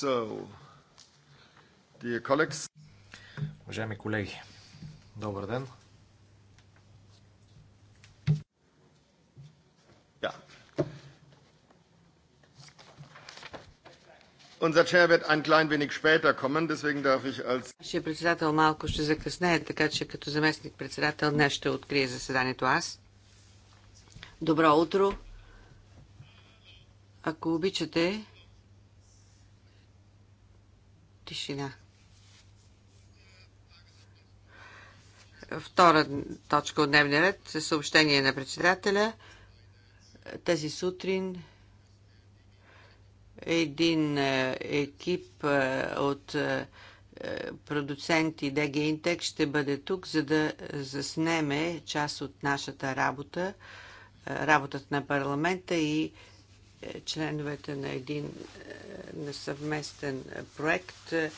So, dear colleagues. Уважаеми колеги, добър ден. Ще Unser Chair wird ein klein wenig später kommen, deswegen darf ich als... Нашия председател малко ще закъснее, така че като заместник председател днес ще открие заседанието аз. Добро утро! Ако обичате, Тишина. Втора точка от дневния ред съобщение на председателя. Тези сутрин един е, екип е, от е, продуценти DG Intec ще бъде тук, за да заснеме част от нашата работа, работата на парламента и е, членовете на един е, на съвместен проект е,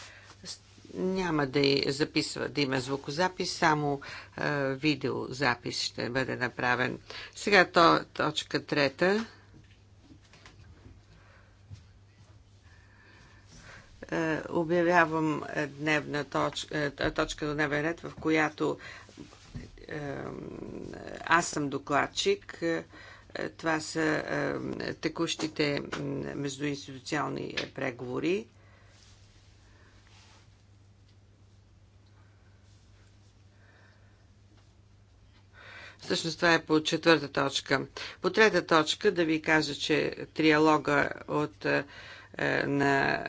няма да записва, да има звукозапис, само е, видеозапис ще бъде направен. Сега то, точка трета. Е, обявявам дневна точка, е, точка до дневен ред, в която е, аз съм докладчик. Е, това са е, текущите междуинституционални е, преговори. Всъщност това е по четвърта точка. По трета точка да ви кажа, че триалога от е, на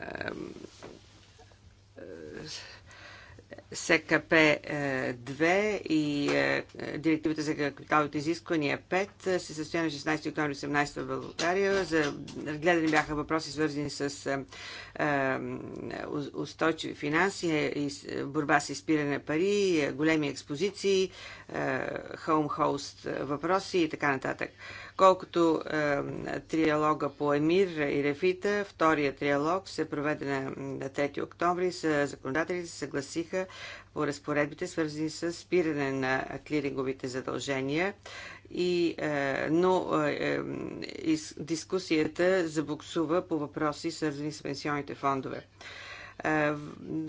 СКП-2 е, и е, директивата за капиталните изисквания 5 е, се състоя на 16 октомври 18 в България. За гледани бяха въпроси свързани с устойчиви финанси, борба с изпиране на пари, големи експозиции, хоум-хост въпроси и така нататък. Колкото е, триалога по Емир и Рефита, втория триалог се проведе на, 3 октомври, с законодателите се съгласиха по разпоредбите, свързани с спиране на клиринговите задължения и, е, но е, е, дискусията забуксува по въпроси, свързани с пенсионните фондове.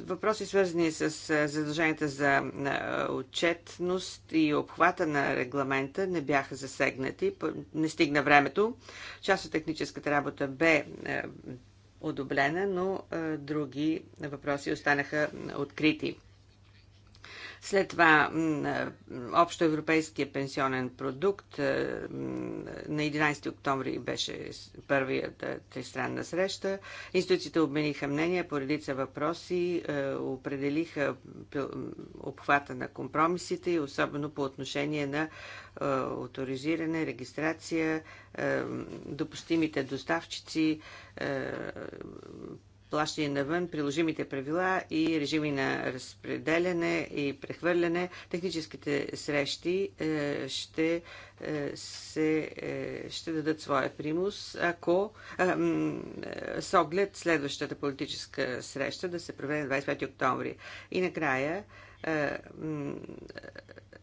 Въпроси свързани с задълженията за отчетност и обхвата на регламента не бяха засегнати. Не стигна времето. Част от техническата работа бе одобрена, но други въпроси останаха открити. След това общо европейския пенсионен продукт на 11 октомври беше първията тристранна среща. Институциите обмениха мнения по редица въпроси, определиха обхвата на компромисите и особено по отношение на авторизиране, регистрация, допустимите доставчици, плащане навън, приложимите правила и режими на разпределяне и прехвърляне. Техническите срещи е, ще, е, се, е, ще дадат своя примус, ако с оглед следващата политическа среща да се проведе на 25 октомври. И накрая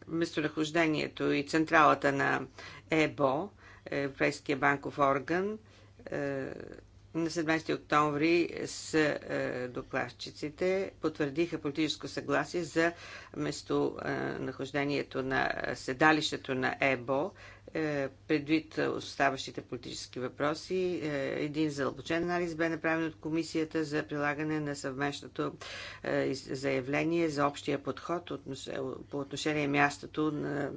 местонахождението и централата на ЕБО, Европейския банков орган, на 17 октомври с е, докладчиците потвърдиха политическо съгласие за местонахождението на е, седалището на ЕБО е, предвид оставащите политически въпроси. Е, един задълбочен анализ бе направен от Комисията за прилагане на съвместното е, заявление за общия подход по отношение мястото на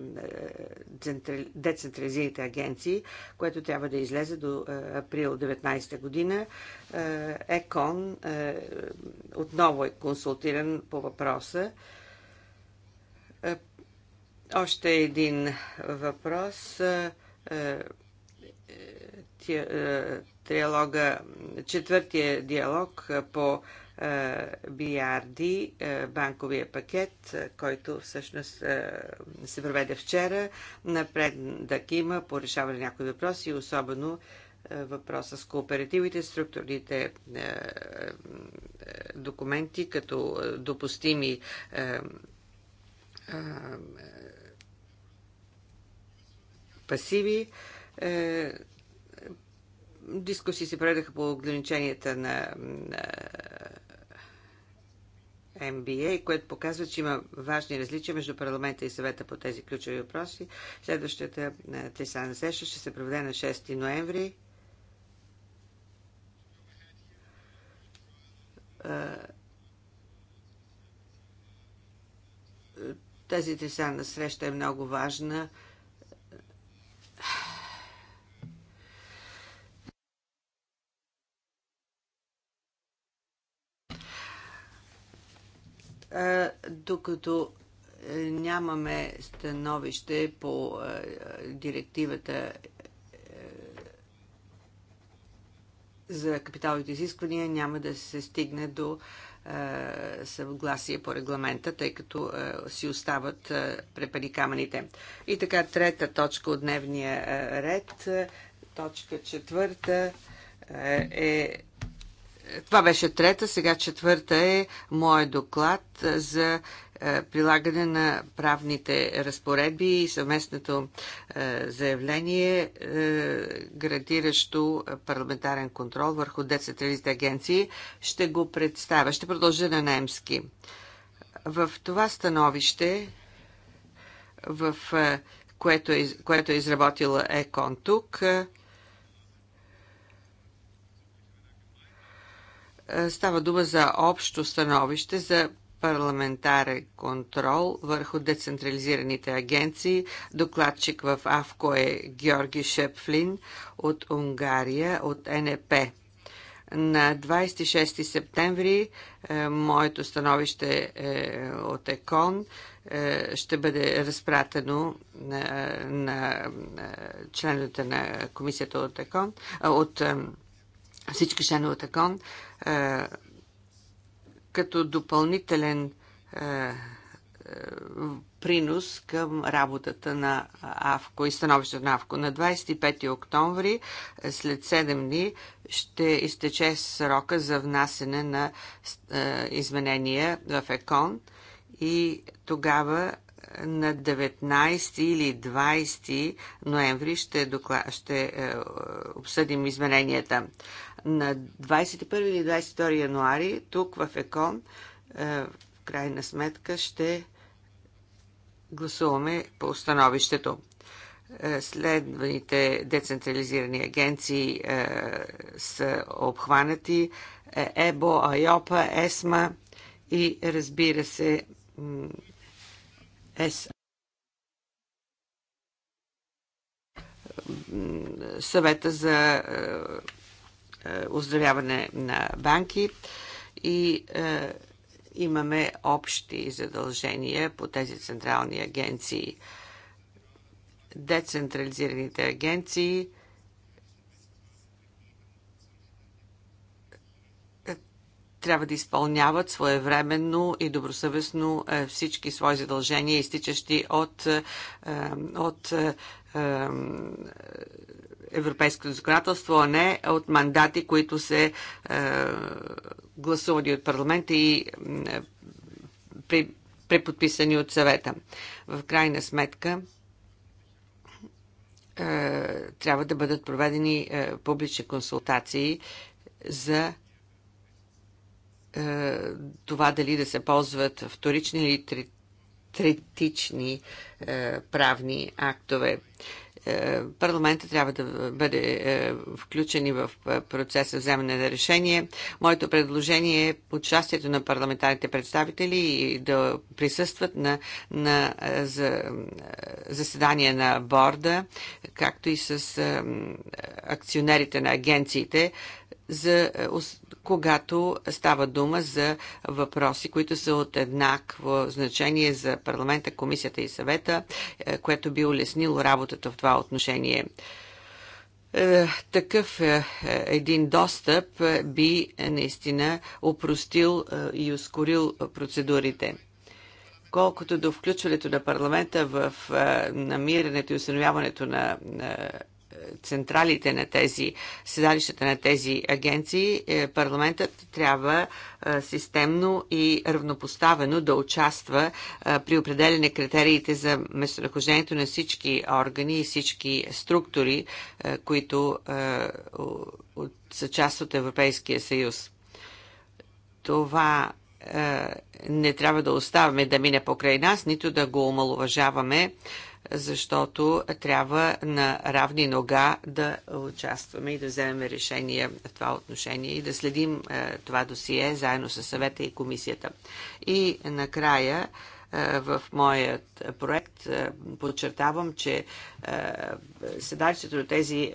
децентрализираните агенции, което трябва да излезе до април 2019 година. ЕКОН отново е консултиран по въпроса още един въпрос. Е, е, е, триалога, четвъртия диалог по BRD, банковия пакет, който всъщност се проведе вчера. да има по решаване на някои въпроси, особено въпроса с кооперативите, структурните документи като допустими пасиви. Е, дискусии се проведаха по ограниченията на, на MBA, което показва, че има важни различия между парламента и съвета по тези ключови въпроси. Следващата е, Тесана Сеша ще се проведе на 6 ноември. Е, тази Тесана среща е много важна Е, докато е, нямаме становище по е, директивата за капиталните изисквания, няма да се стигне до съгласие по регламента, тъй като си остават препари камъните. И така, трета точка от дневния ред, точка четвърта е това беше трета, сега четвърта е моят доклад за е, прилагане на правните разпоредби и съвместното е, заявление, е, градиращо парламентарен контрол върху децентрализите агенции. Ще го представя. Ще продължа на немски. В това становище, в което което е изработила ЕКОН тук, Става дума за общо становище за парламентарен контрол върху децентрализираните агенции. Докладчик в АВКО е Георги Шепфлин от Унгария, от НЕП. На 26 септември е, моето становище е, от ЕКОН е, ще бъде разпратено е, на, на, е, на членовете на комисията от ЕКОН, е, от всички членове от ЕКОН като допълнителен принос към работата на АВКО и становището на АВКО. На 25 октомври, след 7 дни, ще изтече срока за внасене на изменения в ЕКОН и тогава на 19 или 20 ноември ще, докла... ще е, обсъдим измененията на 21 или 22 януари тук в ЕКОН е, в крайна сметка ще гласуваме по установището. Е, Следваните децентрализирани агенции е, са обхванати ЕБО, АЙОПА, ЕСМА и разбира се ЕС. Съвета за е, е, оздравяване на банки и е, имаме общи задължения по тези централни агенции. Децентрализираните агенции е, трябва да изпълняват своевременно и добросъвестно е, всички свои задължения, изтичащи от, от европейското законодателство, а не от мандати, които се е, гласувани от парламента и е, при, преподписани от съвета. В крайна сметка е, трябва да бъдат проведени е, публични консултации за е, това дали да се ползват вторични или третични е, правни актове. Е, е, парламента трябва да бъде е, включени в е, процеса вземане на решение. Моето предложение е участието на парламентарните представители и да присъстват на, на за, заседание на борда, както и с акционерите на агенциите, за, е, когато става дума за въпроси, които са от еднакво значение за парламента, комисията и съвета, е, което би улеснило работата в това отношение е, такъв един достъп би наистина опростил и ускорил процедурите. Колкото до включването на парламента в намирането и установяването на централите на тези, седалищата на тези агенции, е, парламентът трябва е, системно и равнопоставено да участва е, при определене критериите за местонахождението на всички органи и всички структури, които са част от Европейския съюз. Това не трябва да оставаме да мине покрай нас, нито да го омалуважаваме защото трябва на равни нога да участваме и да вземем решение в това отношение и да следим е, това досие заедно с съвета и комисията. И накрая е, в моят проект. Е, подчертавам, че седалището на тези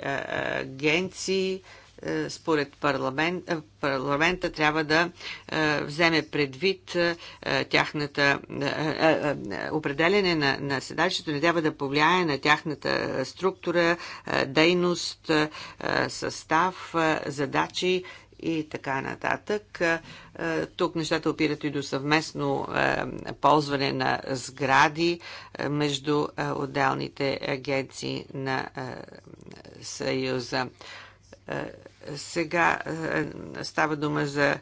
агенции е, според парламент, е, парламента трябва да е, вземе предвид тяхната определене на, на седалището не трябва да повлияе на тяхната структура, дейност, състав, задачи и така нататък. Тук нещата опират и до съвместно ползване на сгради между отделните агенции на Съюза. Е, сега е, става дума за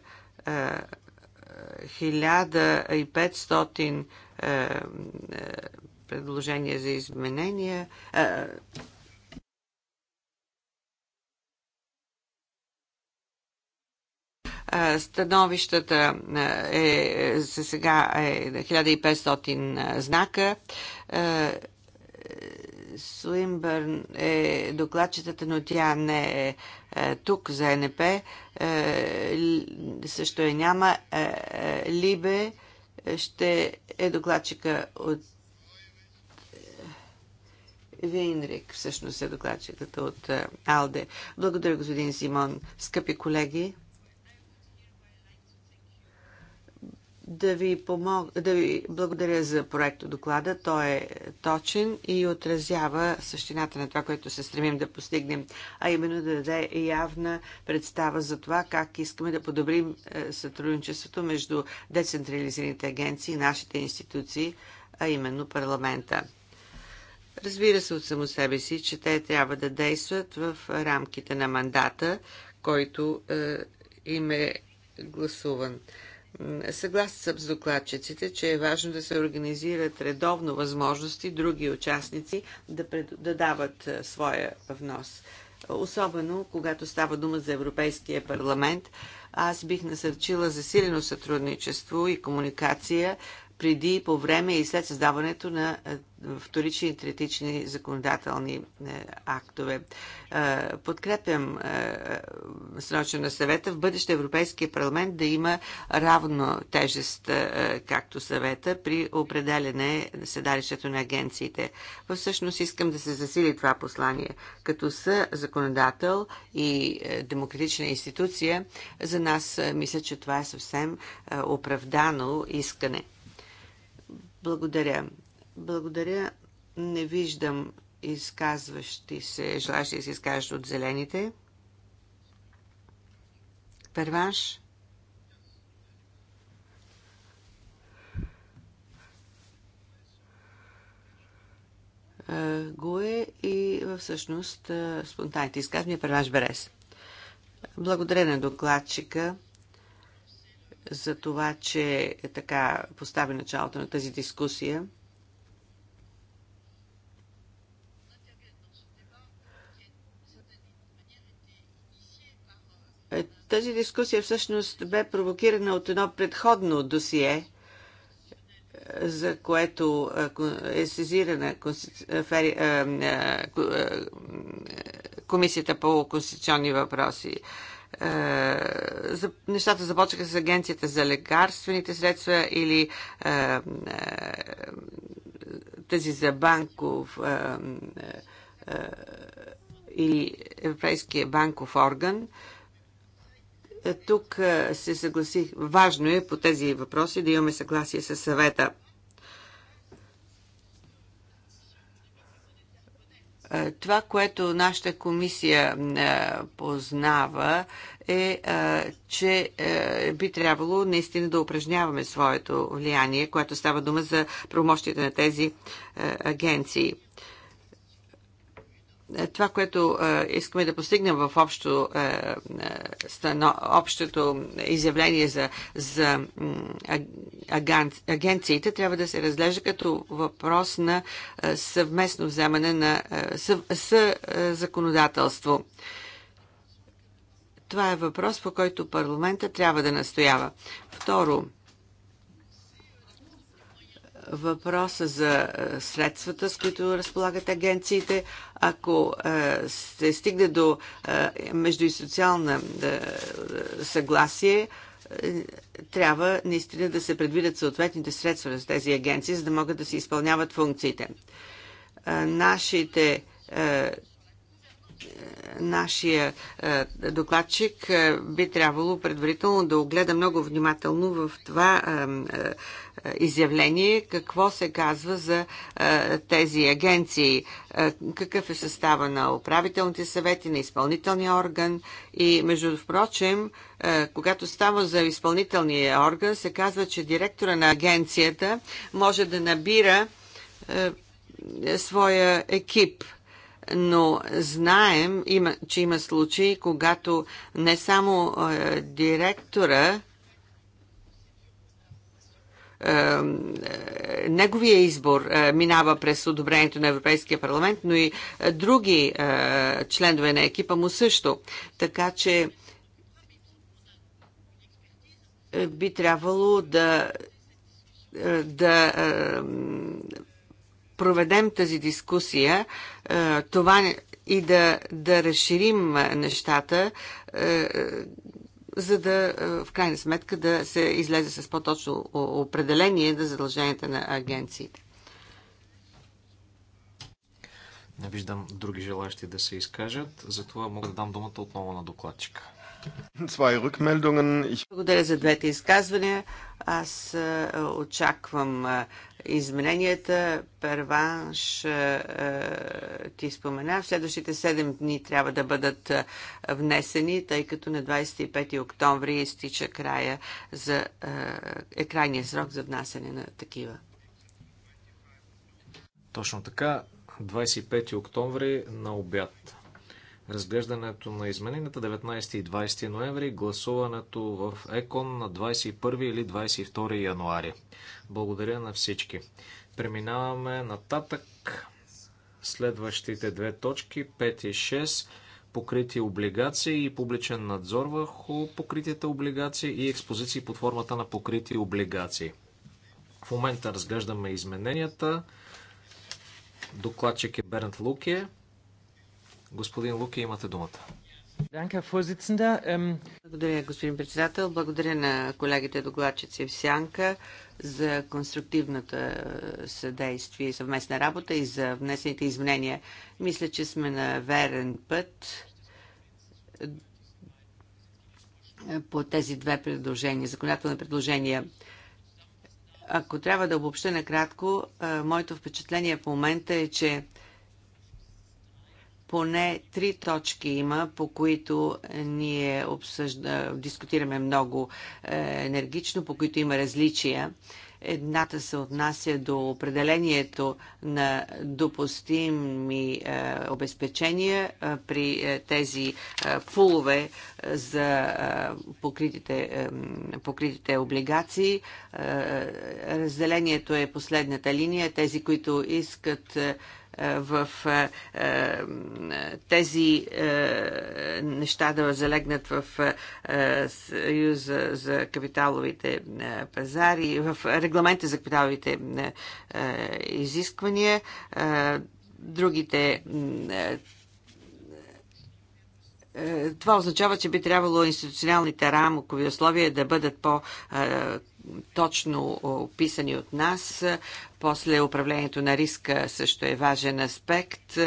1500 е, предложения за изменения. Становищата е, за сега е 1500 знака. Суинбърн е докладчетата, но тя не е, е тук за НП. Е, също е няма. Е, Либе ще е докладчика от Винрик, всъщност е докладчиката от Алде. Благодаря, господин Симон. Скъпи колеги, да ви, помог... да ви благодаря за проекто доклада. Той е точен и отразява същината на това, което се стремим да постигнем, а именно да даде явна представа за това как искаме да подобрим е, сътрудничеството между децентрализираните агенции и нашите институции, а именно парламента. Разбира се от само себе си, че те трябва да действат в рамките на мандата, който е, им е гласуван. Съгласен съм с докладчиците, че е важно да се организират редовно възможности други участници да, пред... да дават е, своя внос. Особено когато става дума за Европейския парламент, аз бих насърчила засилено сътрудничество и комуникация преди, по време и след създаването на е, вторични и третични законодателни е, актове. Е, подкрепям срочно на съвета в бъдеще Европейския парламент да има равно тежест, както съвета, при определене на седалището на агенциите. Всъщност искам да се засили това послание. Като са законодател и демократична институция, за нас мисля, че това е съвсем оправдано искане. Благодаря. Благодаря. Не виждам изказващи се, желащи да се изкажат от зелените. Перваш. го е и всъщност спонтанните изказвания Перваш Берес. Благодаря на докладчика за това, че е така постави началото на тази дискусия. Е, тази дискусия всъщност бе провокирана от едно предходно досие, е, за което е сезирана Комисията по конституционни въпроси. Е, нещата започнаха с агенцията за лекарствените средства или е, е, тези тази за банков или Европейския банков орган. Тук се съгласих. Важно е по тези въпроси да имаме съгласие с съвета. Е, това, което нашата комисия е, познава е, е че би трябвало наистина да упражняваме своето влияние, което става дума за промощите на тези агенции. Е, това, което е, искаме да постигнем в общо, е, стано, общото изявление за, за агенциите, трябва да се разглежда като въпрос на съвместно вземане на съ, съ, законодателство. Това е въпрос, по който парламента трябва да настоява. Второ, въпроса за е, средствата, с които разполагат агенциите. Ако е, се стигне до е, междуинституционална съгласие, трябва наистина да се предвидят съответните средства за тези агенции, за да могат да се изпълняват функциите. Нашите нашия е, докладчик е, би трябвало предварително да огледа много внимателно в това е, изявление какво се казва за тези агенции, какъв е състава на управителните съвети, на изпълнителния орган и между впрочем, когато става за изпълнителния орган, се казва, че директора на агенцията може да набира своя екип – но знаем, има, че има случаи, когато не само е, директора, е, неговия избор е, минава през одобрението на Европейския парламент, но и е, други е, членове на екипа му също. Така че е, би трябвало да, е, да проведем тази дискусия, е, това и да, да разширим нещата, е, е, за да в крайна сметка да се излезе с по-точно определение на задълженията на агенциите. Не виждам други желащи да се изкажат, затова мога да дам думата отново на докладчика. Благодаря за двете изказвания. Аз очаквам измененията. Перванш ти спомена. В следващите 7 дни трябва да бъдат внесени, тъй като на 25 октомври изтича края за, е крайния срок за внасяне на такива. Точно така. 25 октомври на обяд разглеждането на измененията 19 и 20 ноември, гласуването в ЕКОН на 21 или 22 януари. Благодаря на всички. Преминаваме нататък следващите две точки 5 и 6 покрити облигации и публичен надзор върху покритите облигации и експозиции под формата на покрити облигации. В момента разглеждаме измененията. Докладчик е Бернт Луке. Господин Луки, имате думата. Благодаря, господин председател. Благодаря на колегите докладчици в Сянка за конструктивната э, съдействие и съвместна работа и за внесените изменения. Мисля, че сме на верен път э, по тези две предложения, законодателни предложения. Ако трябва да обобща накратко, э, моето впечатление в момента е, че поне три точки има, по които ние обсъжда, дискутираме много е, енергично, по които има различия. Едната се отнася до определението на допустими е, обезпечения е, при е, тези е, пулове е, за е, покритите, е, покритите облигации. Е, е, разделението е последната линия. Тези, които искат е, е, в е, е, тези неща да залегнат в Съюза за капиталовите пазари, в регламента за капиталовите изисквания. Другите това означава, че би трябвало институционалните рамокови условия да бъдат по точно описани от нас. После управлението на риска също е важен аспект.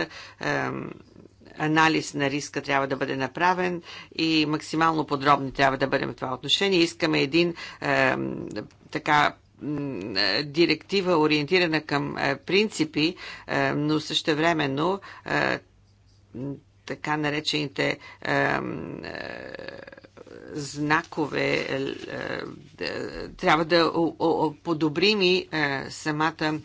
Анализ на риска трябва да бъде направен и максимално подробни трябва да бъдем в това отношение. Искаме един така директива, ориентирана към принципи, но също времено така наречените знакове, е, е, е, трябва да подобрим и самата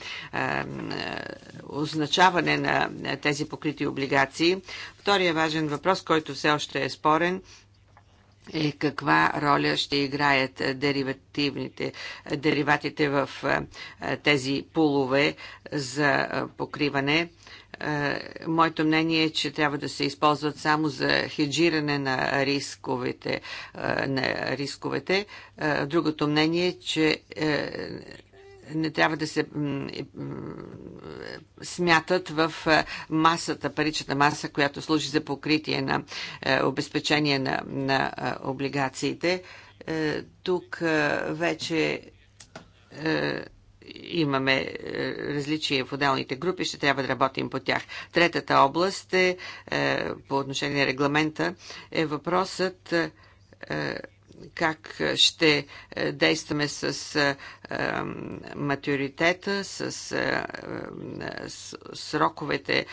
означаване на тези покрити облигации. Втория важен въпрос, който все още е спорен, е каква роля ще играят деривативните, дериватите в тези пулове за покриване е, моето мнение е, че трябва да се използват само за хеджиране на рисковете. Е, на рисковете. Е, другото мнение е, че не трябва да се смятат в масата, паричната маса, която служи за покритие на обезпечение на, на облигациите. Тук вече имаме е, различия в отделните групи, ще трябва да работим по тях. Третата област е, е по отношение на регламента, е въпросът е, как ще действаме с матюритета, с сроковете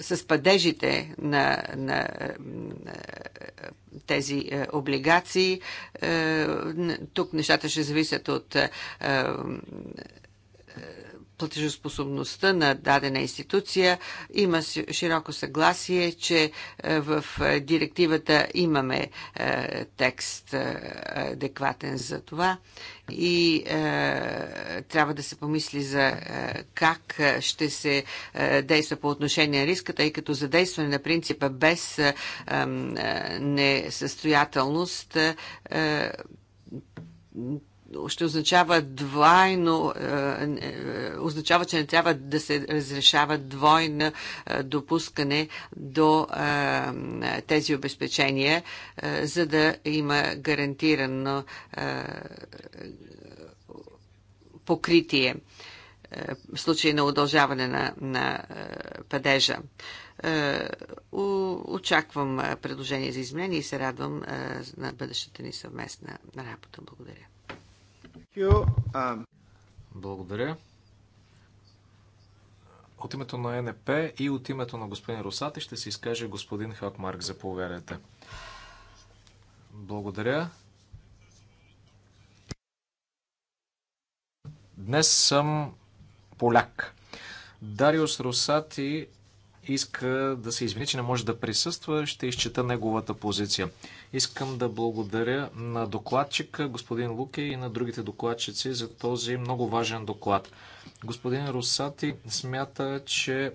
с падежите на, на, на тези е, облигации. Е, тук нещата ще зависят от е, платежоспособността на дадена институция. Има широко съгласие, че е, в е, директивата имаме е, текст адекватен за това и е, трябва да се помисли за е, как ще се е, действа по отношение на риска, тъй като задействане на принципа без е, е, несъстоятелност е, ще означава двойно, е, е, означава, че не трябва да се разрешава двойно е, допускане до тези обезпечения, за да има гарантирано покритие в случай на удължаване на, на падежа. Очаквам предложение за изменение и се радвам на бъдещата ни съвместна работа. Благодаря. Благодаря. От името на НП и от името на господин Русати ще се изкаже господин Хакмарк. Заповядайте. Благодаря. Днес съм поляк. Дариус Русати иска да се извини, че не може да присъства. Ще изчета неговата позиция. Искам да благодаря на докладчика, господин Луке и на другите докладчици за този много важен доклад. Господин Русати смята, че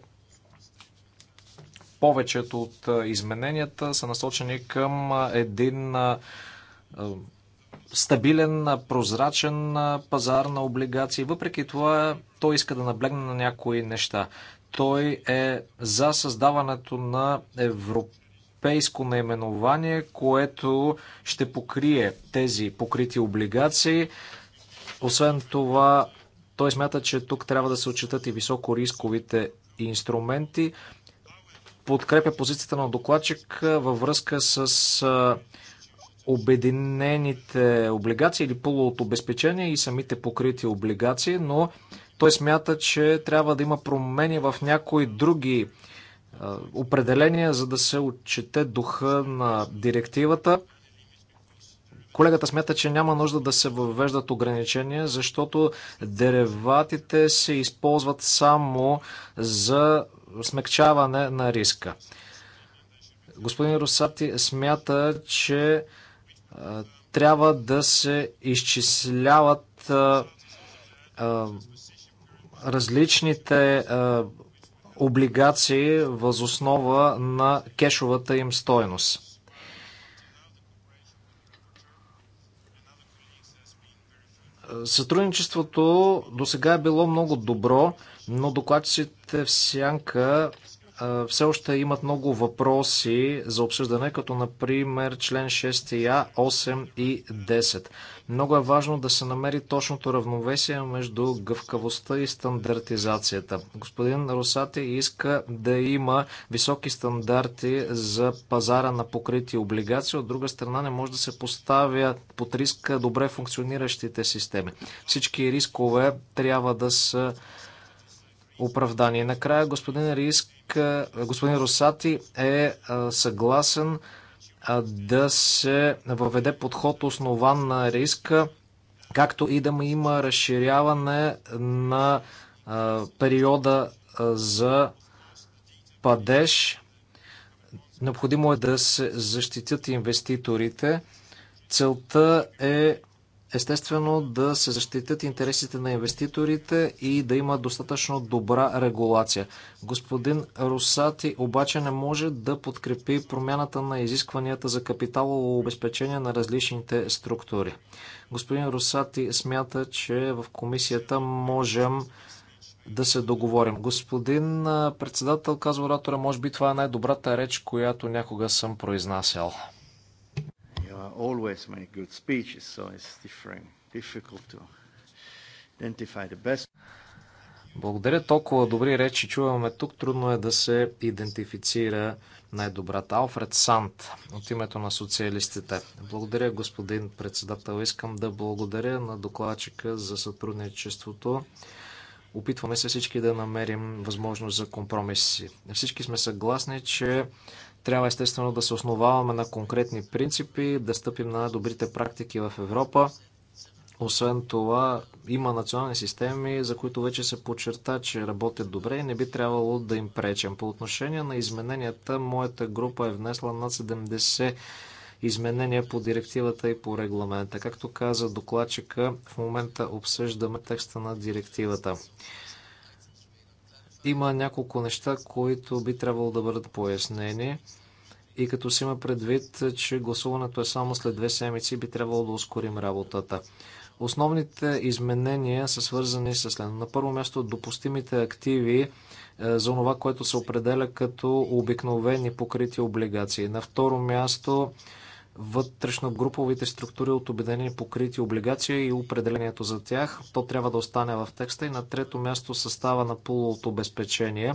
повечето от измененията са насочени към един стабилен, прозрачен пазар на облигации. Въпреки това, той иска да наблегне на някои неща. Той е за създаването на европейско наименование, което ще покрие тези покрити облигации. Освен това, той смята, че тук трябва да се отчитат и високо рисковите инструменти. Подкрепя позицията на докладчик във връзка с обединените облигации или полуотобезпечение и самите покрити облигации, но той смята, че трябва да има промени в някои други е, определения, за да се отчете духа на директивата. Колегата смята, че няма нужда да се въвеждат ограничения, защото дереватите се използват само за смягчаване на риска. Господин Русати смята, че е, трябва да се изчисляват е, различните а, облигации възоснова на кешовата им стойност. Сътрудничеството до сега е било много добро, но докладчиците в Сянка все още имат много въпроси за обсъждане, като например член 6А, 8 и 10. Много е важно да се намери точното равновесие между гъвкавостта и стандартизацията. Господин Росати иска да има високи стандарти за пазара на покрити облигации, от друга страна не може да се поставя под риска добре функциониращите системи. Всички рискове трябва да са оправдани. Накрая господин Риск, господин Росати е съгласен да се въведе подход основан на риска, както и да има разширяване на периода за падеж. Необходимо е да се защитят инвеститорите. Целта е естествено да се защитят интересите на инвеститорите и да има достатъчно добра регулация. Господин Русати обаче не може да подкрепи промяната на изискванията за капиталово обезпечение на различните структури. Господин Русати смята, че в комисията можем да се договорим. Господин председател, казва оратора, може би това е най-добрата реч, която някога съм произнасял uh, always make good speeches, so it's different, difficult to identify the best. Благодаря толкова добри речи чуваме тук. Трудно е да се идентифицира най-добрата. Алфред Сант от името на социалистите. Благодаря, господин председател. Искам да благодаря на докладчика за сътрудничеството. Опитваме се всички да намерим възможност за компромиси. Всички сме съгласни, че трябва естествено да се основаваме на конкретни принципи, да стъпим на добрите практики в Европа. Освен това, има национални системи, за които вече се подчерта, че работят добре и не би трябвало да им пречем. По отношение на измененията, моята група е внесла над 70 изменения по директивата и по регламента. Както каза докладчика, в момента обсъждаме текста на директивата. Има няколко неща, които би трябвало да бъдат пояснени. И като си има предвид, че гласуването е само след две седмици, би трябвало да ускорим работата. Основните изменения са свързани с следно. На първо място допустимите активи е, за това, което се определя като обикновени покрити облигации. На второ място вътрешногруповите структури от обединени покрити облигации и определението за тях. То трябва да остане в текста и на трето място състава на пуловото обезпечение.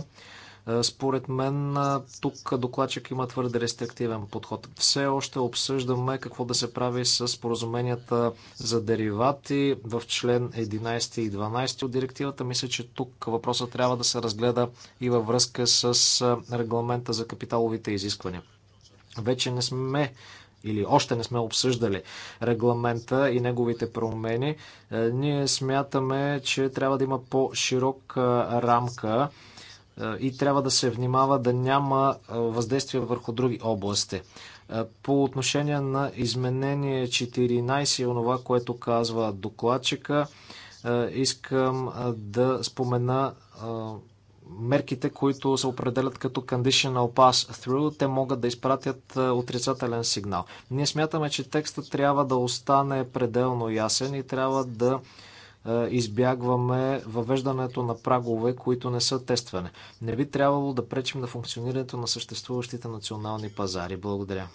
Е, според мен е, тук докладчик има твърде рестриктивен подход. Все още обсъждаме какво да се прави с поразуменията за деривати в член 11 и 12 от директивата. Мисля, че тук въпросът трябва да се разгледа и във връзка с е, регламента за капиталовите изисквания. Вече не сме или още не сме обсъждали регламента и неговите промени, е, ние смятаме, че трябва да има по-широка е, рамка е, и трябва да се внимава да няма въздействие върху други области. По отношение на изменение 14 и онова, което казва докладчика, искам да спомена мерките, които се определят като conditional pass-through, те могат да изпратят е, отрицателен сигнал. Ние смятаме, че текстът трябва да остане пределно ясен и трябва да е, избягваме въвеждането на прагове, които не са тестване. Не би трябвало да пречим на функционирането на съществуващите национални пазари. Благодаря.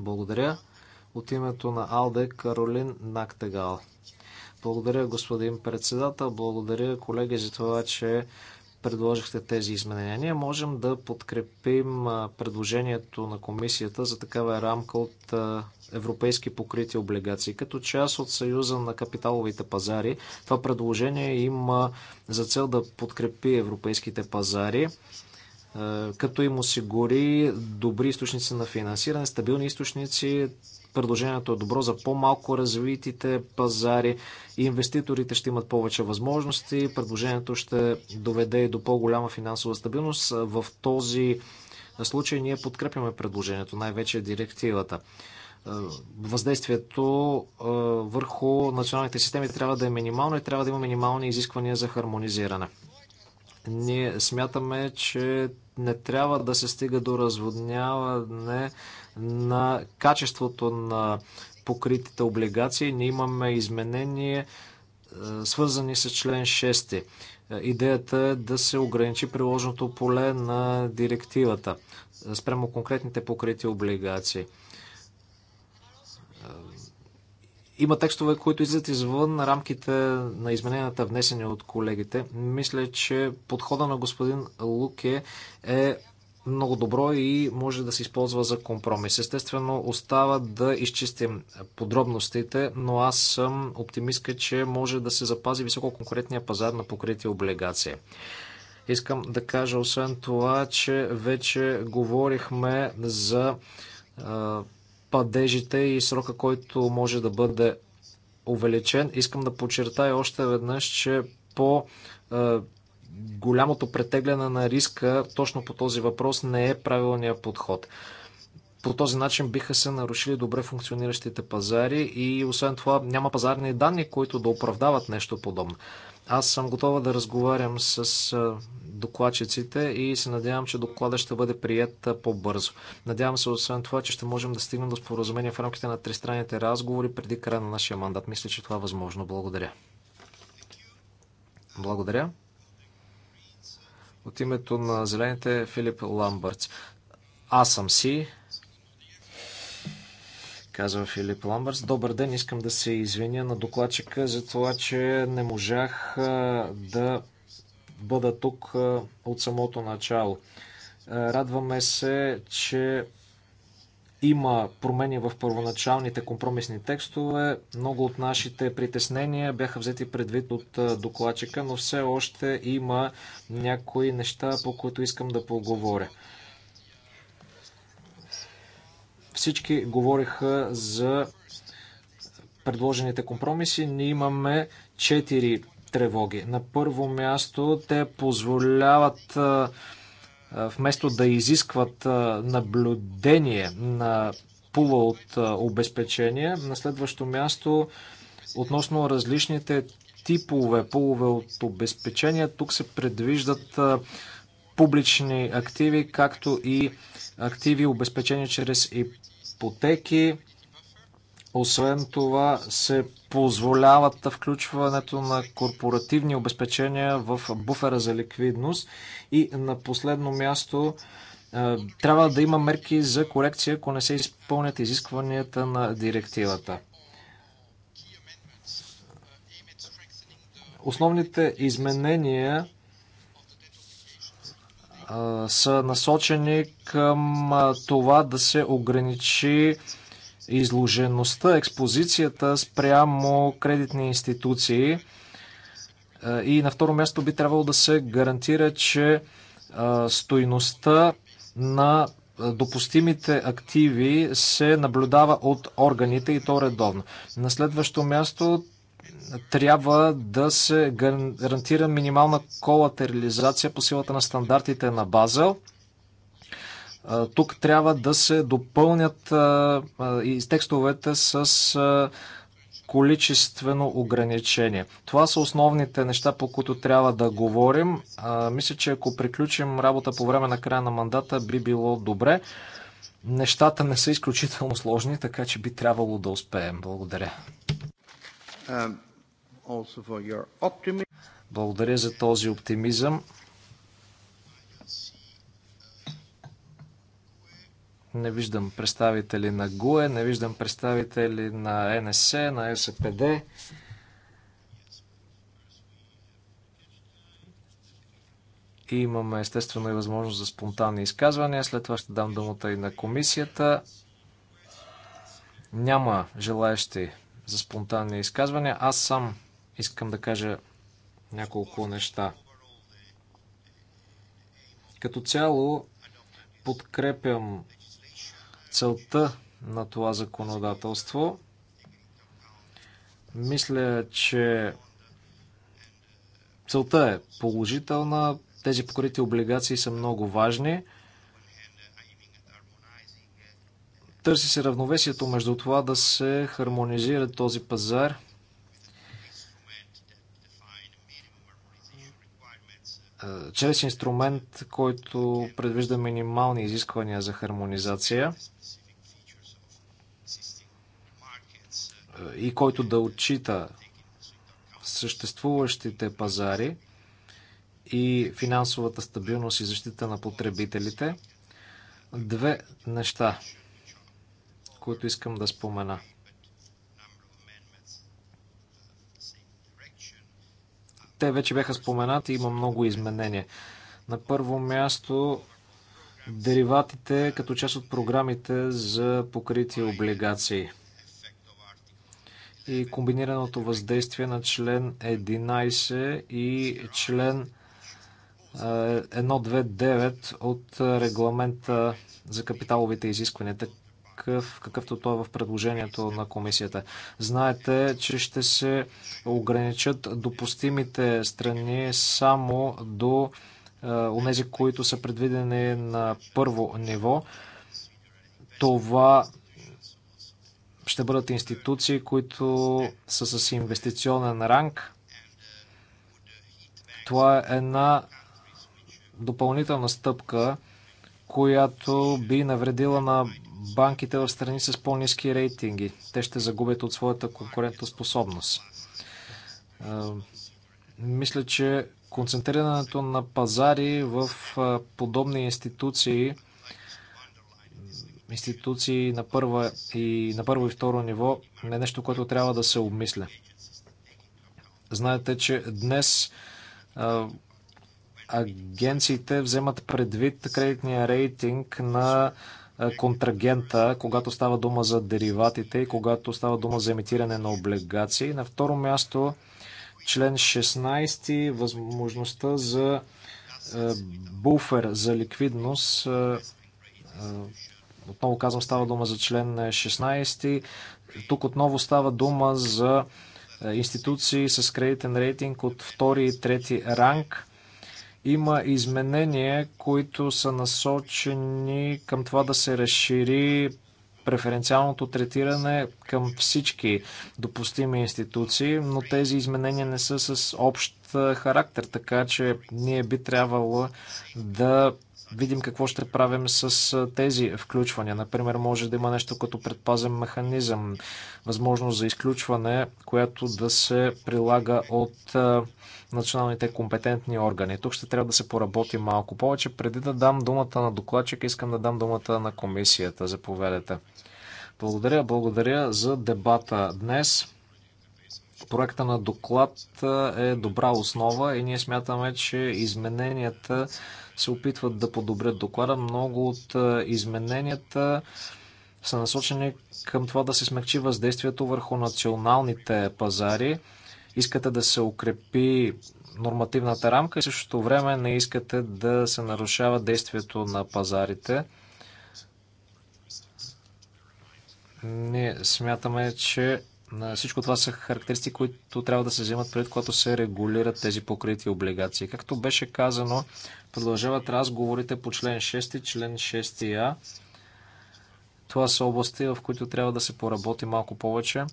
Благодаря. От името на Алде Каролин Нактегал. Благодаря, господин председател. Благодаря, колеги, за това, че предложихте тези изменения. Ние можем да подкрепим предложението на комисията за такава рамка от европейски покрити облигации. Като част от Съюза на капиталовите пазари, това предложение има за цел да подкрепи европейските пазари като им осигури добри източници на финансиране, стабилни източници, предложението е добро за по-малко развитите пазари и инвеститорите ще имат повече възможности. Предложението ще доведе и до по-голяма финансова стабилност. В този случай ние подкрепяме предложението, най-вече директивата. Е, въздействието е, върху националните системи трябва да е минимално и трябва да има минимални изисквания за хармонизиране. Ние смятаме, че не трябва да се стига до разводняване на качеството на покритите облигации. Ние имаме изменение е, свързани с член 6. Е, идеята е да се ограничи приложеното поле на директивата е, спрямо конкретните покрити облигации. Има текстове, които излизат извън рамките на измененията, внесени от колегите. Мисля, че подхода на господин Луке е много добро и може да се използва за компромис. Естествено, остава да изчистим подробностите, но аз съм оптимистка, че може да се запази високо конкурентния пазар на покрити облигации. Искам да кажа, освен това, че вече говорихме за падежите и срока, който може да бъде увеличен. Искам да подчертая още веднъж, че по е, голямото претегляне на риска точно по този въпрос не е правилният подход. По този начин биха се нарушили добре функциониращите пазари и освен това няма пазарни данни, които да оправдават нещо подобно. Аз съм готова да разговарям с докладчиците и се надявам, че доклада ще бъде прият по-бързо. Надявам се, освен това, че ще можем да стигнем до споразумение в рамките на тристранните разговори преди края на нашия мандат. Мисля, че това е възможно. Благодаря. Благодаря. От името на зелените Филип Ламбъртс. Аз съм си казва Филип Ламбърс. Добър ден, искам да се извиня на докладчика за това, че не можах да бъда тук от самото начало. Радваме се, че има промени в първоначалните компромисни текстове. Много от нашите притеснения бяха взети предвид от докладчика, но все още има някои неща, по които искам да поговоря. Всички говориха за предложените компромиси. Ние имаме четири тревоги. На първо място те позволяват вместо да изискват наблюдение на пула от обезпечение, на следващо място относно различните типове пулове от обезпечение, тук се предвиждат публични активи, както и активи обезпечени чрез ипотеки. Освен това се позволяват включването на корпоративни обезпечения в буфера за ликвидност. И на последно място е, трябва да има мерки за корекция, ако не се изпълнят изискванията на директивата. Основните изменения са насочени към това да се ограничи изложеността, експозицията спрямо кредитни институции. И на второ място би трябвало да се гарантира, че стоиността на допустимите активи се наблюдава от органите и то редовно. На следващо място трябва да се гарантира минимална колатерализация по силата на стандартите на Базел. Тук трябва да се допълнят и текстовете с количествено ограничение. Това са основните неща, по които трябва да говорим. Мисля, че ако приключим работа по време на края на мандата, би било добре. Нещата не са изключително сложни, така че би трябвало да успеем. Благодаря. Благодаря за този оптимизъм. Не виждам представители на ГУЕ, не виждам представители на НСС, на СПД. И имаме естествено и възможност за спонтанни изказвания. След това ще дам думата и на комисията. Няма желаящи за спонтанни изказвания. Аз сам искам да кажа няколко неща. Като цяло подкрепям целта на това законодателство. Мисля, че целта е положителна. Тези покрити облигации са много важни. Търси се равновесието между това да се хармонизира този пазар Е, чрез инструмент, който предвижда минимални изисквания за хармонизация е, и който да отчита съществуващите пазари и финансовата стабилност и защита на потребителите. Две неща, които искам да спомена – Те вече бяха споменати, има много изменения. На първо място дериватите като част от програмите за покритие облигации и комбинираното въздействие на член 11 и член 129 е, от регламента за капиталовите изисквания такъв, какъвто той е в предложението на комисията. Знаете, че ще се ограничат допустимите страни само до е, онези, които са предвидени на първо ниво. Това ще бъдат институции, които са с инвестиционен ранг. Това е една допълнителна стъпка, която би навредила на банките в страни с по-низки рейтинги. Те ще загубят от своята конкурентоспособност. Мисля, че концентрирането на пазари в подобни институции, институции на, първо и, на първо и второ ниво, е нещо, което трябва да се обмисля. Знаете, че днес агенциите вземат предвид кредитния рейтинг на е, контрагента, когато става дума за дериватите и когато става дума за емитиране на облигации. На второ място, член 16, възможността за е, буфер за ликвидност. Е, отново казвам, става дума за член 16. Тук отново става дума за институции с кредитен рейтинг от втори и трети ранг. Има изменения, които са насочени към това да се разшири преференциалното третиране към всички допустими институции, но тези изменения не са с общ характер, така че ние би трябвало да видим какво ще правим с тези включвания. Например, може да има нещо като предпазен механизъм, възможност за изключване, която да се прилага от националните компетентни органи. Тук ще трябва да се поработи малко повече. Преди да дам думата на докладчика, искам да дам думата на комисията. Заповядайте. Благодаря, благодаря за дебата днес. Проекта на доклад е добра основа и ние смятаме, че измененията се опитват да подобрят доклада. Много от е, измененията са насочени към това да се смягчи въздействието върху националните пазари. Искате да се укрепи нормативната рамка и същото време не искате да се нарушава действието на пазарите. Ние смятаме, че на всичко това са характеристики, които трябва да се вземат пред, когато се регулират тези покрити облигации. Както беше казано, Продължават разговорите по член 6, член 6а. Това са области, в които трябва да се поработи малко повече.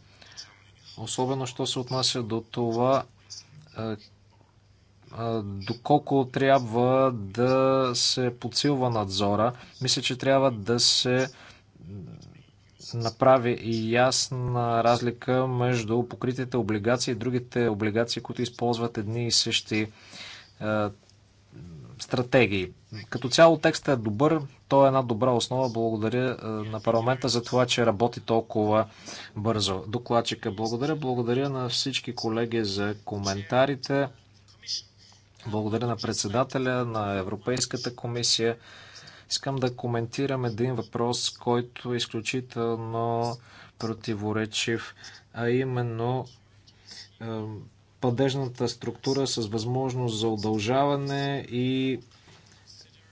Особено, що се отнася до това, е, е, доколко трябва да се подсилва надзора. Мисля, че трябва да се направи и ясна разлика между покритите облигации и другите облигации, които използват едни и същи е, стратегии. Като цяло текстът е добър, то е една добра основа. Благодаря е, на парламента за това, че работи толкова бързо. Докладчика, благодаря. Благодаря на всички колеги за коментарите. Благодаря на председателя, на Европейската комисия. Искам да коментирам един въпрос, който е изключително противоречив, а именно е, падежната структура с възможност за удължаване и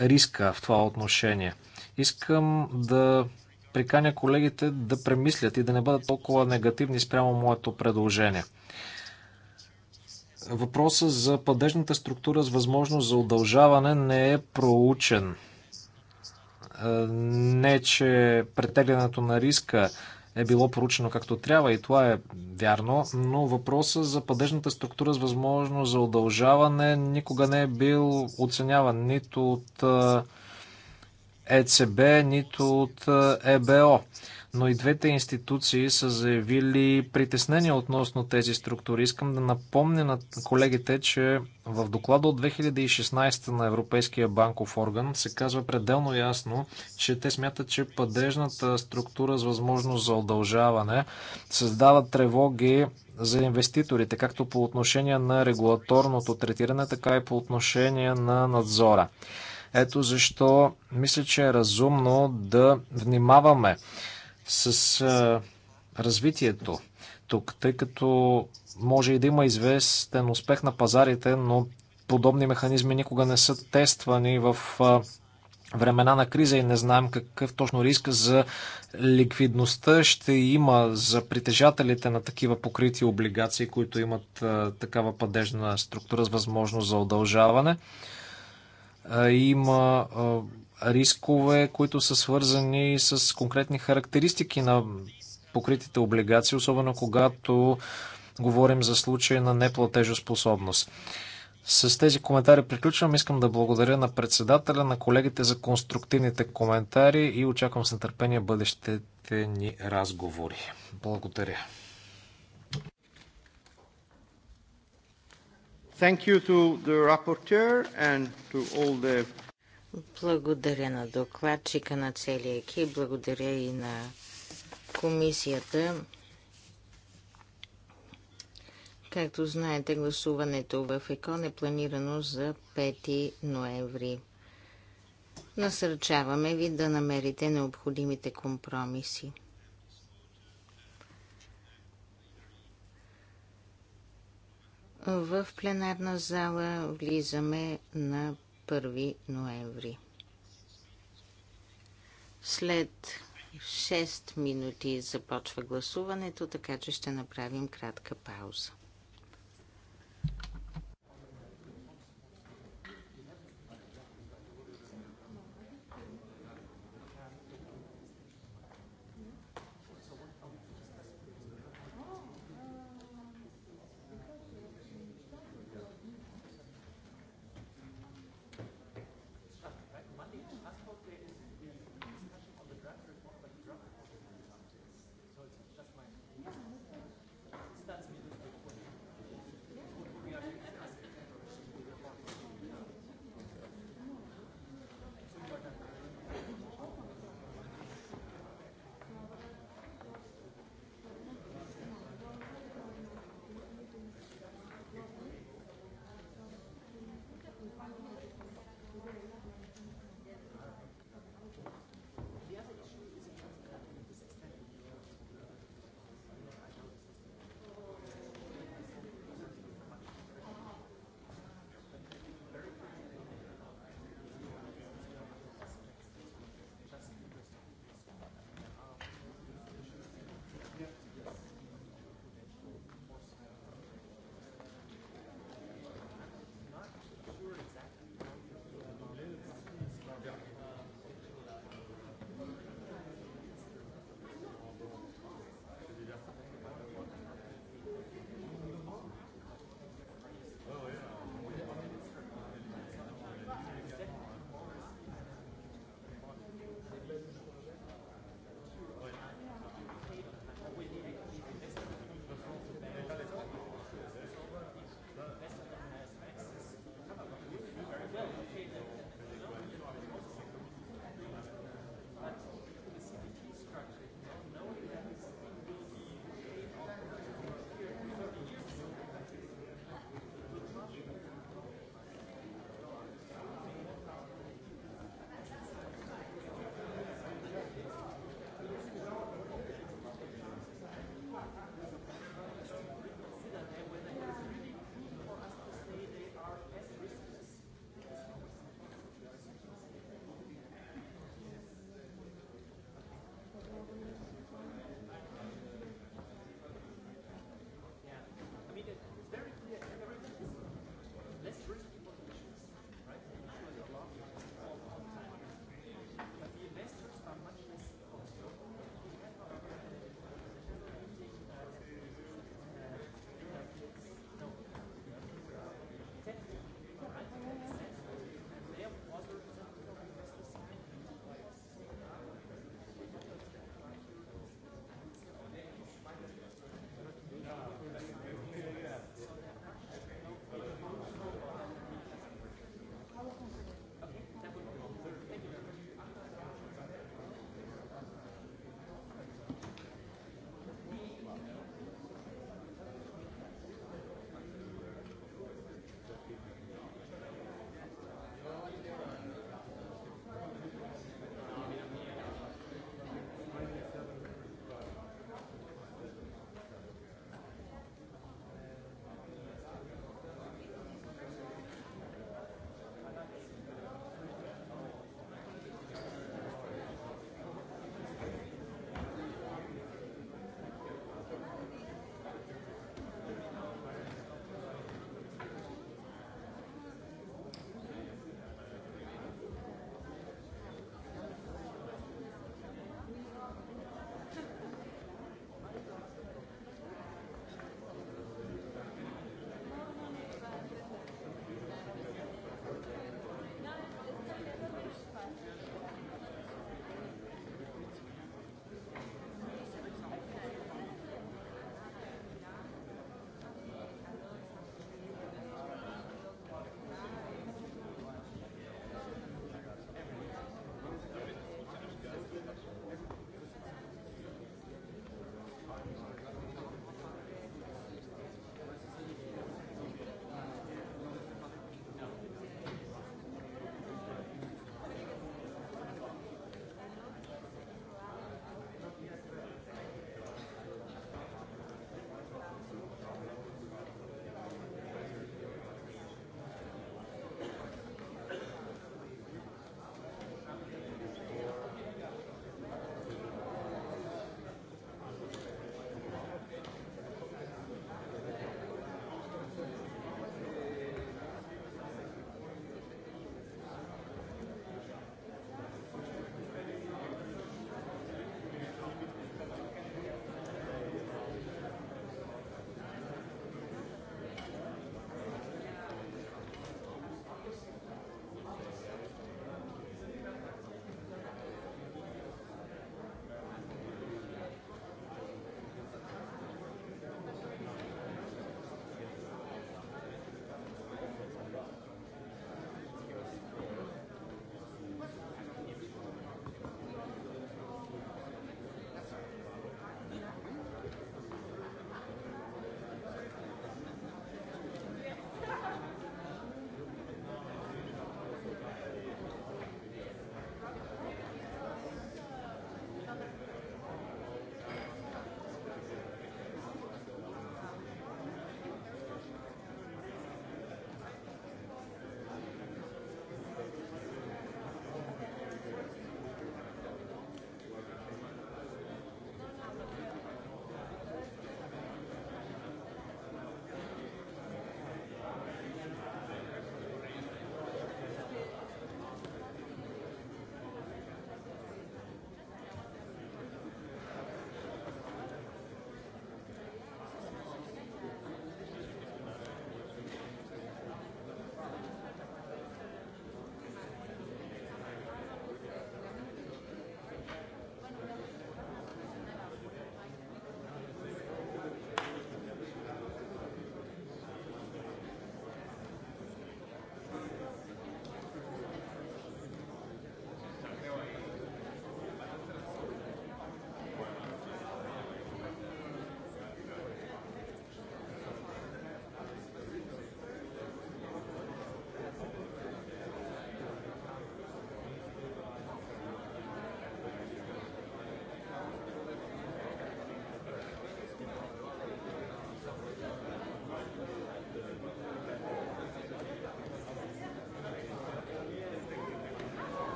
риска в това отношение. Искам да приканя колегите да премислят и да не бъдат толкова негативни спрямо моето предложение. Въпросът за падежната структура с възможност за удължаване не е проучен. Е, не, че претеглянето на риска е било поручено както трябва и това е вярно, но въпроса за падежната структура с възможност за удължаване никога не е бил оценяван нито от ЕЦБ, нито от ЕБО но и двете институции са заявили притеснения относно тези структури. Искам да напомня на колегите, че в доклада от 2016 на Европейския банков орган се казва пределно ясно, че те смятат, че падежната структура с възможност за удължаване създава тревоги за инвеститорите, както по отношение на регулаторното третиране, така и по отношение на надзора. Ето защо мисля, че е разумно да внимаваме с а, развитието тук, тъй като може и да има известен успех на пазарите, но подобни механизми никога не са тествани в а, времена на криза и не знаем какъв точно риск за ликвидността ще има за притежателите на такива покрити облигации, които имат а, такава падежна структура с възможност за удължаване. А, има рискове, които са свързани с конкретни характеристики на покритите облигации, особено когато говорим за случаи на неплатежоспособност. С тези коментари приключвам. Искам да благодаря на председателя, на колегите за конструктивните коментари и очаквам с нетърпение бъдещите ни разговори. Благодаря. Thank you to the rapporteur and to all the благодаря на докладчика на целия екип, благодаря и на комисията. Както знаете, гласуването в ЕКОН е планирано за 5 ноември. Насърчаваме ви да намерите необходимите компромиси. В пленарна зала влизаме на 1 ноември. След 6 минути започва гласуването, така че ще направим кратка пауза.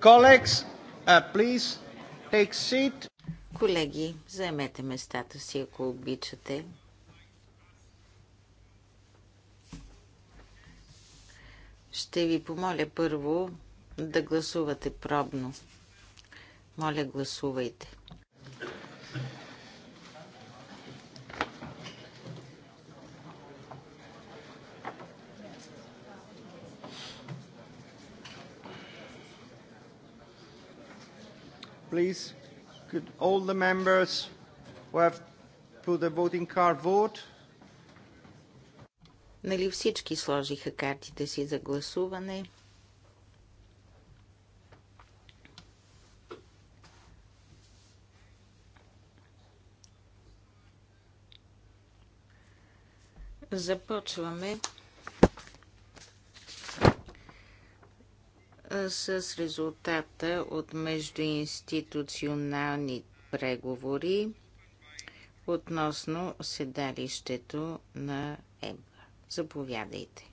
Colleagues, uh, please take seat. Колеги, заемете местата си, ако обичате. Ще ви помоля първо да гласувате пробно. Моля, гласувайте. the members who have put the voting card vote? Нали всички сложиха картите си за гласуване? Започваме с резултата от междуинституционалните преговори относно седалището на ЕБА. Заповядайте.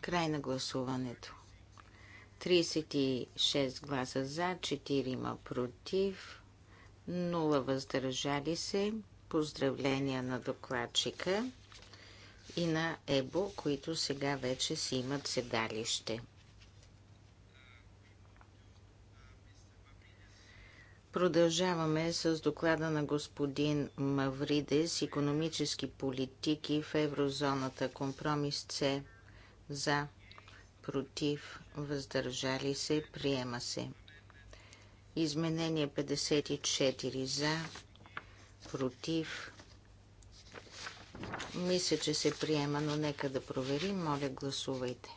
Край на гласуването. 36 гласа за, 4 против, 0 въздържали се. Поздравления на докладчика и на ЕБО, които сега вече си имат седалище. Продължаваме с доклада на господин Мавридес економически политики в еврозоната. Компромис С за против въздържали се приема се. Изменение 54 за против мисля, че се приема, но нека да проверим. Моля, гласувайте.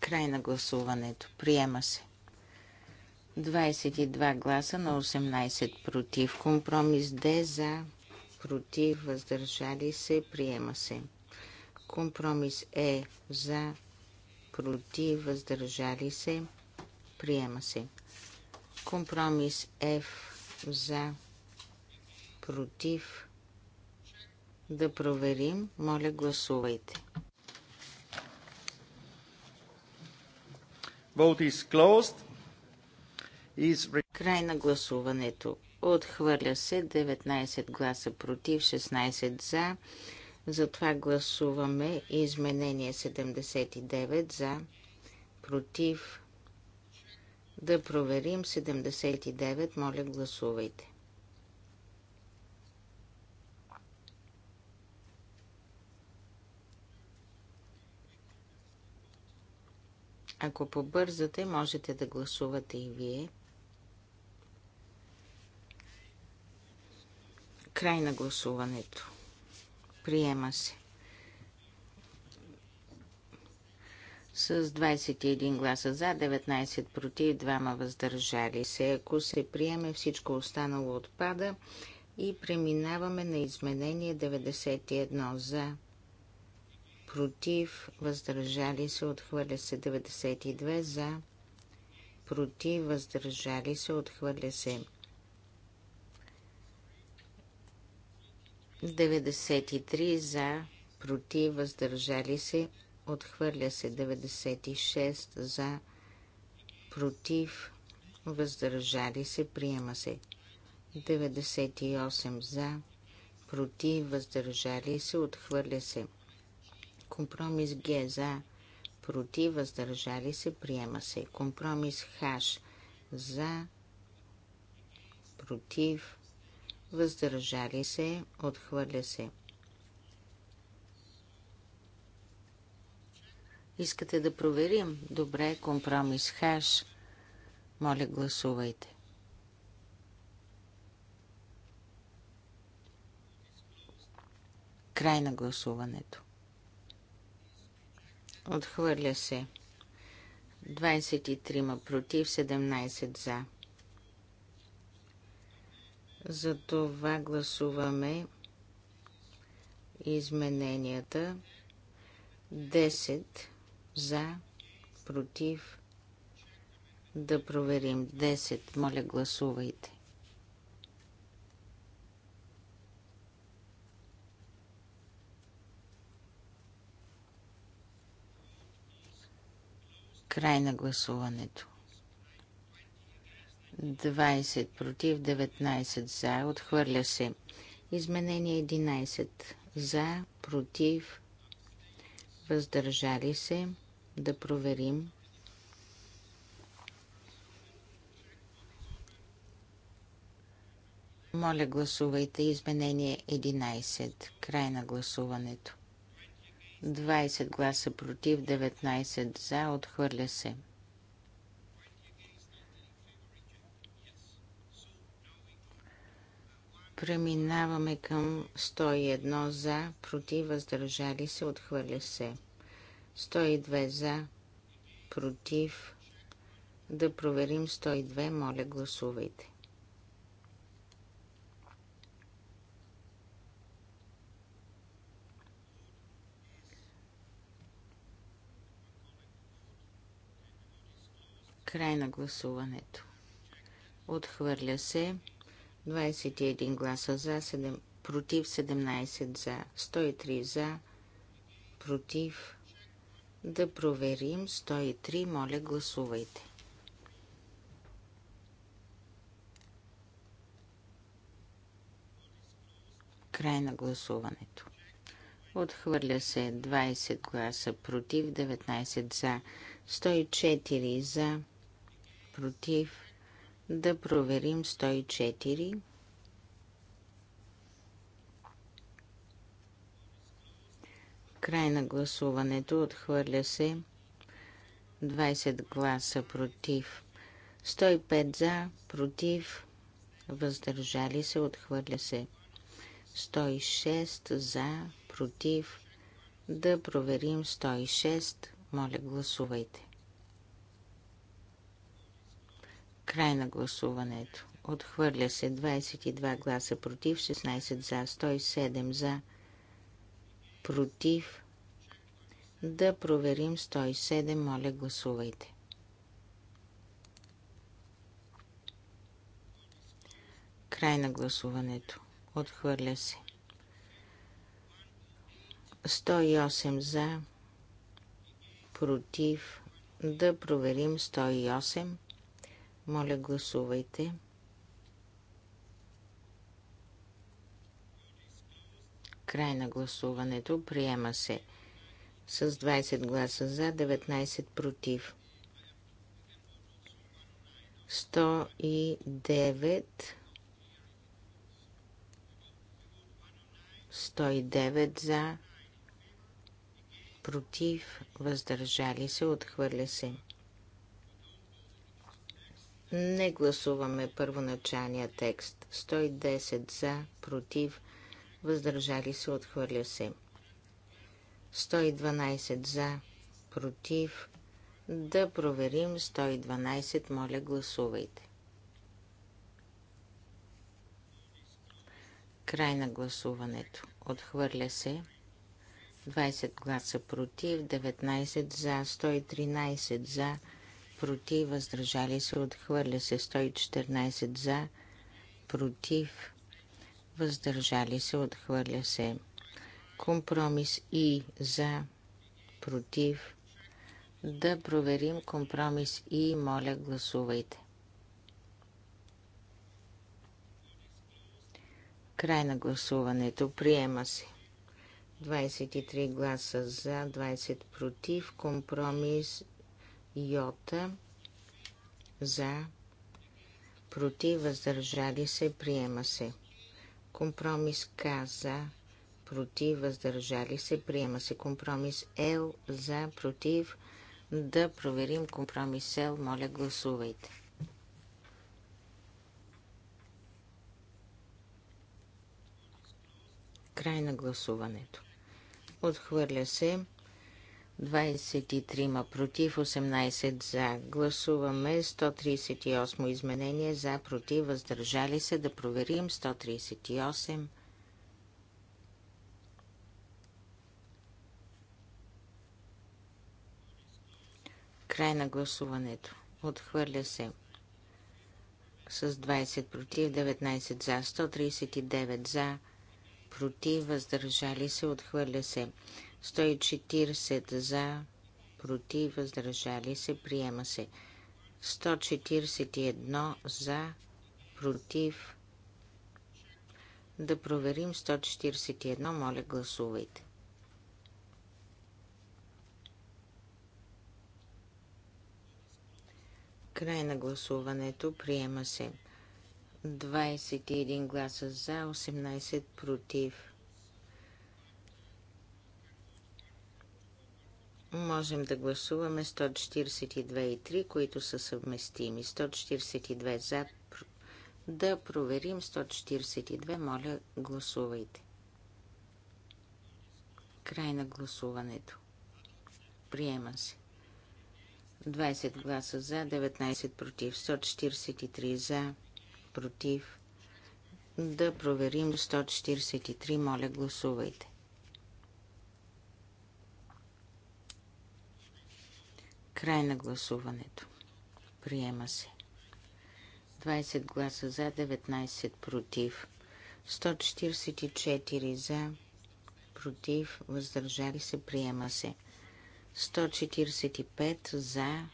Край на гласуването. Приема се. 22 гласа на 18 против. Компромис Д за против, въздържали се, приема се. Компромис Е за против, въздържали се, приема се. Компромис Ф за против, против. Да проверим. Моля, гласувайте. Vote is closed. Is... Край на гласуването. Отхвърля се 19 гласа против, 16 за. Затова гласуваме изменение 79 за, против. Да проверим 79. Моля, гласувайте. Ако побързате, можете да гласувате и вие. Край на гласуването. Приема се. с 21 гласа за, 19 против, 2 въздържали се. Ако се приеме, всичко останало отпада и преминаваме на изменение 91 за, против, въздържали се, отхвърля се 92 за, против, въздържали се, отхвърля се 93 за, против, въздържали се, отхвърля се 96 за, против, въздържали се, приема се 98 за, против, въздържали се, отхвърля се 96 Компромис Г за, против, въздържали се, приема се. Компромис Х за, против, въздържали се, отхвърля се. Искате да проверим? Добре, компромис хаш. Моля, гласувайте. Край на гласуването. Отхвърля се. 23 против, 17 за. За това гласуваме измененията 10 за, против. Да проверим 10. Моля, гласувайте. Край на гласуването. 20 против, 19 за. Отхвърля се. Изменение 11 за, против, въздържали се. Да проверим. Моля, гласувайте изменение 11. Край на гласуването. 20 гласа против, 19 за, отхвърля се. Преминаваме към 101 за, против, въздържали се, отхвърля се. 102 за, против. Да проверим 102, моля гласувайте. Край на гласуването. Отхвърля се. 21 гласа за, 7, против 17 за, 103 за, против. Да проверим. 103. Моля, гласувайте. Край на гласуването. Отхвърля се 20 гласа против, 19 за, 104 за, против. Да проверим 104. Край на гласуването отхвърля се 20 гласа против, 105 за, против, въздържали се, отхвърля се 106 за, против. Да проверим 106. Моля, гласувайте. Край на гласуването. Отхвърля се 22 гласа против, 16 за, 107 за, против. Да проверим 107. Моля, гласувайте. Край на гласуването. Отхвърля се. 108 за, против. Да проверим 108. Моля, гласувайте. Край на гласуването. Приема се с 20 гласа за, 19 против. 109 109 за, против, въздържали се, отхвърля се. Не гласуваме първоначалния текст. 110 за, против, въздържали се, отхвърля се. 112 за, против. Да проверим 112, моля гласувайте. Край на гласуването. Отхвърля се. 20 гласа против, 19 за, 113 за, против, въздържали се, отхвърля се 114 за, против, въздържали се, отхвърля се. Компромис и за, против. Да проверим компромис и моля гласувайте. Край на гласуването. Приема се. 23 гласа за, 20 против. Компромис Йота за против въздържали се приема се. Компромис К за против въздържали се приема се. Компромис Л за против да проверим компромис Л. Моля гласувайте. Край на гласуването. Отхвърля се 23 против, 18 за. Гласуваме 138 изменение за, против, въздържали се. Да проверим 138. Край на гласуването. Отхвърля се с 20 против, 19 за, 139 за, против, въздържали се, отхвърля се. 140 за, против, въздържали се, приема се. 141 за, против. Да проверим 141, моля гласувайте. Край на гласуването приема се 21 гласа за, 18 против. Можем да гласуваме 142 и 3, които са съвместими. 142 за. Да проверим 142. Моля, гласувайте. Край на гласуването. Приема се. 20 гласа за, 19 против, 143 за, против. Да проверим 143. Моля, гласувайте. Край на гласуването. Приема се. 20 гласа за, 19 против. 144 за, против, въздържали се, приема се. 145 за,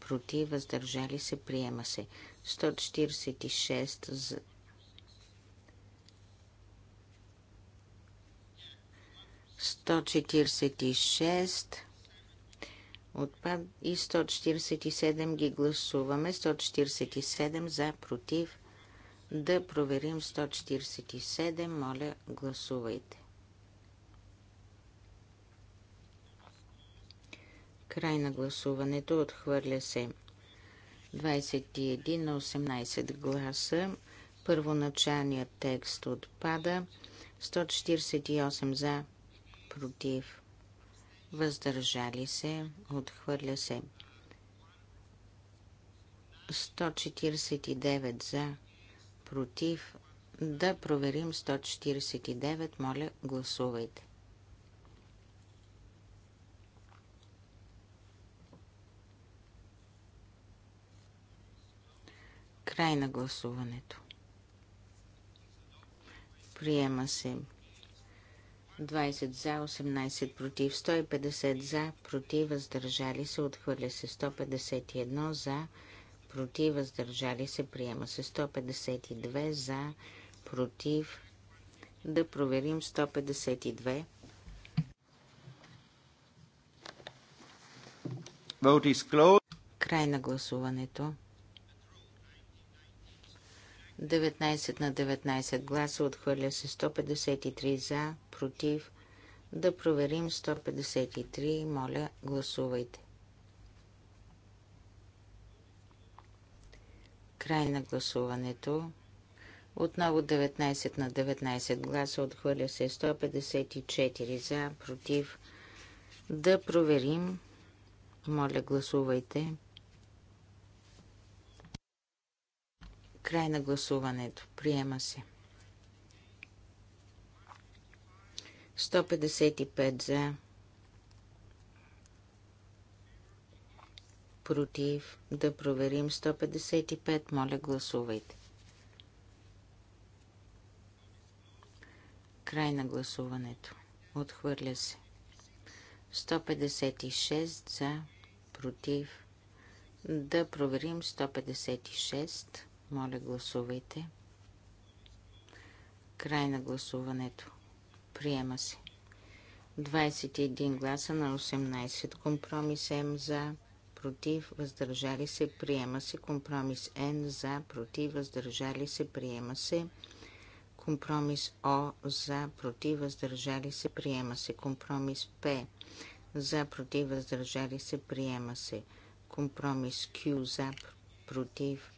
против, въздържали се, приема се. 146 за. 146 отпад и 147 ги гласуваме. 147 за, против. Да проверим 147. Моля, гласувайте. Край на гласуването отхвърля се 21 на 18 гласа. Първоначалният текст отпада. 148 за, против въздържали се, отхвърля се. 149 за, против, да проверим 149, моля гласувайте. Край на гласуването. Приема се 20 за, 18 против, 150 за, против, въздържали се, отхвърля се 151 за, против, въздържали се, приема се 152 за, против. Да проверим 152. Край на гласуването. 19 на 19 гласа отхвърля се 153 за, против. Да проверим 153. Моля, гласувайте. Край на гласуването. Отново 19 на 19 гласа отхвърля се 154 за, против. Да проверим. Моля, гласувайте. Край на гласуването. Приема се. 155 за. Против. Да проверим 155. Моля, гласувайте. Край на гласуването. Отхвърля се. 156 за. Против. Да проверим 156. Моля, гласувайте. Край на гласуването. Приема се. 21 гласа на 18. Компромис М за, против, въздържали се, приема се. Компромис Н за, против, въздържали се, приема се. Компромис О за, против, въздържали се, приема се. Компромис П за, против, въздържали се, приема се. Компромис Q за, против,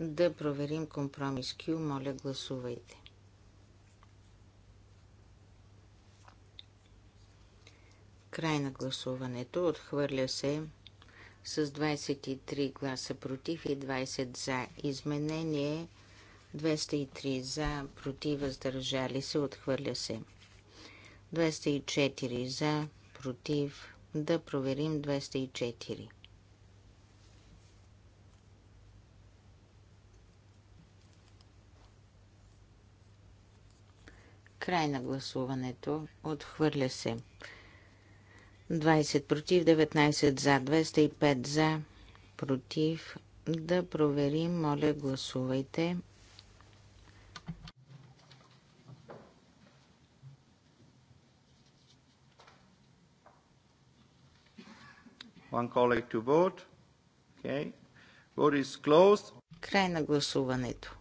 да проверим компромис Q. Моля, гласувайте. Край на гласуването. Отхвърля се с 23 гласа против и 20 за. Изменение 203 за, против, въздържали се, отхвърля се. 204 за, против, да проверим 204. Край на гласуването. Отхвърля се. 20 против, 19 за, 205 за, против. Да проверим. Моля, гласувайте. One colleague to vote. Okay. Vote is closed. Край на гласуването.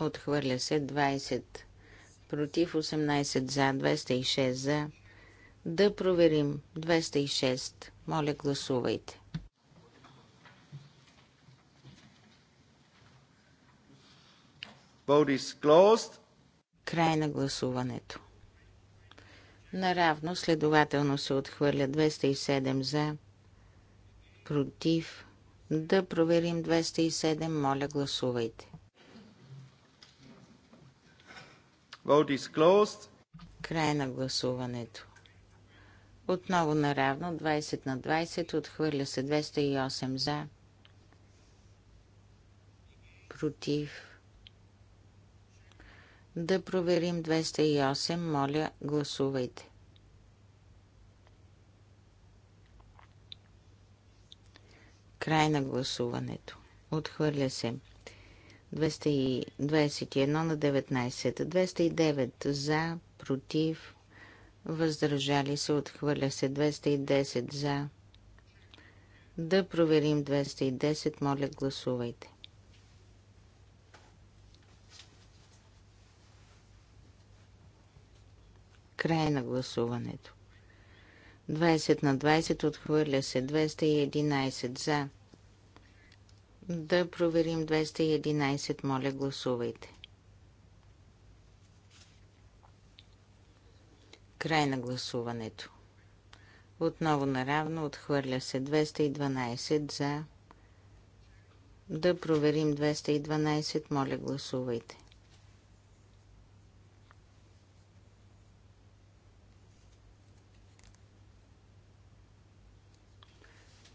Отхвърля се 20 против 18 за, 206 за. Да проверим 206. Моля, гласувайте. Край на гласуването. Наравно, следователно се отхвърля 207 за, против. Да проверим 207. Моля, гласувайте. Vote is closed. Край на гласуването. Отново наравно 20 на 20 отхвърля се 208 за. Против. Да проверим 208. Моля, гласувайте. Край на гласуването. Отхвърля се 221 на 19. 209 за, против, въздържали се, отхвърля се. 210 за. Да проверим 210. Моля, гласувайте. Край на гласуването. 20 на 20 отхвърля се. 211 за да проверим 211. Моля, гласувайте. Край на гласуването. Отново наравно отхвърля се 212 за. Да проверим 212. Моля, гласувайте.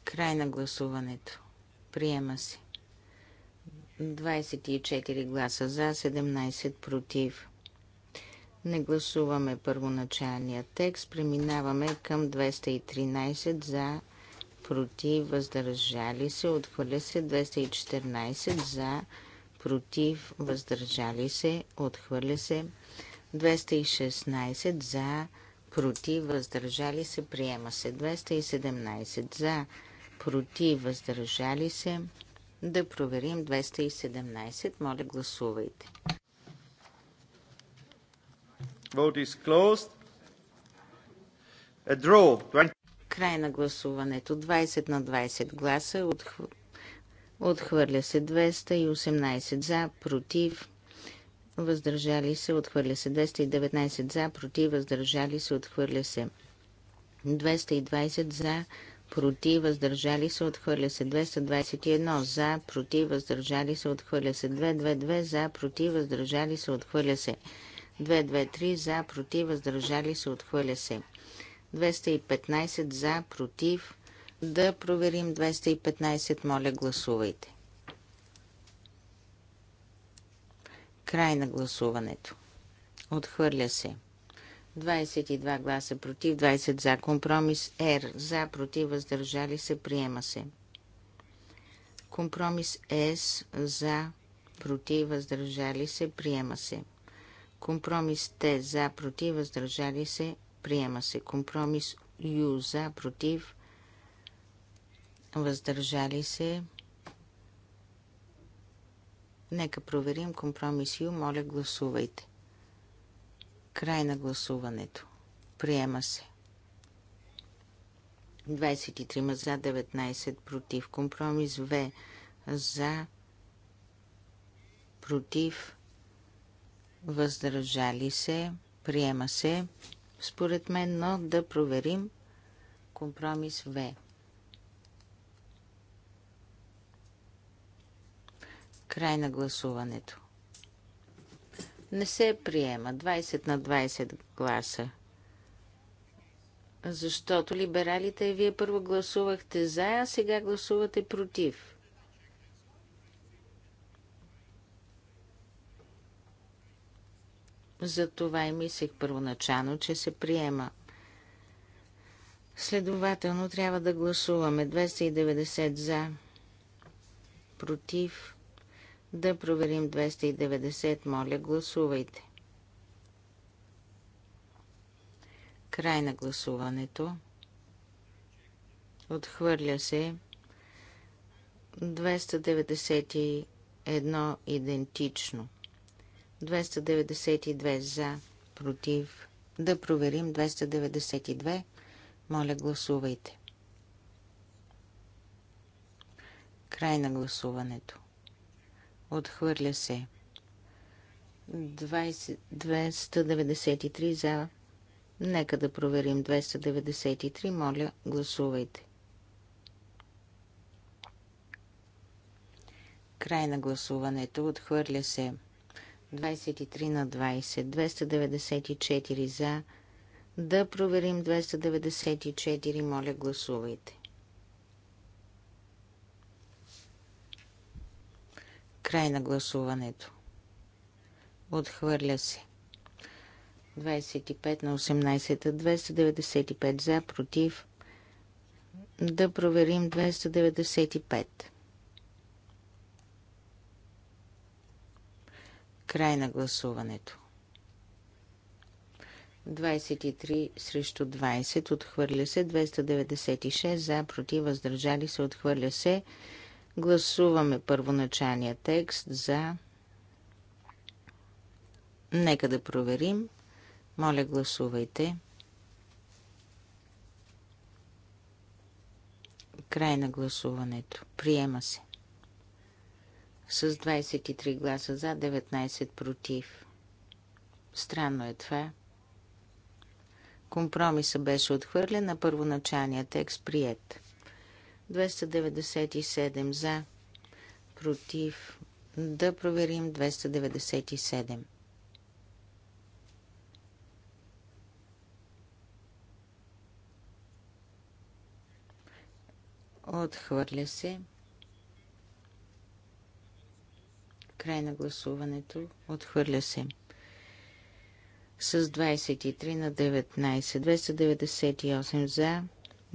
Край на гласуването. Приема се. 24 гласа за, 17 против. Не гласуваме първоначалния текст. Преминаваме към 213 за, против, въздържали се. Отхвърля се 214 за, против, въздържали се. Отхвърля се 216 за, против, въздържали се. Приема се 217 за, против, въздържали се. Да проверим 217. Моля, гласувайте. Vote is closed. A draw. 20... Край на гласуването. 20 на 20 гласа. Отхвърля се 218 за, против, въздържали се, отхвърля се 219 за, против, въздържали се, отхвърля се 220 за, против, въздържали се, отхвърля се 221, за, против, въздържали се, отхвърля се 222, за, против, въздържали се, отхвърля се 223, за, против, въздържали се, отхвърля се 215, за, против, да проверим 215, моля гласувайте. Край на гласуването. Отхвърля се 22 гласа против, 20 за. Компромис Р. За, против, въздържали се, приема се. Компромис С. За, против, въздържали се, приема се. Компромис Т. За, против, въздържали се, приема се. Компромис Ю. За, против, въздържали се. Нека проверим компромис Ю. Моля, гласувайте. Край на гласуването. Приема се. 23 за, 19 против. Компромис В за, против, въздържали се. Приема се, според мен, но да проверим компромис В. Край на гласуването не се приема 20 на 20 гласа. Защото либералите, вие първо гласувахте за, а сега гласувате против. Затова и мислех първоначално, че се приема. Следователно трябва да гласуваме 290 за, против да проверим 290. Моля, гласувайте. Край на гласуването. Отхвърля се. 291 идентично. 292 за, против. Да проверим 292. Моля, гласувайте. Край на гласуването. Отхвърля се. 293 за. Нека да проверим 293. Моля, гласувайте. Край на гласуването. Отхвърля се. 23 на 20. 294 за. Да проверим 294. Моля, гласувайте. Край на гласуването. Отхвърля се. 25 на 18, 295 за, против. Да проверим 295. Край на гласуването. 23 срещу 20 отхвърля се, 296 за, против, въздържали се, отхвърля се. Гласуваме първоначалния текст за. Нека да проверим. Моля, гласувайте. Край на гласуването. Приема се. С 23 гласа за, 19 против. Странно е това. Компромиса беше отхвърлен, а първоначалният текст прият. 297 за, против. Да проверим 297. Отхвърля се. Край на гласуването. Отхвърля се. С 23 на 19. 298 за.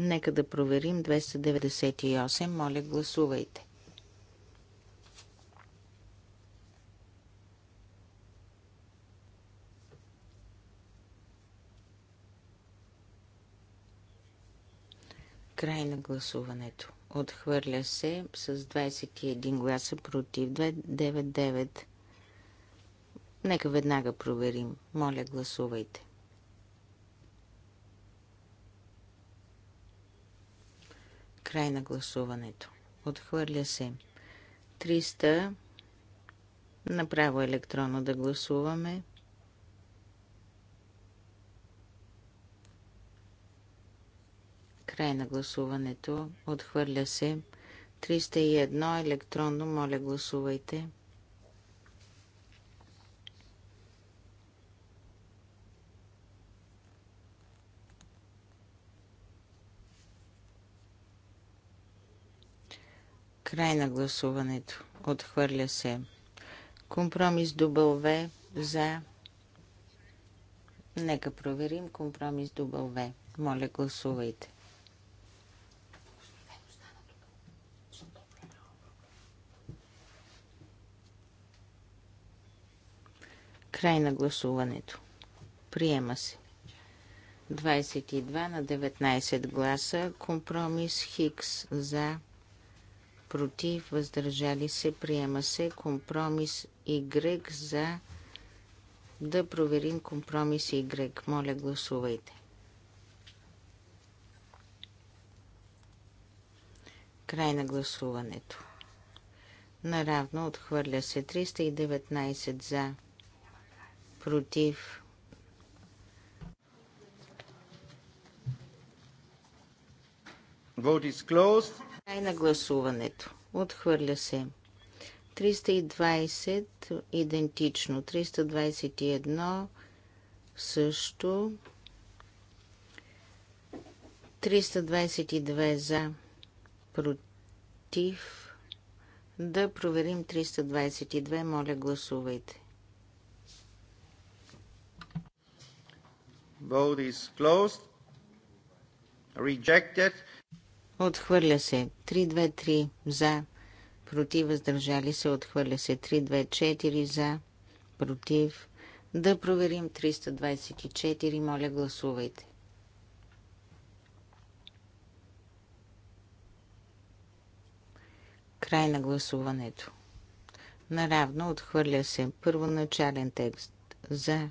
Нека да проверим 298. Моля, гласувайте. Край на гласуването. Отхвърля се с 21 гласа против 299. Нека веднага проверим. Моля, гласувайте. Край на гласуването. Отхвърля се. 300. Направо електронно да гласуваме. Край на гласуването. Отхвърля се. 301. Електронно. Моля, гласувайте. Край на гласуването. Отхвърля се. Компромис В за. Нека проверим компромис В. Моля, гласувайте. Край на гласуването. Приема се. 22 на 19 гласа. Компромис Хикс за против, въздържали се, приема се. Компромис Y за да проверим компромис Y. Моля, гласувайте. Край на гласуването. Наравно отхвърля се 319 за, против. Vote is closed. Край на гласуването. Отхвърля се. 320 идентично. 321 също. 322 за. Против. Да проверим 322. Моля, гласувайте. Vote is closed. Rejected. Отхвърля се. 323 за. Против. Въздържали се. Отхвърля се. 324 за. Против. Да проверим 324. Моля, гласувайте. Край на гласуването. Наравно отхвърля се първоначален текст за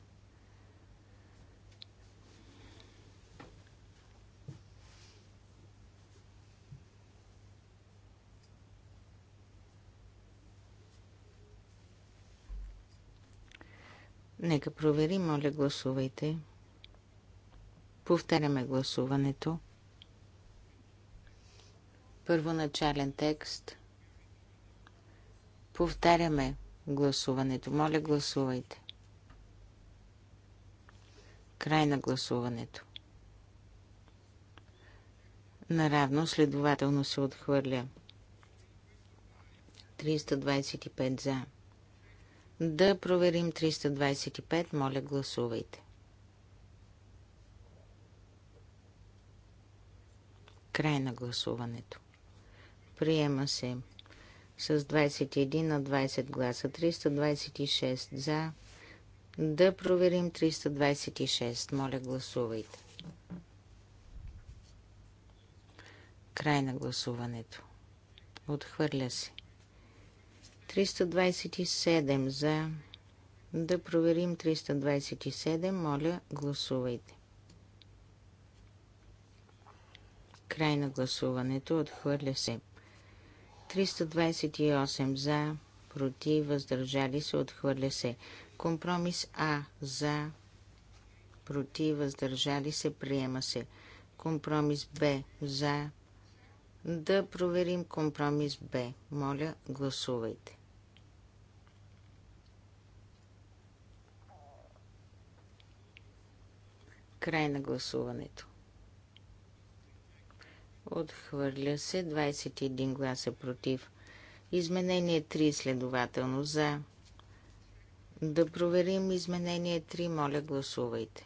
Нека проверим, моля гласувайте. Повтаряме гласуването. Първоначален текст. Повтаряме гласуването. Моля гласувайте. Край на гласуването. Наравно следователно се отхвърля. 325 за. Да проверим 325. Моля, гласувайте. Край на гласуването. Приема се с 21 на 20 гласа. 326 за. Да проверим 326. Моля, гласувайте. Край на гласуването. Отхвърля се. 327 за. Да проверим 327. Моля, гласувайте. Край на гласуването. Отхвърля се. 328 за. Против. Въздържали се. Отхвърля се. Компромис А. За. Против. Въздържали се. Приема се. Компромис Б. За. Да проверим компромис Б. Моля, гласувайте. Край на гласуването. Отхвърля се 21 гласа против. Изменение 3 следователно за. Да проверим изменение 3. Моля, гласувайте.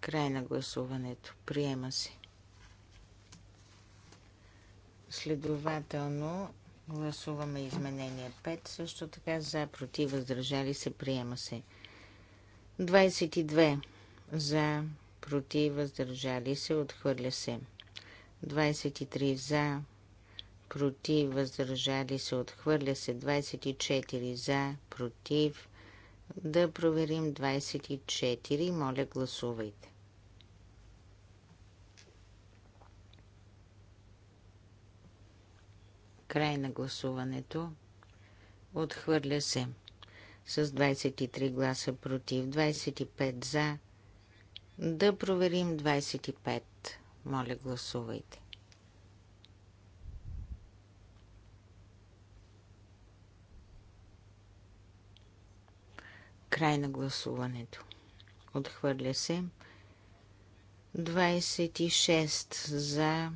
Край на гласуването. Приема се. Следователно Гласуваме изменение 5. Също така за, против, въздържали се, приема се. 22. За, против, въздържали се, отхвърля се. 23. За, против, въздържали се, отхвърля се. 24. За, против. Да проверим 24. Моля, гласувайте. Край на гласуването. Отхвърля се. С 23 гласа против, 25 за. Да проверим 25. Моля, гласувайте. Край на гласуването. Отхвърля се. 26 за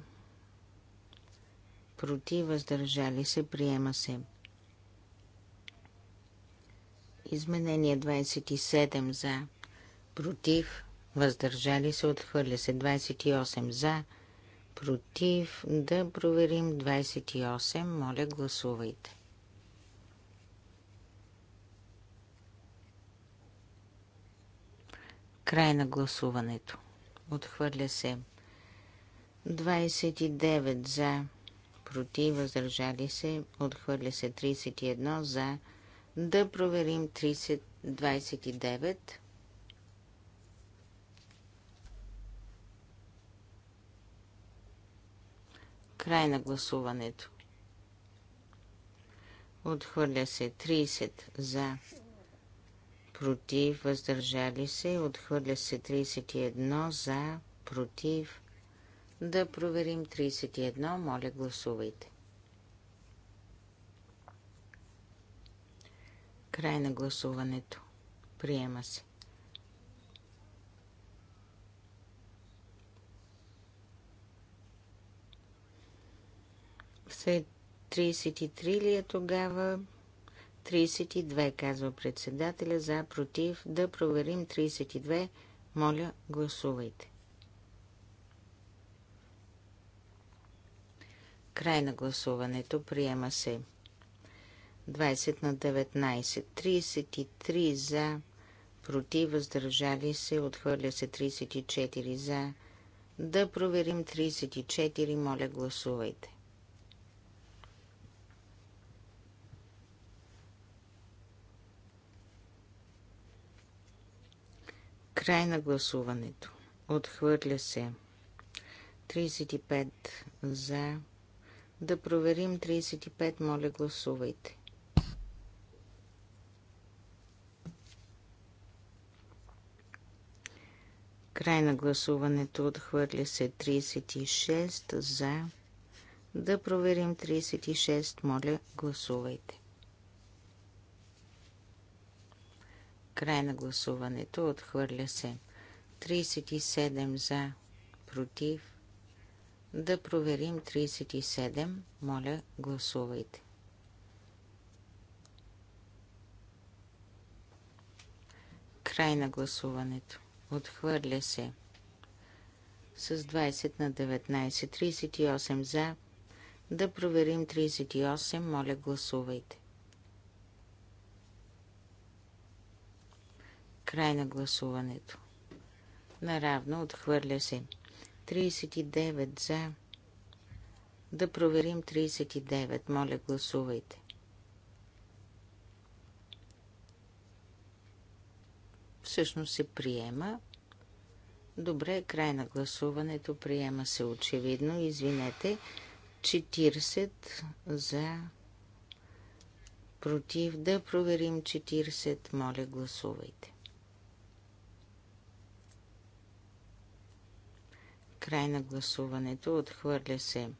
против, въздържали се, приема се. Изменение 27 за, против, въздържали се, отхвърля се 28 за, против, да проверим 28, моля гласувайте. Край на гласуването. Отхвърля се 29 за, против, въздържали се, отхвърля се 31 за. Да проверим 30, 29. Край на гласуването. Отхвърля се 30 за. Против, въздържали се. Отхвърля се 31 за. Против, да проверим 31. Моля, гласувайте. Край на гласуването. Приема се. След 33 ли е тогава? 32, казва председателя, за, против, да проверим 32. Моля, гласувайте. Край на гласуването. Приема се. 20 на 19. 33 за. Против. Въздържали се. Отхвърля се 34 за. Да проверим 34. Моля, гласувайте. Край на гласуването. Отхвърля се. 35 за да проверим 35, моля гласувайте. Край на гласуването отхвърля се 36 за. Да проверим 36, моля гласувайте. Край на гласуването отхвърля се 37 за, против да проверим 37. Моля, гласувайте. Край на гласуването. Отхвърля се. С 20 на 19. 38 за. Да проверим 38. Моля, гласувайте. Край на гласуването. Наравно отхвърля се. 39 за. Да проверим 39. Моля, гласувайте. Всъщност се приема. Добре, край на гласуването. Приема се очевидно. Извинете. 40 за. Против. Да проверим 40. Моля, гласувайте. Край на гласуването. Отхвърля се.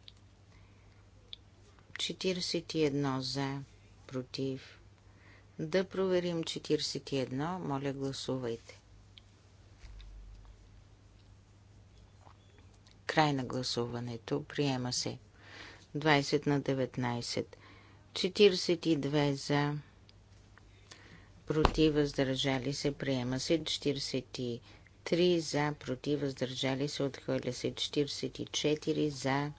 41 за, против. Да проверим 41. Моля, гласувайте. Край на гласуването. Приема се. 20 на 19. 42 за, против, въздържали се. Приема се. 43 3 за, против, въздържали се, отхвърля се 44 за,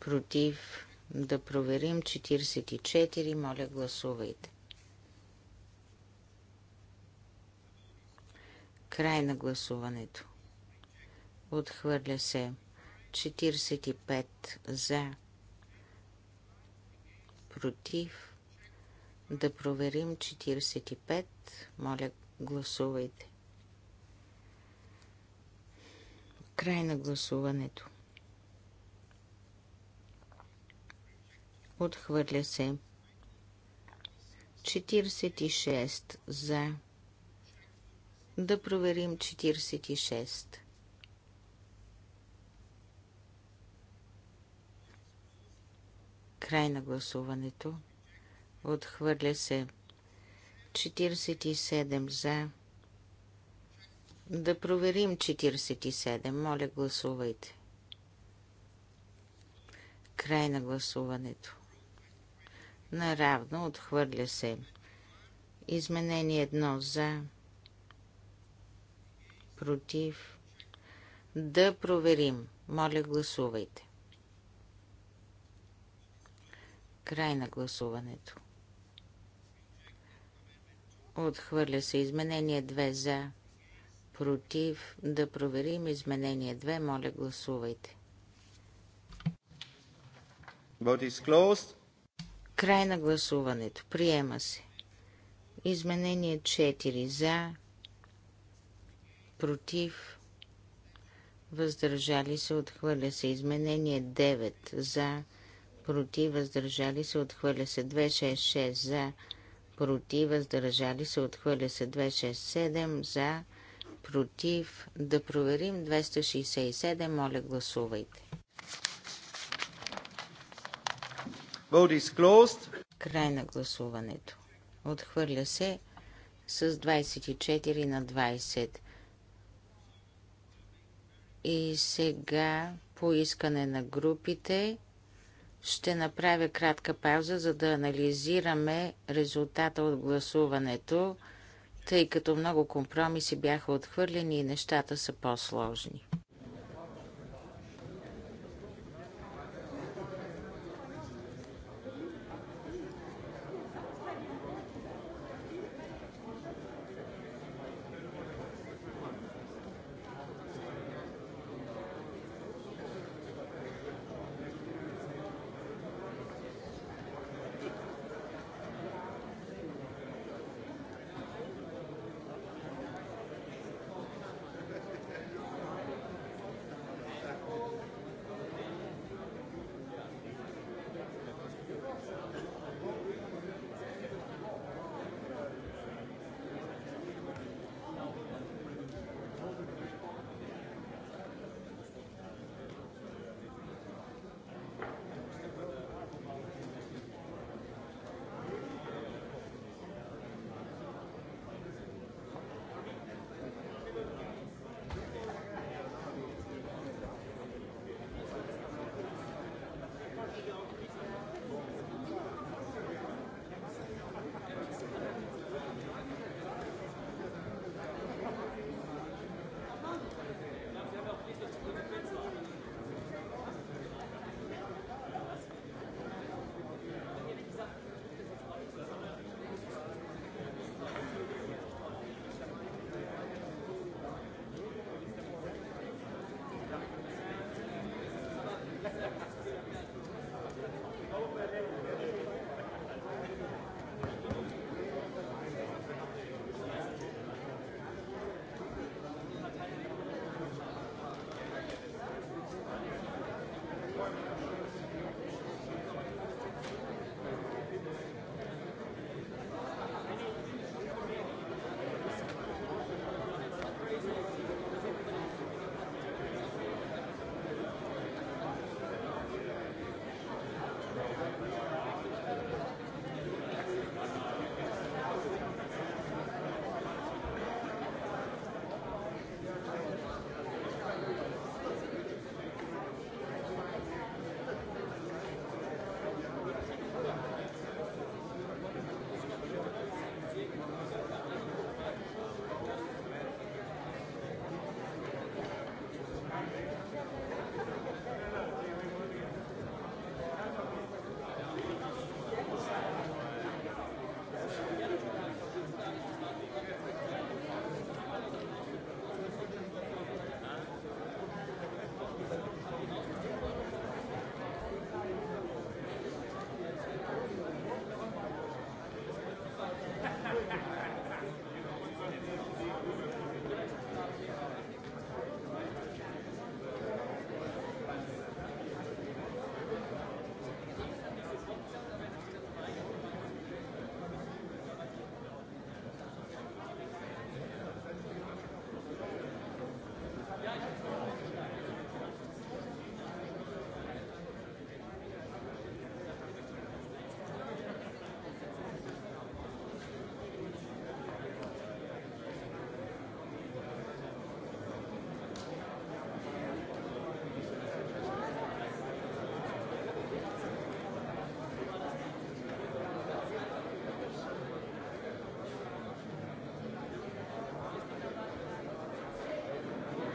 против, да проверим 44, моля гласувайте. Край на гласуването. Отхвърля се 45 за, против, да проверим 45, моля гласувайте. Край на гласуването. Отхвърля се. 46 за. Да проверим 46. Край на гласуването. Отхвърля се. 47 за да проверим 47. Моля, гласувайте. Край на гласуването. Наравно отхвърля се. Изменение 1 за. Против. Да проверим. Моля, гласувайте. Край на гласуването. Отхвърля се изменение 2 за против, да проверим изменение 2. Моля, гласувайте. Край на гласуването. Приема се. Изменение 4 за, против, въздържали се, отхвърля се. Изменение 9 за, против, въздържали се, отхвърля се. 266 за, против, въздържали се, отхвърля се. 267 за, против, да проверим 267, моля гласувайте. Vote is closed. Край на гласуването. Отхвърля се с 24 на 20. И сега по искане на групите ще направя кратка пауза, за да анализираме резултата от гласуването тъй като много компромиси бяха отхвърлени и нещата са по-сложни.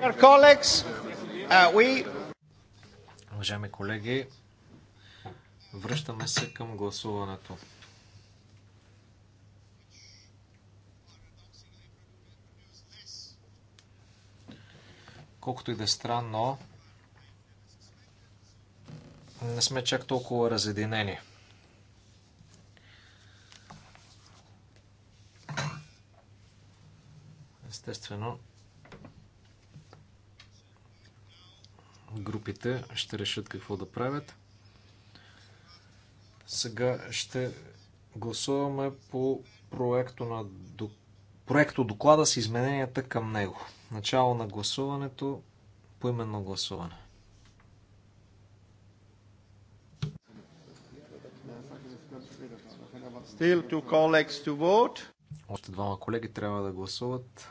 Uh, Уважаеми колеги, връщаме се към гласуването. Колкото и да е странно, не сме чак толкова разединени. Естествено, колегите ще решат какво да правят. Сега ще гласуваме по проекто, на, проекто доклада с измененията към него. Начало на гласуването, по именно гласуване. Still two colleagues to vote. Още двама колеги трябва да гласуват.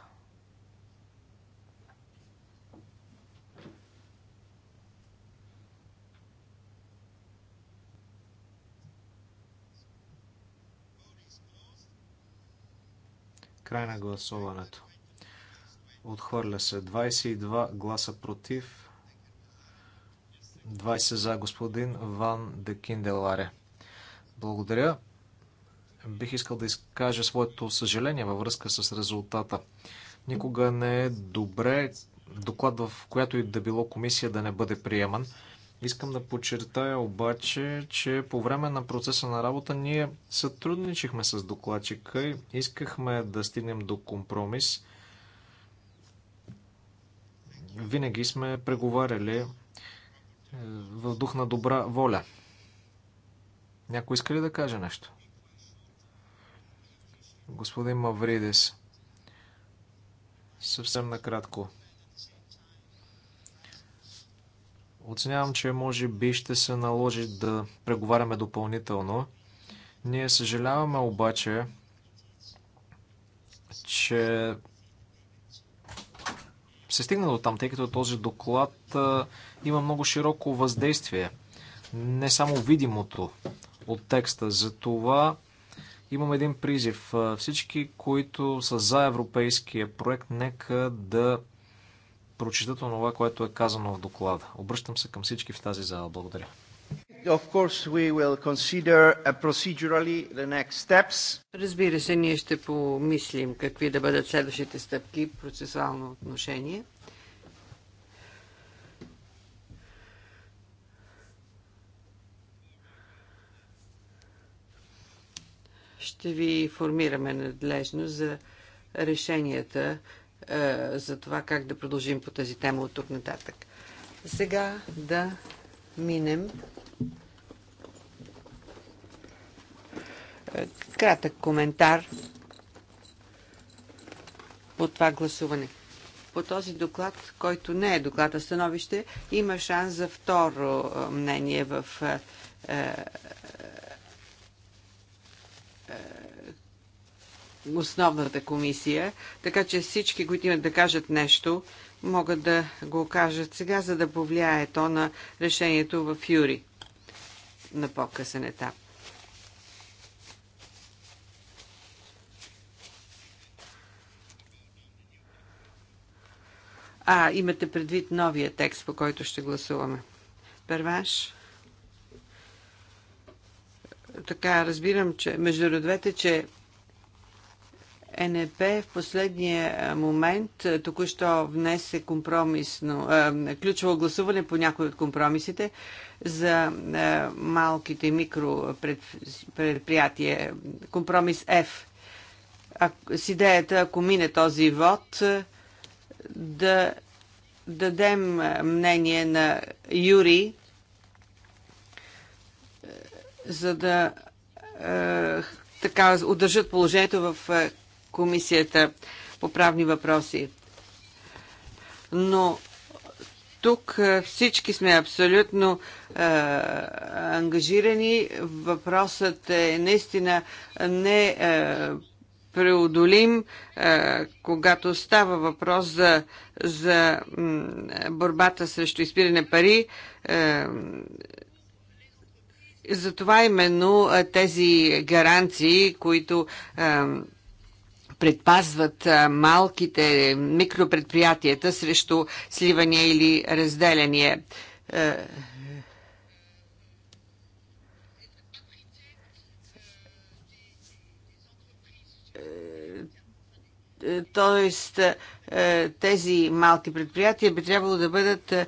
Край на гласуването. Отхвърля се. 22 гласа против. 20 за господин Ван де Кинделаре. Благодаря. Бих искал да изкажа своето съжаление във връзка с резултата. Никога не е добре доклад в която и да било комисия да не бъде приеман. Искам да подчертая обаче, че по време на процеса на работа ние сътрудничихме с докладчика и искахме да стигнем до компромис. Винаги сме преговаряли е, в дух на добра воля. Някой иска ли да каже нещо? Господин Мавридес, съвсем накратко. Оценявам, че може би ще се наложи да преговаряме допълнително. Ние съжаляваме обаче, че се стигна до там, тъй като този доклад има много широко въздействие. Не само видимото от текста. Затова имам един призив. Всички, които са за европейския проект, нека да прочитат това, което е казано в доклада. Обръщам се към всички в тази зала. Благодаря. Uh, Разбира се, ние ще помислим какви да бъдат следващите стъпки процесуално отношение. Ще ви информираме надлежно за решенията, е, за това как да продължим по тази тема от тук нататък. Сега да минем е, кратък коментар по това гласуване. По този доклад, който не е доклад, а становище, има шанс за второ е, мнение в основната комисия, така че всички, които имат да кажат нещо, могат да го кажат сега, за да повлияе то на решението в Юри на по-късен етап. А, имате предвид новия текст, по който ще гласуваме. Перваш? Така, разбирам, че между родовете, че НП в последния момент току-що внесе компромисно, ключово гласуване по някои от компромисите за малките микропредприятия. Компромис F. А, с идеята, ако мине този вод, да дадем мнение на Юри, за да е, така удържат положението в Комисията по правни въпроси. Но тук всички сме абсолютно е, ангажирани. Въпросът е наистина не е, преодолим, е, когато става въпрос за, за борбата срещу изпиране пари. Е, затова именно тези гаранции, които е, предпазват малките микропредприятията срещу сливане или разделяние. Е, тоест, е, тези малки предприятия би трябвало да бъдат е,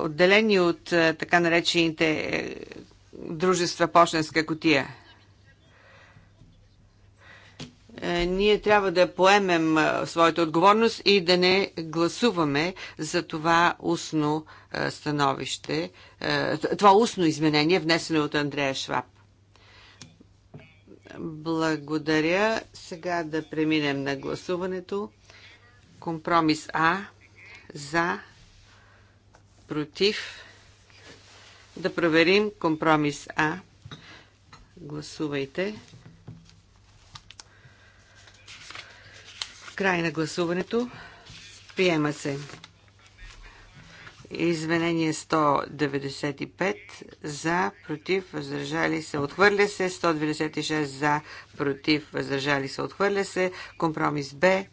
отделени от така наречените дружества почтенска котия. Е, ние трябва да поемем е, своята отговорност и да не гласуваме за това устно е, становище, това устно изменение, внесено от Андрея Шваб. Благодаря. Сега да преминем на гласуването. Компромис А. За. Против. Да проверим компромис А. Гласувайте. Край на гласуването. Приема се. Изменение 195 за, против, въздържали се, отхвърля се. 196 за, против, въздържали се, отхвърля се. Компромис Б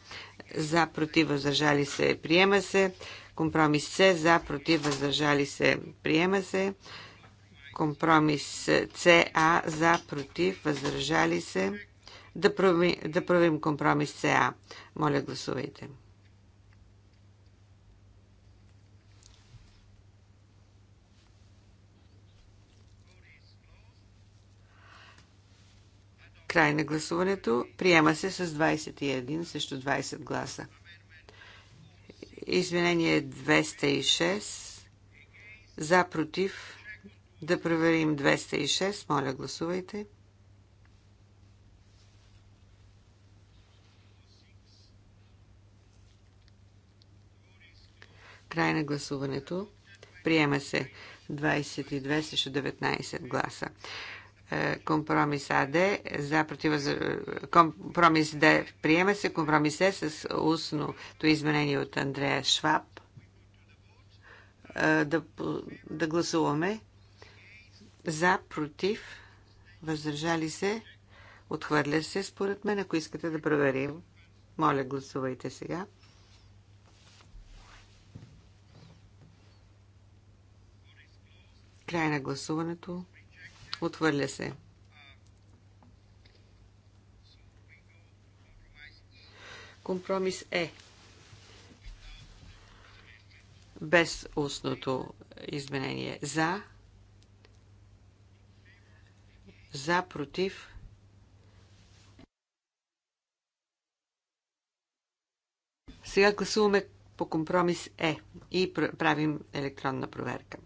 за, против, въздържали се, приема се. Компромис С за, против, въздържали се, приема се. Компромис СА за, против, въздържали се. Да, прави, да правим компромис СА. Моля, гласувайте. Край на гласуването. Приема се с 21 срещу 20 гласа. Извинение 206. За, против. Да проверим 206. Моля, гласувайте. Край на гласуването. Приема се 22 срещу 19 гласа. Е, компромис АД за против... Компромис Д приема се. Компромис Е с устното изменение от Андрея Шваб. Е, да, да гласуваме. За, против, въздържали се, отхвърля се, според мен, ако искате да проверим. Моля, гласувайте сега. Край на гласуването. Отвърля се. Компромис е без устното изменение. За, за, против. Сега гласуваме по компромис Е и правим електронна проверка.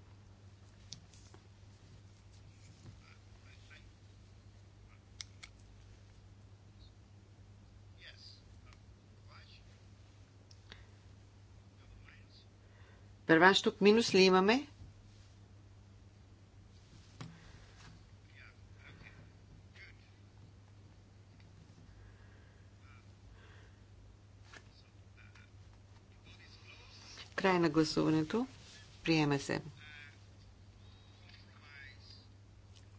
Първаш тук минус ли имаме? Край на гласуването. Приема се.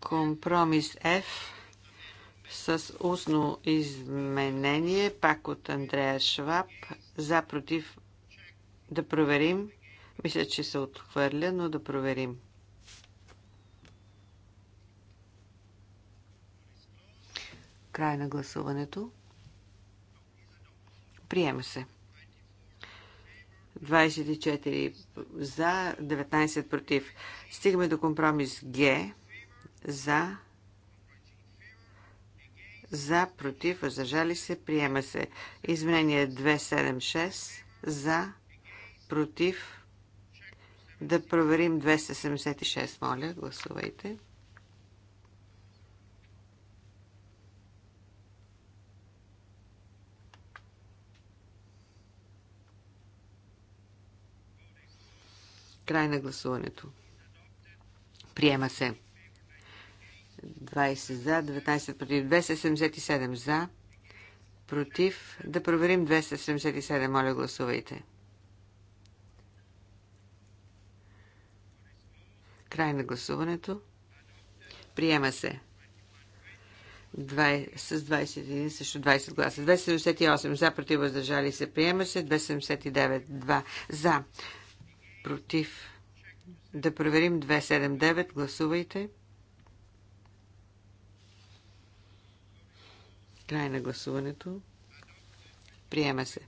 Компромис F с устно изменение, пак от Андрея Шваб, за против да проверим мисля, че се отхвърля, но да проверим. Край на гласуването. Приема се. 24 за, 19 против. Стигаме до компромис Г. За. За, против, въздържали се, приема се. Изменение 276. За, против, да проверим 276, моля, гласувайте. Край на гласуването. Приема се. 20 за, 19 против, 277 за, против. Да проверим 277, моля гласувайте. Край на гласуването. Приема се. 2, с 21 също 20 гласа. 278 за, против, въздържали се. Приема се. 279 2 за, против. Да проверим 279. Гласувайте. Край на гласуването. Приема се.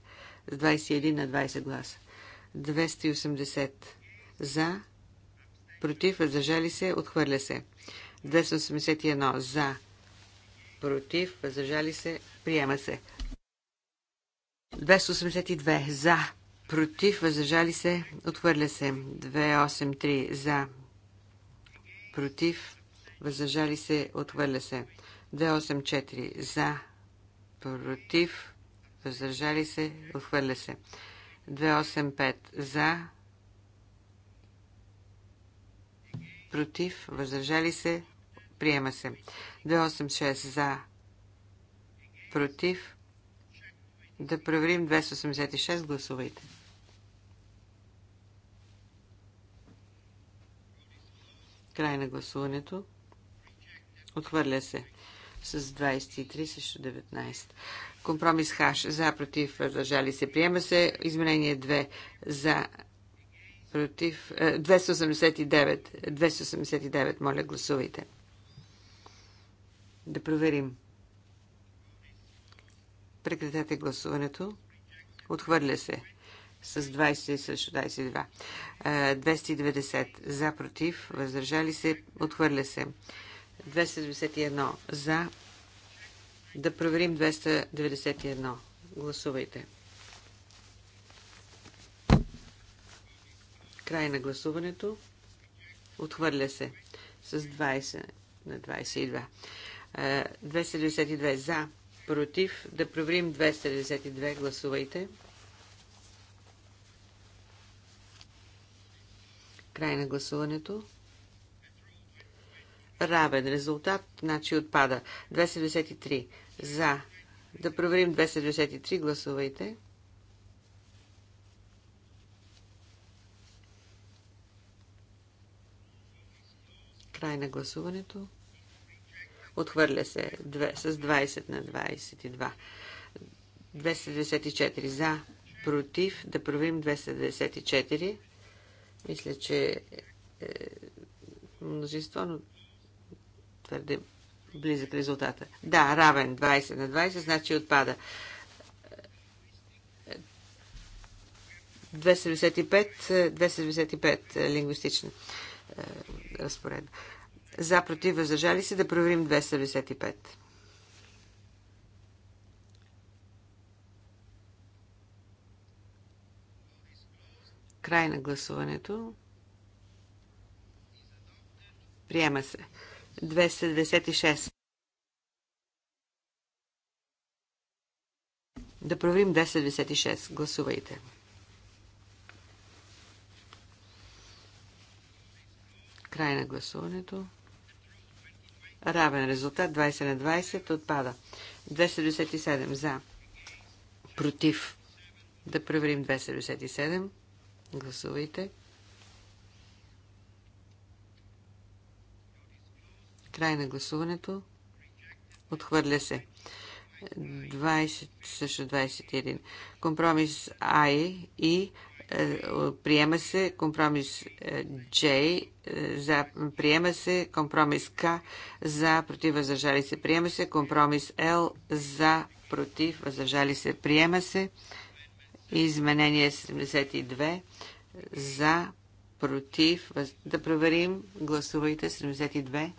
С 21 на 20 гласа. 280 за, против, въздържали се, отхвърля се. 281 за, против, въздържали се, приема се. 282 за, против, въздържали се, отхвърля се. 283 за, против, въздържали се, отхвърля се. 284 за, против, въздържали се, отхвърля се. 285 за, против, въздържали се, приема се. 286 за, против. Да проверим 286, гласувайте. Край на гласуването. Отхвърля се с 23 срещу 19. Компромис Хаш. За, против, въздържали се. Приема се. Изменение 2. За, против. 289. Е, 289, моля, гласувайте. Да проверим. Прекратете гласуването. Отхвърля се с 20 също 22. 290 е, за против, въздържали се, отхвърля се. 291 за. Да проверим 291. Гласувайте. Край на гласуването. Отхвърля се с 20 на 22. 292 е, за, против. Да проверим 292. Гласувайте. Край на гласуването. Равен резултат, значи отпада. 293 за. Да проверим 293. Гласувайте. Край на гласуването. Отхвърля се 2, с 20 на 22. 294 за, против. Да правим 294. Мисля, че е, множество, но твърде близък резултата. Да, равен 20 на 20, значи отпада. 275, 275 е, лингвистична е, разпоредба. За, против, въздържали се да проверим 295. Край на гласуването. Приема се. 296. Да проверим 296. Гласувайте. Край на гласуването. Равен резултат 20 на 20 отпада. 297 за. Против. Да проверим 297. Гласувайте. Край на гласуването. Отхвърля се. 20 също 21. Компромис А и е, приема се компромис е, J, е, за, приема се компромис К, за, против, въздържали се, приема се компромис Л, за, против, въздържали се, приема се. Изменение 72, за, против, въз... да проверим, гласувайте 72.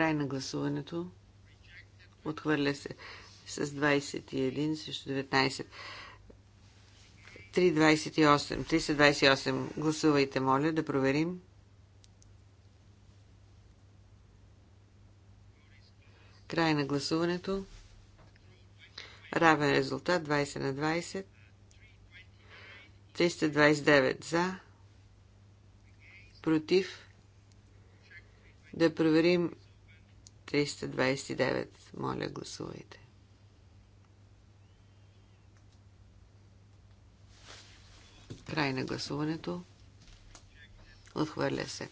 Край на гласуването. Отхвърля се с 21 срещу 19. 328. 328. Гласувайте, моля, да проверим. Край на гласуването. Равен резултат 20 на 20. 329 за. Против. Да проверим 329. Моля, гласувайте. Край на гласуването. Отхвърля се.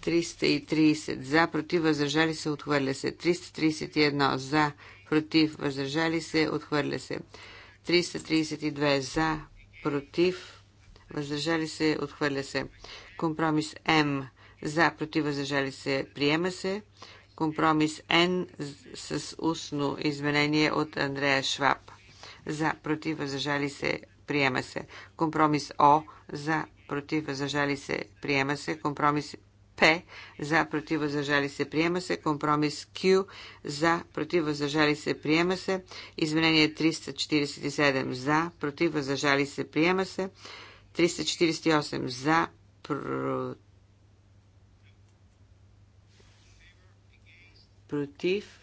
330 за, против, въздържали се, отхвърля се. 331 за, против, въздържали се, отхвърля се. 332 за, против, въздържали се, отхвърля се. Компромис М за, против, въздържали се, приема се. Компромис Н с устно изменение от Андрея Шваб. За, против, въздържали се, приема се. Компромис О. За, против, въздържали се, приема се. Компромис П. За, против, въздържали се, приема се. Компромис Q. За, против, въздържали се, приема се. Изменение 347. За, против, въздържали се, приема се. 348. За, против, против,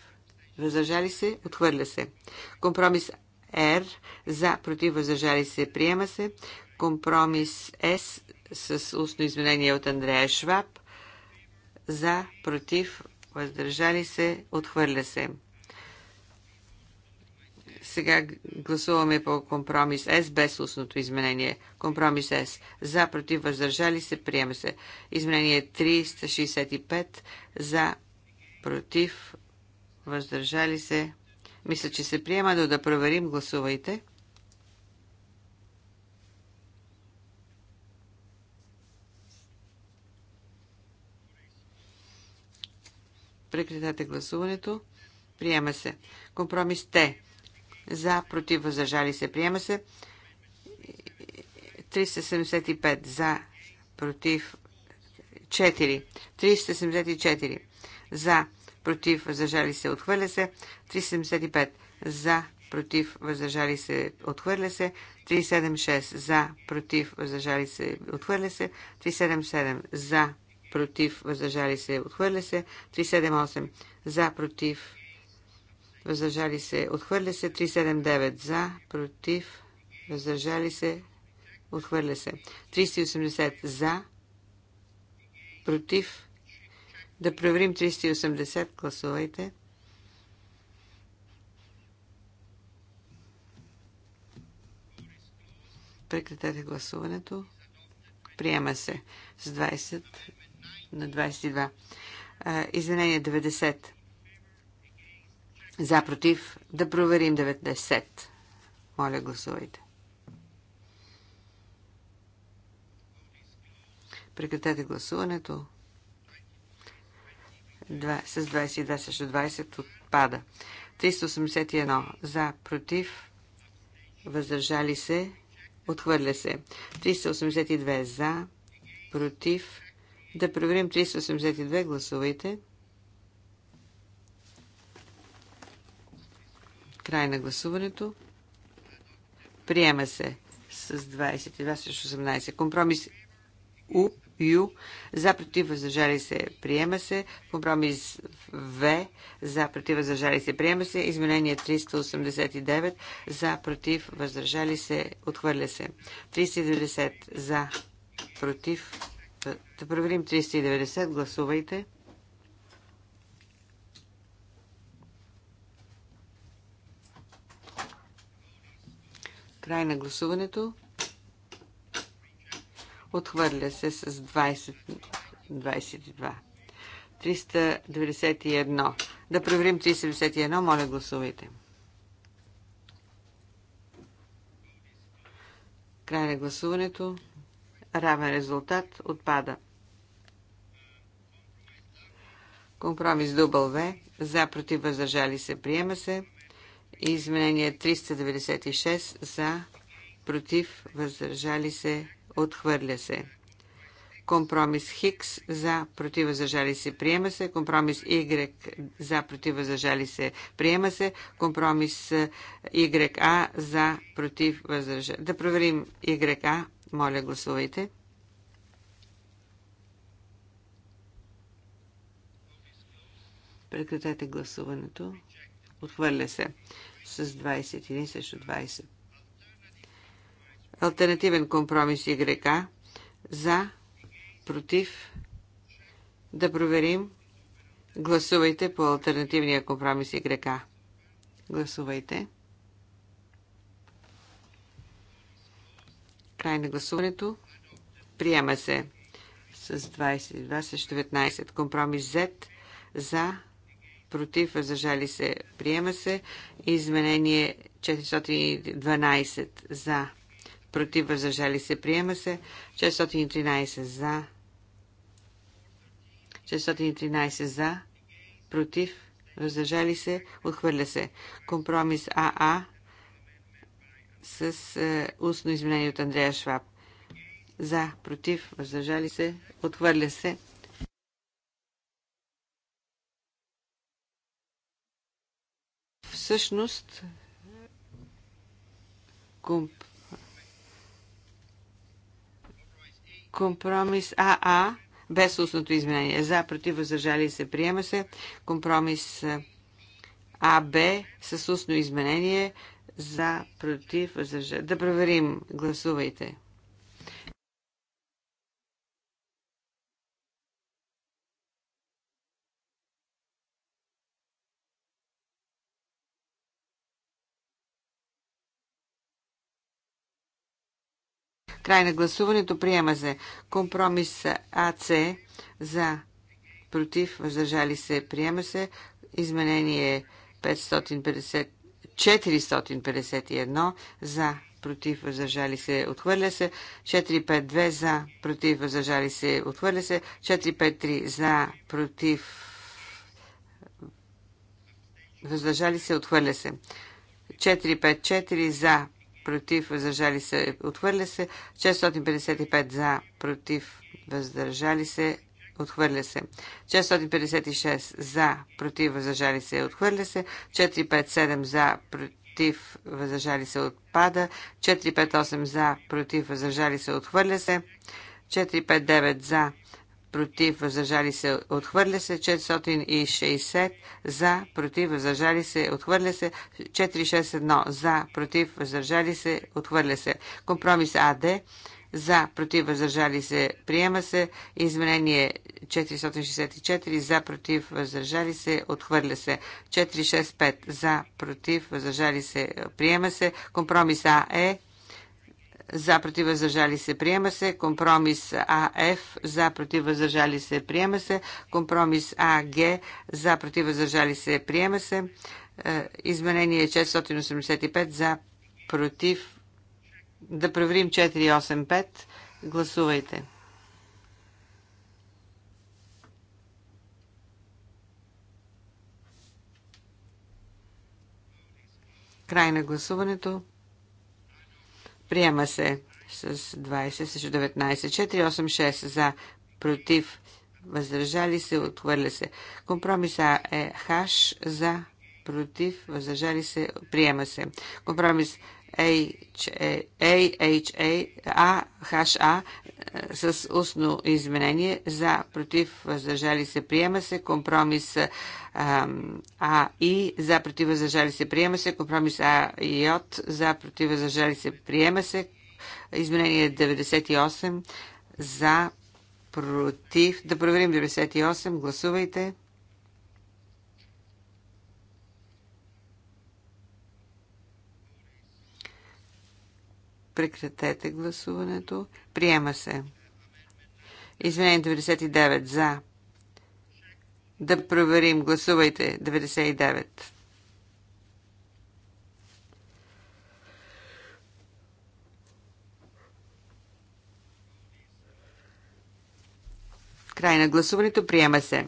въздържали се, отхвърля се. Компромис Р за, против, въздържали се, приема се. Компромис С с устно изменение от Андрея Шваб за, против, въздържали се, отхвърля се. Сега гласуваме по компромис С без устното изменение. Компромис С. За, против, въздържали се, приема се. Изменение 365. За, против, въздържали се. Мисля, че се приема, До да проверим. Гласувайте. Прекратете гласуването. Приема се. Компромис Т. За, против, въздържали се. Приема се. 375 за, против, 4. 374 за, против, въздържали се, отхвърля се. 375 за, против, въздържали се, отхвърля се. 376 за, против, въздържали се, отхвърля се. 377 за, против, въздържали се, отхвърля се. 378 за, против, въздържали се, отхвърля се. 379 за, против, въздържали се, отхвърля се. 380 за, против, да проверим 380. Гласувайте. Прекратете гласуването. Приема се с 20 на 22. Извинение 90. За против. Да проверим 90. Моля, гласувайте. Прекратете гласуването. 2, с 22 срещу 20 отпада. 381 за, против, въздържали се, отхвърля се. 382 за, против. Да проверим 382, гласувайте. Край на гласуването. Приема се с 22 срещу 18. Компромис У Ю. За против въздържали се приема се. Компромис В. За против въздържали се приема се. Изменение 389. За против въздържали се отхвърля се. 390. За против. Да проверим 390. Гласувайте. Край на гласуването. Отхвърля се с 20, 22. 391. Да проверим 371. Моля, гласувайте. Край на гласуването. Равен резултат. Отпада. Компромис дубъл В. За, против, въздържали се. Приема се. Изменение 396. За, против, въздържали се. Отхвърля се. Компромис Хикс за против въздържали се приема се. Компромис Y за против въздържали се приема се. Компромис YA за против въздържали. Да проверим YA. Моля, гласувайте. Прекратете гласуването. Отхвърля се с 21 срещу 20. Альтернативен компромис Y. За. Против. Да проверим. Гласувайте по альтернативния компромис Y. Гласувайте. Край на гласуването. Приема се с 22 срещу 19. Компромис Z за против, въздържали се, приема се. Изменение 412 за против, въздържали се, приема се. 613 за, 613 за, против, въздържали се, отхвърля се. Компромис АА с е, устно изменение от Андрея Шваб. За, против, въздържали се, отхвърля се. Всъщност, комп... Компромис АА без устното изменение. За, против, въздържали се, приема се. Компромис АБ с устно изменение. За, против, въздържали. Да проверим. Гласувайте. Край на гласуването. Приема се. Компромис АЦ за против, въздържали се. Приема се. Изменение 550, 451 за против, въздържали се, отхвърля се, 452 за, против, въздържали се, отхвърля се, 453 за, против, въздържали се, отхвърля се, 454 за, против, въздържали се, отхвърля се. 655 за, против, въздържали се, отхвърля се. 656 за, против, въздържали се, отхвърля се. 457 за, против, въздържали се, отпада. 458 за, против, въздържали се, отхвърля се. 459 за, против, въздържали се, отхвърля се, 460 за, против, въздържали се, отхвърля се, 461 за, против, въздържали се, отхвърля се. Компромис АД за, против, въздържали се, приема се. Изменение 464 за, против, въздържали се, отхвърля се. 465 за, против, въздържали се, приема се. Компромис АЕ за против въздържали се приема се, компромис АФ за против въздържали се приема се, компромис АГ за против въздържали се приема се, е, изменение 685 за против да проверим 485 гласувайте. Край на гласуването. Приема се с 20 срещу 19. 486 за, против, въздържали се, отхвърля се. Компромиса е хаш за, против, въздържали се, приема се. Компромис AHA с устно изменение за против въздържали се приема се компромис А и за против въздържали се приема се компромис А и от за против въздържали се приема се изменение 98 за против да проверим 98 гласувайте Прекратете гласуването. Приема се. Извинение 99 за. Да проверим. Гласувайте 99. Край на гласуването приема се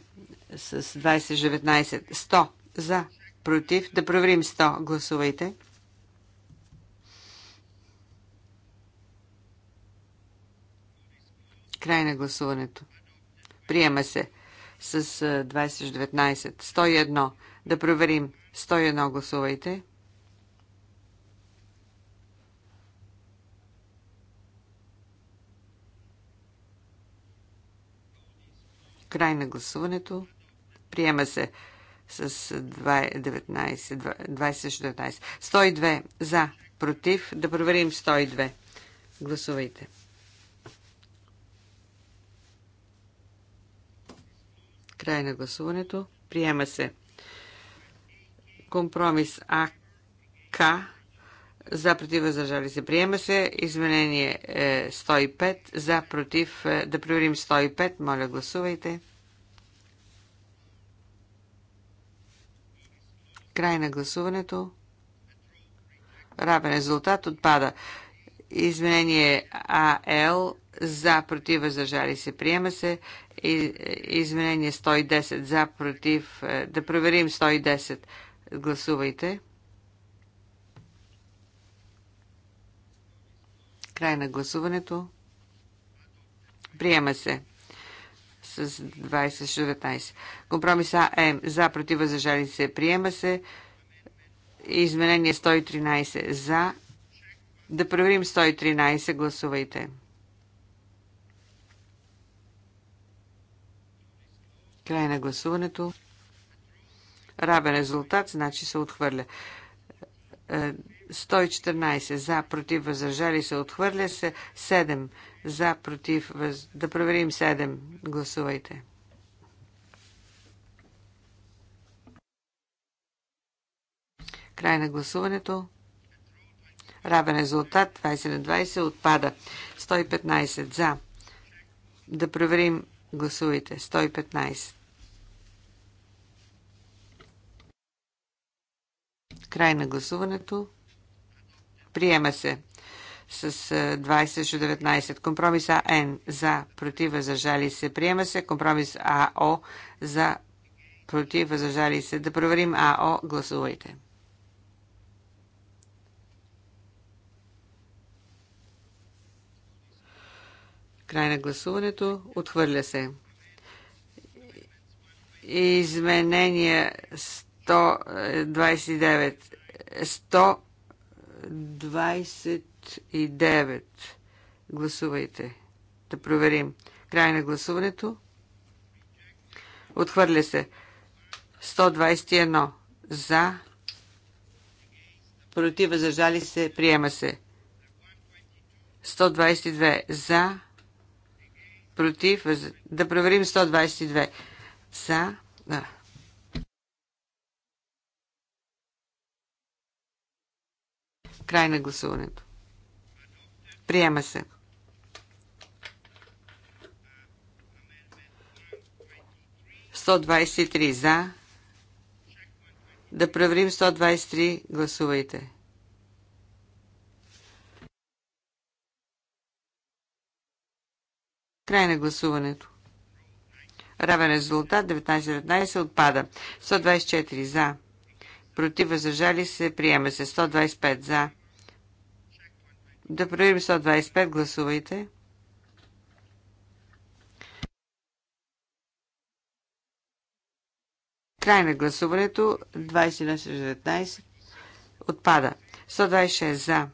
с 20-19. 100 за. Против. Да проверим 100. Гласувайте. Край на гласуването. Приема се с 2019. 101. Да проверим. 101 гласувайте. Край на гласуването. Приема се с 2019. 102 за, против. Да проверим 102. Гласувайте. Край на гласуването. Приема се. Компромис АК. За против въздържали се. Приема се. Изменение 105. Е, За против. Е, да проверим 105. Моля, гласувайте. Край на гласуването. Равен резултат отпада. Изменение АЛ за, против, въздържали се, приема се. Изменение 110 за, против, да проверим 110. Гласувайте. Край на гласуването. Приема се с 20-19. Компромис АМ за, против, въздържали се, приема се. Изменение 113 за. Да проверим 113. Гласувайте. Край на гласуването. Равен резултат, значи се отхвърля. 114 е, за, против, въздържали се, отхвърля се. 7 за, против, въз... да проверим 7. Гласувайте. Край на гласуването. Равен резултат 20 на 20 отпада. 115 за. Да проверим. Гласувайте. 115. Край на гласуването. Приема се с 20-19. Компромис АН за против въздържали се. Приема се. Компромис АО за против въздържали се. Да проверим АО. Гласувайте. Край на гласуването. Отхвърля се. Изменение с. 129. 129. Гласувайте. Да проверим. Край на гласуването. Отхвърля се. 121. За. Против. зажали се. Приема се. 122. За. Против. Да проверим 122. За. Да. Край на гласуването. Приема се. Сто двадесет три за. Да проверим 123. Гласувайте. Край на гласуването. Равен резултат 19-19 отпада. 124 за. Против възражали се. Приема се. 125 за. Да проверим 125. Гласувайте. Край на гласуването. 21-19. Отпада. 126 за.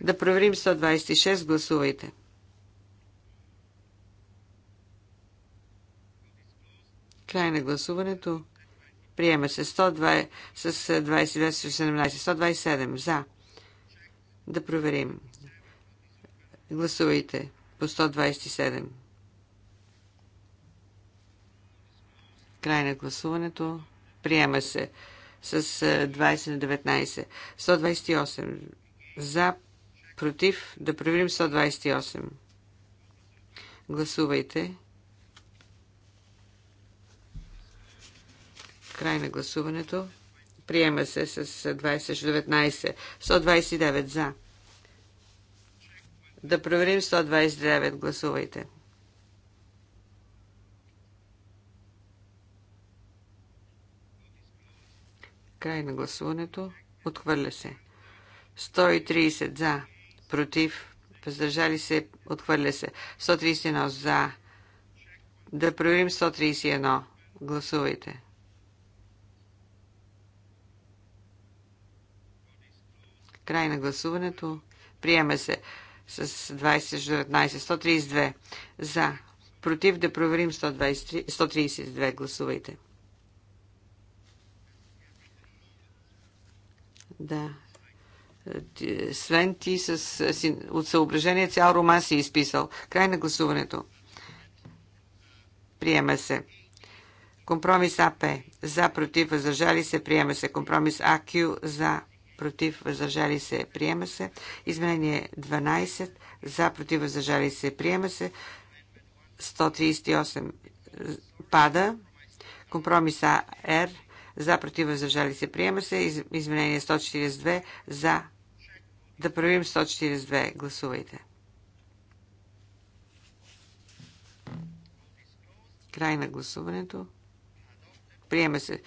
Да проверим 126. Гласувайте. Край на гласуването. Приема се 102 с 22 17. 127 за. Да проверим. Гласувайте по 127. Край на гласуването. Приема се с 20 на 19. 128. За, против, да проверим 128. Гласувайте. Край на гласуването. Приема се с 20-19. 129 за. Да проверим 129. Гласувайте. Край на гласуването. Отхвърля се. 130 за. Против. Въздържали се. Отхвърля се. 131 за. Да проверим 131. Гласувайте. Край на гласуването. Приема се с 20 19. 132 за. Против да проверим 123, 132. Гласувайте. Да. Свен ти с, от съображение цял роман си изписал. Край на гласуването. Приема се. Компромис АП. За, против, въздържали се. Приема се. Компромис АК. За, против, въздържали се, приема се. Изменение 12, за, против, въздържали се, приема се. 138 е, пада. Компромиса Р, за, против, въздържали се, приема се. Изменение 142, за. Да правим 142. Гласувайте. Край на гласуването. Приема се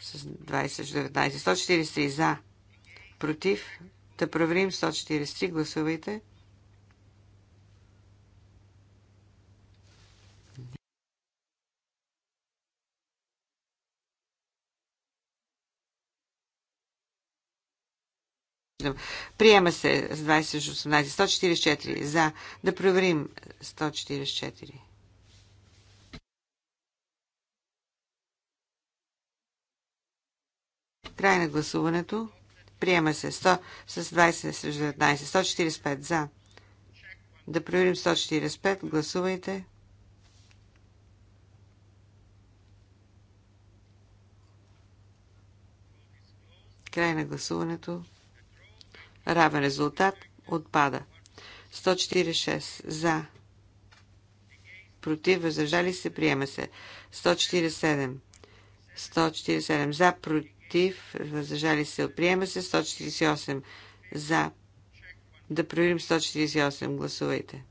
с 20-19. 143 за Против. Да проверим 143. Гласувайте. Приема се с 20 18. 144. За. Да проверим 144. Край на гласуването. Приема се 100 с 20 срещу 19. 145 за. Да проверим 145. Гласувайте. Край на гласуването. Равен резултат. Отпада. 146 за. Против. Въздържали се. Приема се. 147. 147 за. Против против, въздържали се, приема се 148 за. Да проверим 148. Гласувайте.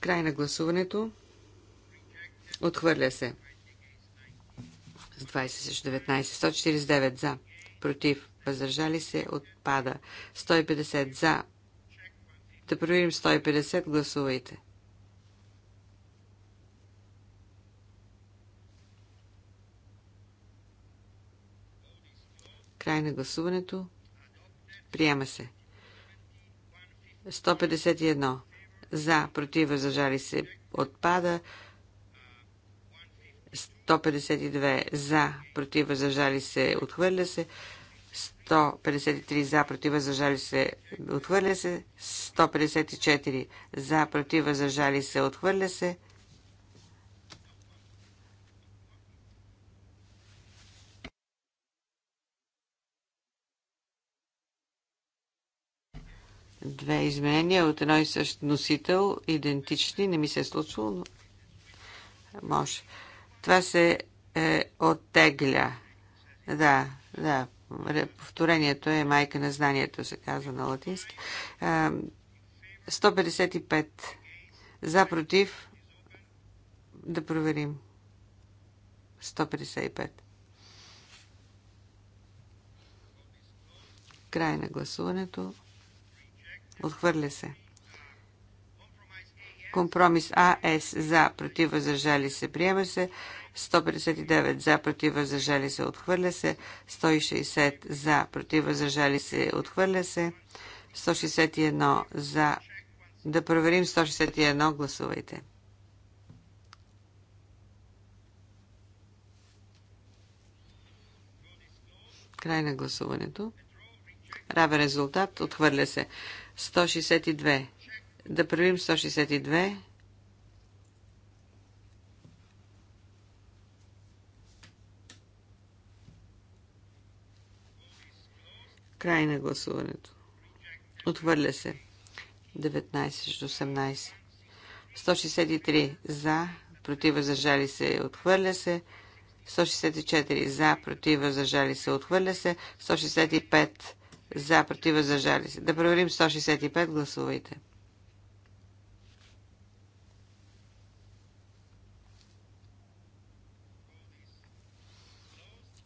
Край на гласуването. Отхвърля се. С 20 19. 149 за. Против. Въздържали се. Отпада. 150 за. Да проверим 150. Гласувайте. Край на гласуването. Приема се. 151. За, против, въздържали се. Отпада. 152. За, против, въздържали се. Отхвърля се. 153 за, против, въздържали се, отхвърля се. 154 за, против, въздържали се, отхвърля се. две изменения от едно и същ носител, идентични, не ми се е случило, но може. Това се е, оттегля. Да, да. Повторението е майка на знанието, се казва на латински. 155. Е, За, против. Да проверим. 155. Край на гласуването. Отхвърля се. Компромис АС за против въздържали се приема се. 159 за против въздържали се отхвърля се. 160 за против въздържали се отхвърля се. 161 за да проверим 161 гласувайте. Край на гласуването. Равен резултат. Отхвърля се. 162. Да правим 162. Край на гласуването. Отвърля се. 19 18. 163 за, против въздържали се, отхвърля се. 164 за, против въздържали се, отхвърля се. 165 за, против, въздържали се. Да проверим 165, гласувайте.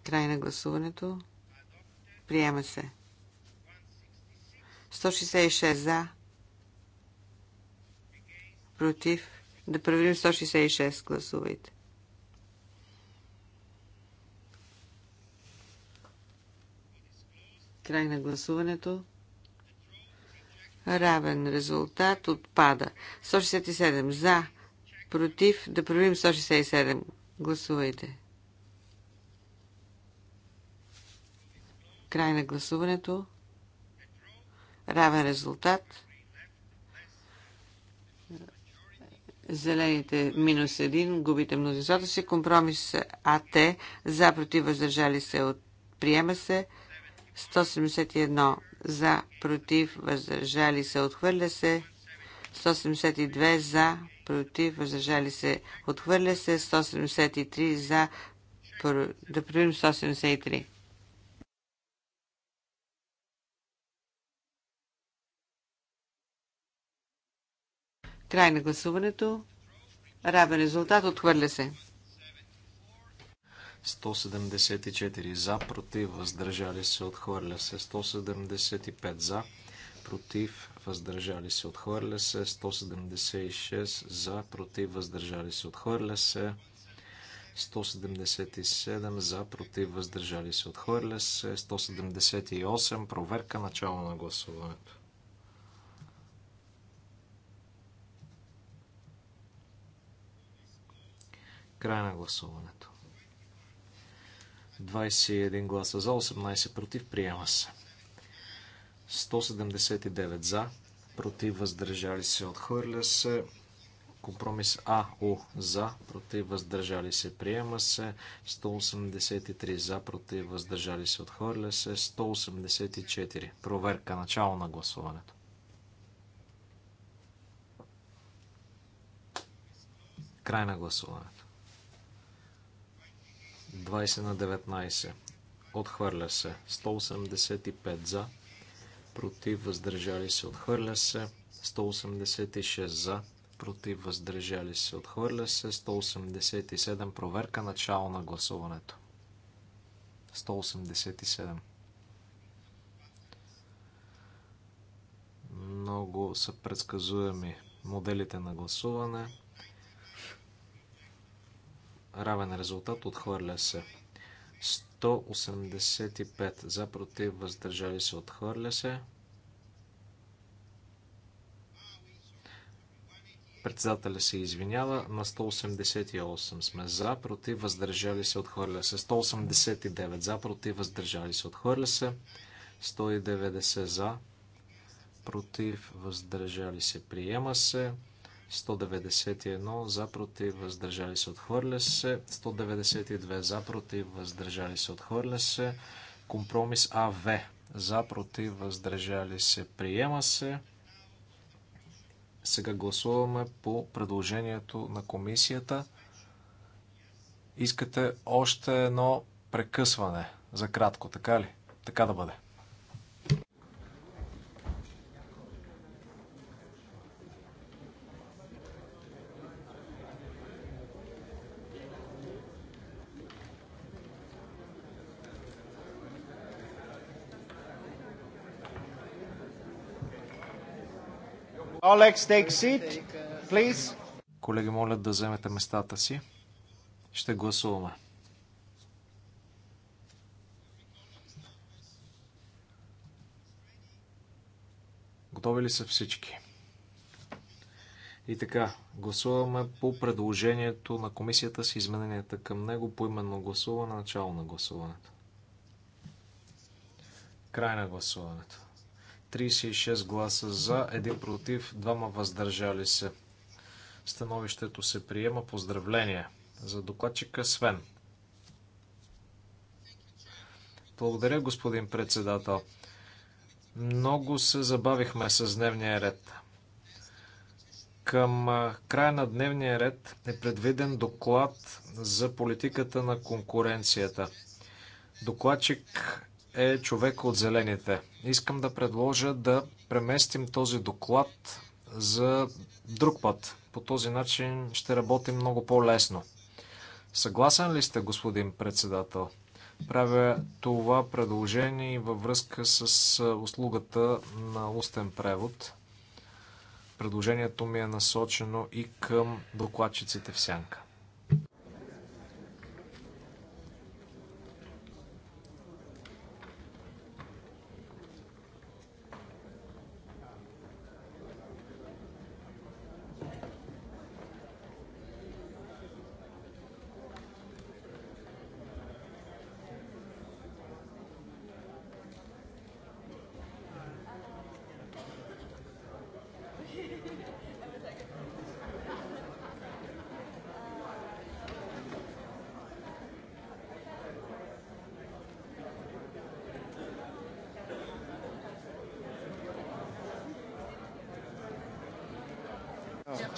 Край на гласуването. Приема се. 166 за. Против. Да проверим 166. Гласувайте. Край на гласуването. Равен резултат. Отпада. 167 за. Против. Да проверим 167. Гласувайте. Край на гласуването. Равен резултат. Зелените минус 1, губите мнозинството си. Компромис АТ, за против въздържали се от приема се. 171 за, против, въздържали се, отхвърля се. 172 за, против, въздържали се, отхвърля се. 173 за, да проверим 173. Край на гласуването. Равен резултат. Отхвърля се. 174 за, против, въздържали се, отхвърля се. 175 за, против, въздържали се, отхвърля се. 176 за, против, въздържали се, отхвърля се. 177 за, против, въздържали се, отхвърля се. 178 проверка начало на гласуването. Край на гласуването. 21 гласа за, 18 против, приема се. 179 за, против, въздържали се, отхвърля се. Компромис АО за, против, въздържали се, приема се. 183 за, против, въздържали се, отхвърля се. 184. Проверка, начало на гласуването. Край на гласуването. 20 на 19. Отхвърля се. 185 за. Против въздържали се. Отхвърля се. 186 за. Против въздържали се. Отхвърля се. 187. Проверка начало на гласуването. 187. Много са предсказуеми моделите на гласуване. Равен резултат. Отхвърля се. 185 за против въздържали се. Отхвърля се. Председателя се извинява. На 188 сме за, против, въздържали се, отхвърля се. 189 за, против, въздържали се, отхвърля се. 190 за, против, въздържали се, приема се. 191 за против въздържали се отхвърля се. 192 за против въздържали се отхвърля се. Компромис АВ за против въздържали се приема се. Сега гласуваме по предложението на комисията. Искате още едно прекъсване за кратко, така ли? Така да бъде. Колеги, моля да вземете местата си. Ще гласуваме. Готови ли са всички? И така, гласуваме по предложението на комисията с измененията към него по именно гласуване, начало на гласуването. Край на гласуването. 36 гласа за, 1 против, 2 въздържали се. Становището се приема. Поздравления за докладчика Свен. Благодаря, господин председател. Много се забавихме с дневния ред. Към края на дневния ред е предвиден доклад за политиката на конкуренцията. Докладчик е човек от зелените. Искам да предложа да преместим този доклад за друг път. По този начин ще работим много по-лесно. Съгласен ли сте, господин председател? Правя това предложение във връзка с услугата на устен превод. Предложението ми е насочено и към докладчиците в сянка.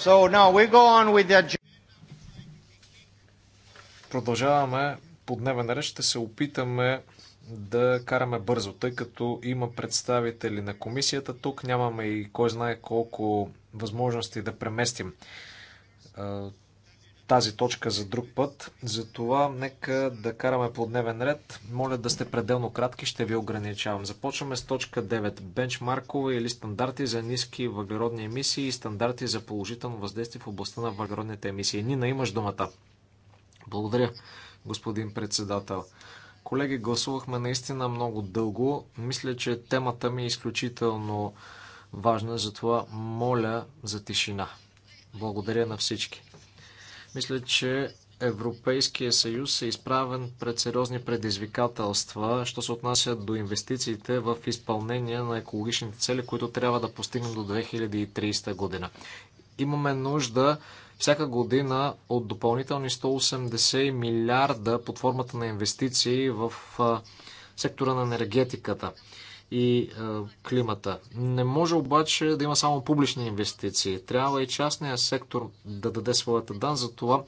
So now we go on with the... Продължаваме по дневен ред. Ще се опитаме да караме бързо, тъй като има представители на комисията тук. Нямаме и кой знае колко възможности да преместим тази точка за друг път. Затова нека да караме по дневен ред. Моля да сте пределно кратки, ще ви ограничавам. Започваме с точка 9. Бенчмаркове или стандарти за ниски въглеродни емисии и стандарти за положително въздействие в областта на въглеродните емисии. Нина, имаш думата. Благодаря, господин председател. Колеги, гласувахме наистина много дълго. Мисля, че темата ми е изключително важна, затова моля за тишина. Благодаря на всички. Мисля, че Европейския съюз е изправен пред сериозни предизвикателства, що се отнася до инвестициите в изпълнение на екологичните цели, които трябва да постигнем до 2030 година. Имаме нужда всяка година от допълнителни 180 милиарда под формата на инвестиции в сектора на енергетиката и климата. Не може обаче да има само публични инвестиции. Трябва и частния сектор да даде своята дан, затова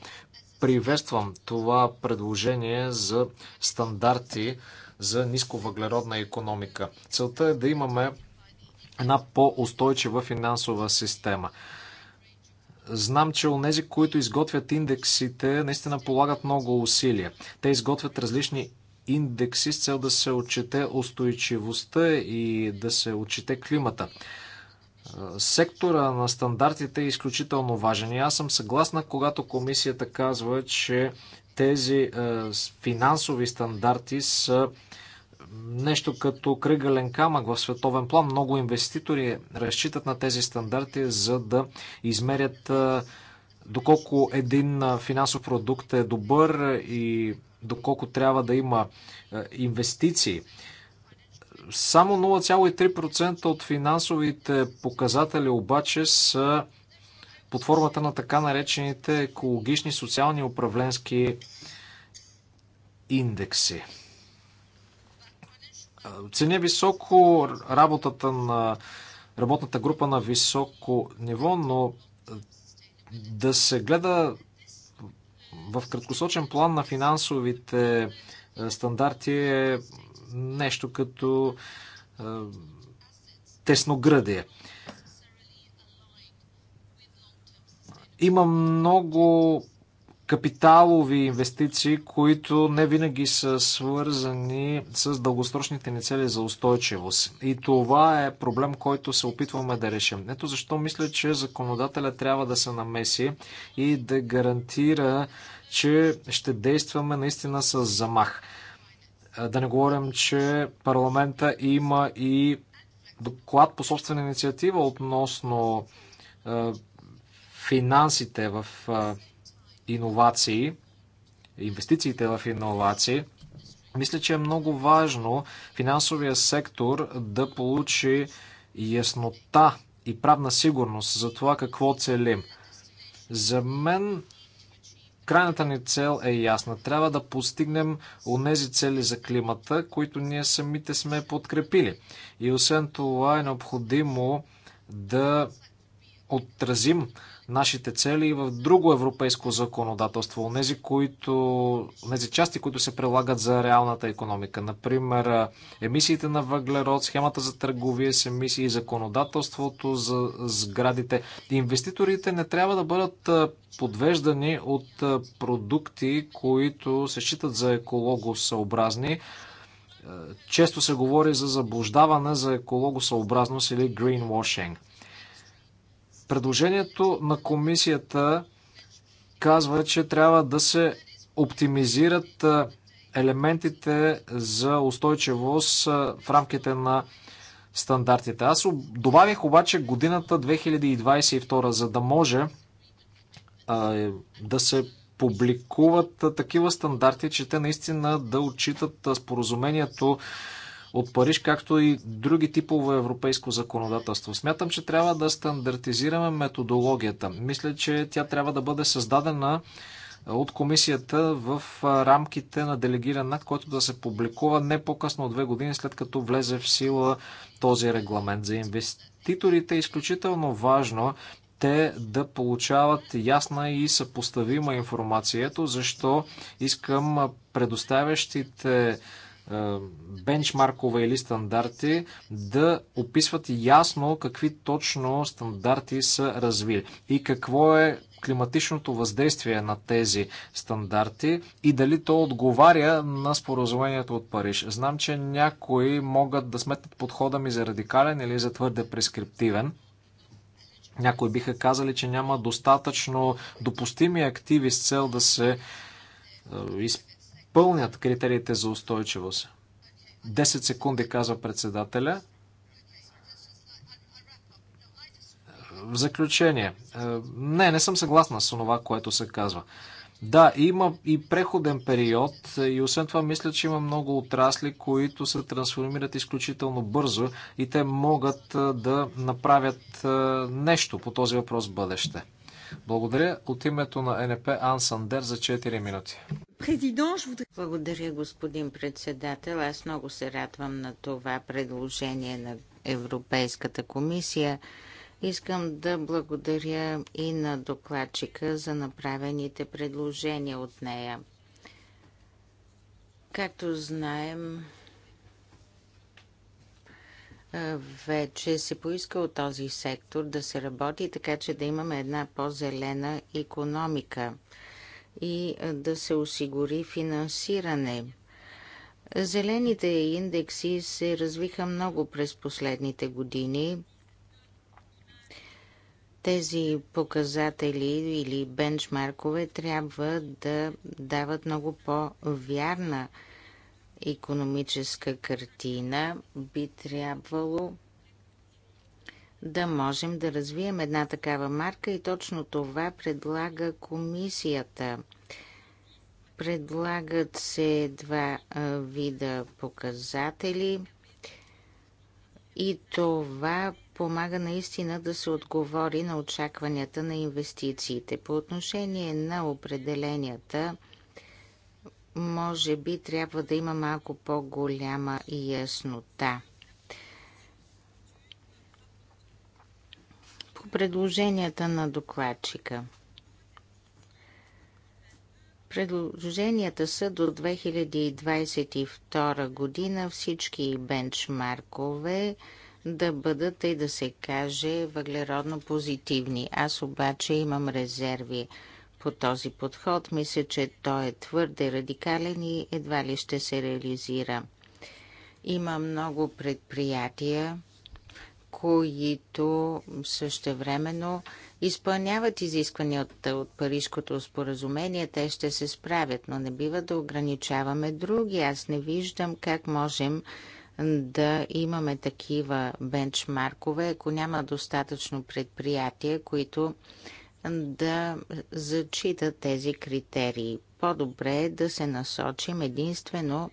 приветствам това предложение за стандарти за нисковъглеродна економика. Целта е да имаме една по-устойчива финансова система. Знам, че нези, които изготвят индексите, наистина полагат много усилия. Те изготвят различни индекси с цел да се отчете устойчивостта и да се отчете климата. Сектора на стандартите е изключително важен и аз съм съгласна, когато комисията казва, че тези е, финансови стандарти са нещо като кръгален камък в световен план. Много инвеститори разчитат на тези стандарти, за да измерят е, доколко един е, финансов продукт е добър и доколко трябва да има е, инвестиции. Само 0,3% от финансовите показатели обаче са под формата на така наречените екологични, социални управленски индекси. Ценя високо работата на работната група на високо ниво, но да се гледа в краткосрочен план на финансовите е, стандарти е нещо като е, тесноградие. Има много капиталови инвестиции, които не винаги са свързани с дългосрочните ни цели за устойчивост. И това е проблем, който се опитваме да решим. Ето защо мисля, че законодателя трябва да се намеси и да гарантира, че ще действаме наистина с замах. Да не говорим, че парламента има и доклад по собствена инициатива относно финансите в иновации, инвестициите в иновации, мисля, че е много важно финансовия сектор да получи яснота и правна сигурност за това какво целим. За мен крайната ни цел е ясна. Трябва да постигнем онези цели за климата, които ние самите сме подкрепили. И освен това е необходимо да отразим нашите цели и в друго европейско законодателство, нези, които, нези части, които се прилагат за реалната економика. Например, емисиите на въглерод, схемата за търговия с емисии, законодателството за сградите. Инвеститорите не трябва да бъдат подвеждани от продукти, които се считат за екологосъобразни. Често се говори за заблуждаване за екологосъобразност или greenwashing – Предложението на комисията казва, че трябва да се оптимизират елементите за устойчивост в рамките на стандартите. Аз добавих обаче годината 2022, за да може е, да се публикуват такива стандарти, че те наистина да отчитат споразумението от Париж, както и други типове европейско законодателство. Смятам, че трябва да стандартизираме методологията. Мисля, че тя трябва да бъде създадена от комисията в рамките на делегиран акт, който да се публикува не по-късно от две години след като влезе в сила този регламент за инвеститорите. Е изключително важно те да получават ясна и съпоставима информация. Ето защо искам предоставящите е, бенчмаркове или стандарти, да описват ясно какви точно стандарти са развили и какво е климатичното въздействие на тези стандарти и дали то отговаря на споразумението от Париж. Знам, че някои могат да сметнат подхода ми за радикален или за твърде прескриптивен. Някои биха казали, че няма достатъчно допустими активи с цел да се е, изпълнят изпълнят критериите за устойчивост. 10 секунди, казва председателя. В заключение, е, не, не съм съгласна с това, което се казва. Да, има и преходен период е, и освен това мисля, че има много отрасли, които се трансформират изключително бързо и те могат е, да направят нещо по този въпрос в бъдеще. Благодаря от името на НП Ан Сандер за 4 минути. Благодаря, господин председател. Аз много се радвам на това предложение на Европейската комисия. Искам да благодаря и на докладчика за направените предложения от нея. Както знаем, вече се поиска от този сектор да се работи така, че да имаме една по-зелена економика и да се осигури финансиране. Зелените индекси се развиха много през последните години. Тези показатели или бенчмаркове трябва да дават много по-вярна информация економическа картина, би трябвало да можем да развием една такава марка и точно това предлага комисията. Предлагат се два вида показатели и това помага наистина да се отговори на очакванията на инвестициите. По отношение на определенията, може би трябва да има малко по-голяма яснота. По предложенията на докладчика. Предложенията са до 2022 година всички бенчмаркове да бъдат и да се каже въглеродно позитивни. Аз обаче имам резерви по този подход. Мисля, че той е твърде радикален и едва ли ще се реализира. Има много предприятия, които същевременно изпълняват изискванията от Парижското споразумение, те ще се справят, но не бива да ограничаваме други. Аз не виждам как можем да имаме такива бенчмаркове, ако няма достатъчно предприятия, които да зачита тези критерии. По-добре е да се насочим единствено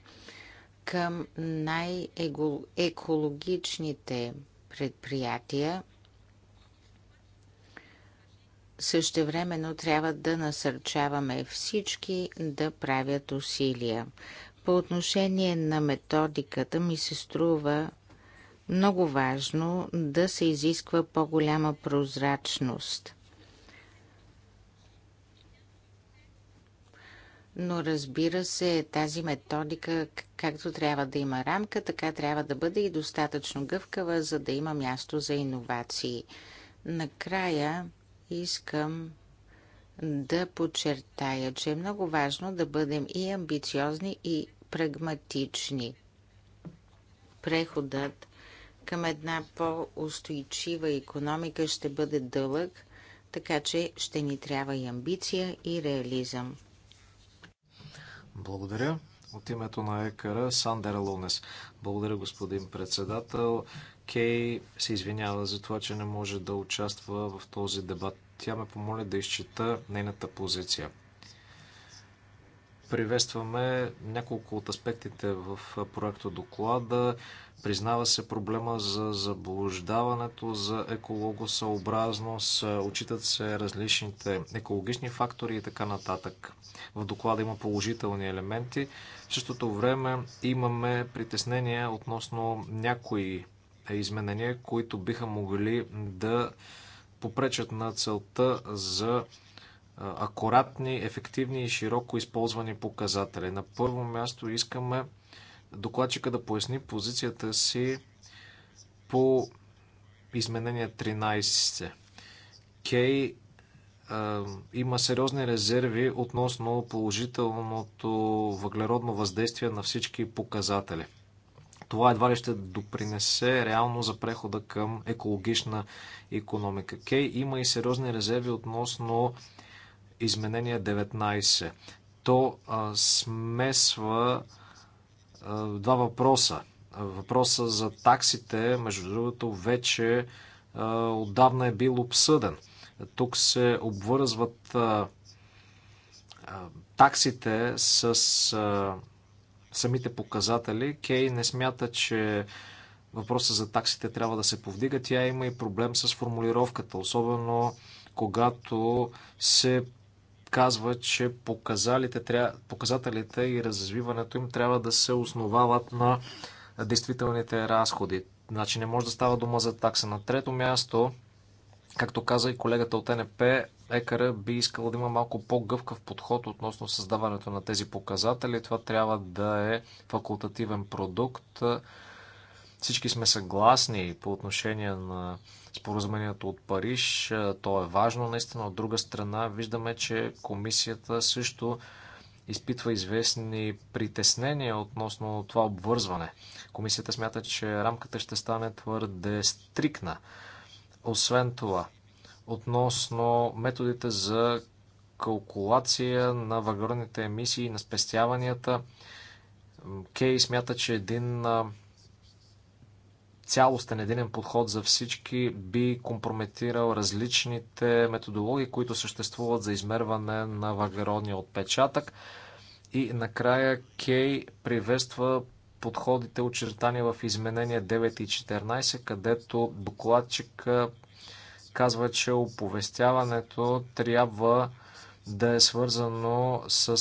към най-екологичните предприятия. Същевременно трябва да насърчаваме всички да правят усилия. По отношение на методиката ми се струва много важно да се изисква по-голяма прозрачност – но разбира се, тази методика, както трябва да има рамка, така трябва да бъде и достатъчно гъвкава, за да има място за иновации. Накрая искам да подчертая, че е много важно да бъдем и амбициозни, и прагматични. Преходът към една по-устойчива економика ще бъде дълъг, така че ще ни трябва и амбиция, и реализъм. Благодаря. От името на ЕКР Сандер Лунес. Благодаря, господин председател. Кей се извинява за това, че не може да участва в този дебат. Тя ме помоли да изчита нейната позиция. Приветстваме няколко от аспектите в проекто доклада. Признава се проблема за заблуждаването, за екологосъобразност, е, учитат се различните екологични фактори и така нататък. В доклада има положителни елементи. В същото време имаме притеснения относно някои изменения, които биха могли да попречат на целта за е, акуратни, ефективни и широко използвани показатели. На първо място искаме докладчика да поясни позицията си по изменение 13. Кей има сериозни резерви относно положителното въглеродно въздействие на всички показатели. Това едва ли ще допринесе реално за прехода към екологична економика. Кей има и сериозни резерви относно изменение 19. То а, смесва два въпроса. Въпроса за таксите, между другото, вече отдавна е бил обсъден. Тук се обвързват таксите с самите показатели. Кей не смята, че въпроса за таксите трябва да се повдига. Тя има и проблем с формулировката, особено когато се казва, че показателите и развиването им трябва да се основават на действителните разходи. Значи не може да става дума за такса. На трето място, както каза и колегата от НП, ЕКР би искал да има малко по-гъвкав подход относно създаването на тези показатели. Това трябва да е факултативен продукт. Всички сме съгласни по отношение на споразумението от Париж. То е важно, наистина. От друга страна, виждаме, че комисията също изпитва известни притеснения относно това обвързване. Комисията смята, че рамката ще стане твърде стрикна. Освен това, относно методите за калкулация на въглеродните емисии и на спестяванията, Кей смята, че един цялостен единен подход за всички би компрометирал различните методологии, които съществуват за измерване на въглеродния отпечатък. И накрая Кей приветства подходите очертания в изменения 9 и 14, където докладчик казва, че оповестяването трябва да е свързано с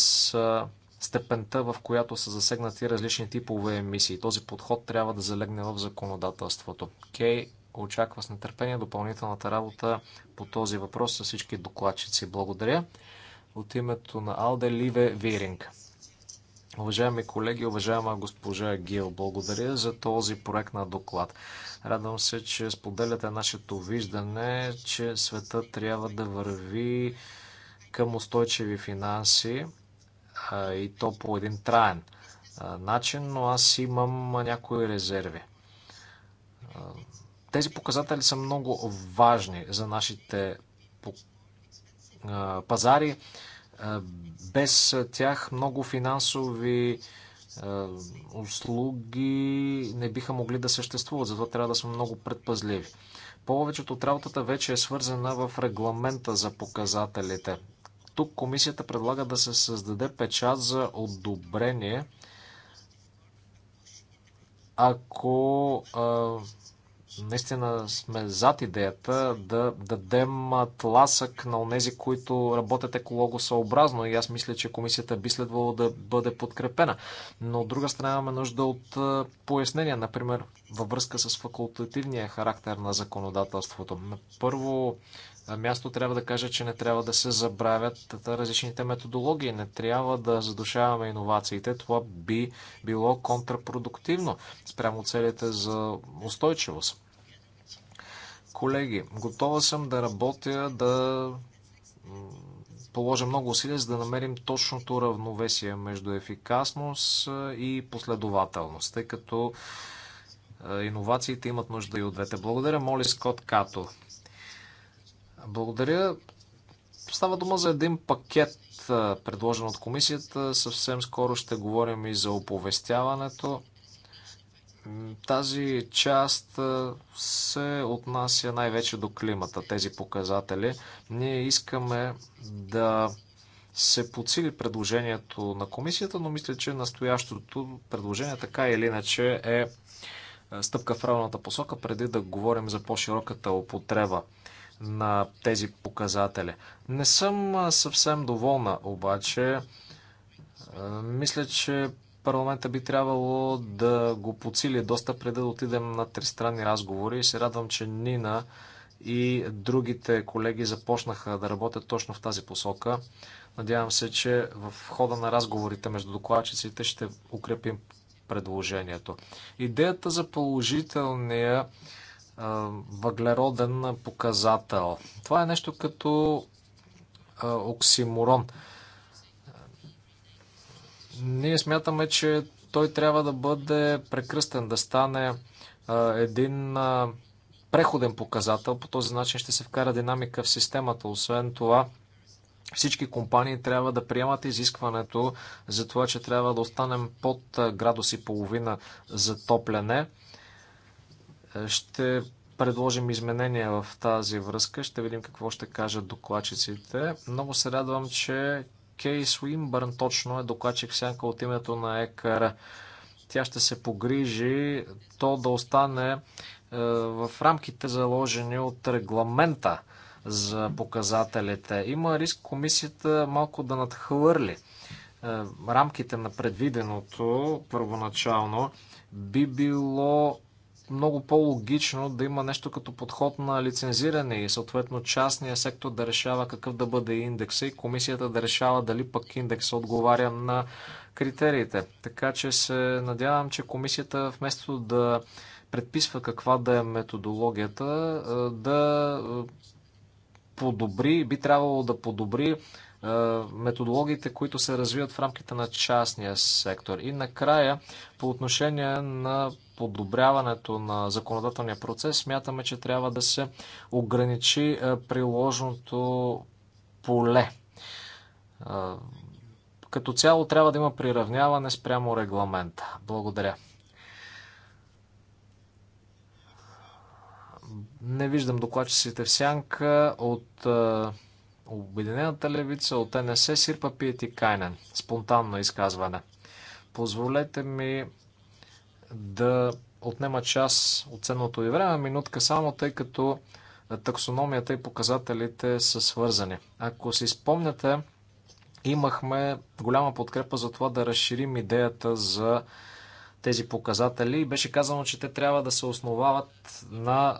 степента, в която са засегнати различни типове емисии. Този подход трябва да залегне в законодателството. Кей очаква с нетърпение допълнителната работа по този въпрос с всички докладчици. Благодаря. От името на Алде Ливе Виринг. Уважаеми колеги, уважаема госпожа Гил, благодаря за този проект на доклад. Радвам се, че споделяте нашето виждане, че света трябва да върви към устойчиви финанси и то по един траен начин, но аз имам някои резерви. Тези показатели са много важни за нашите пазари. Без тях много финансови услуги не биха могли да съществуват, затова трябва да сме много предпазливи. Повечето от работата вече е свързана в регламента за показателите. Тук комисията предлага да се създаде печат за одобрение, ако а, наистина сме зад идеята да дадем тласък на онези, които работят екологосъобразно и аз мисля, че комисията би следвало да бъде подкрепена. Но от друга страна имаме нужда от пояснения, например във връзка с факултативния характер на законодателството. На първо място трябва да кажа, че не трябва да се забравят различните методологии. Не трябва да задушаваме иновациите. Това би било контрапродуктивно спрямо целите за устойчивост. Колеги, готова съм да работя, да положа много усилия, за да намерим точното равновесие между ефикасност и последователност, тъй като иновациите имат нужда и от двете. Благодаря, моли Скот Като. Благодаря. Става дума за един пакет, предложен от комисията. Съвсем скоро ще говорим и за оповестяването. Тази част се отнася най-вече до климата, тези показатели. Ние искаме да се подсили предложението на комисията, но мисля, че настоящото предложение така или иначе е стъпка в правилната посока, преди да говорим за по-широката употреба на тези показатели. Не съм съвсем доволна, обаче. Мисля, че парламента би трябвало да го подсили доста преди да отидем на тристранни разговори и се радвам, че Нина и другите колеги започнаха да работят точно в тази посока. Надявам се, че в хода на разговорите между докладчиците ще укрепим предложението. Идеята за положителния въглероден показател. Това е нещо като оксиморон. Ние смятаме, че той трябва да бъде прекръстен, да стане един преходен показател. По този начин ще се вкара динамика в системата. Освен това, всички компании трябва да приемат изискването за това, че трябва да останем под градус и половина за топляне. Ще предложим изменения в тази връзка. Ще видим какво ще кажат докладчиците. Много се радвам, че Кей Суинбърн точно е докладчик сянка от името на ЕКР. Тя ще се погрижи то да остане е, в рамките заложени от регламента за показателите. Има риск комисията малко да надхвърли е, рамките на предвиденото първоначално. Би било много по-логично да има нещо като подход на лицензиране и съответно частния сектор да решава какъв да бъде индекса и комисията да решава дали пък индекса отговаря на критериите. Така че се надявам, че комисията вместо да предписва каква да е методологията, да подобри, би трябвало да подобри методологиите, които се развиват в рамките на частния сектор. И накрая, по отношение на подобряването на законодателния процес, смятаме, че трябва да се ограничи е, приложното поле. Е, като цяло трябва да има приравняване спрямо регламента. Благодаря. Не виждам докладчиците в сянка от е, Обединената левица, от НСС, Сирпа Пиети Кайнен. Спонтанно изказване. Позволете ми да отнема час от ценното ви време. Минутка само, тъй като таксономията и показателите са свързани. Ако си спомняте, имахме голяма подкрепа за това да разширим идеята за тези показатели и беше казано, че те трябва да се основават на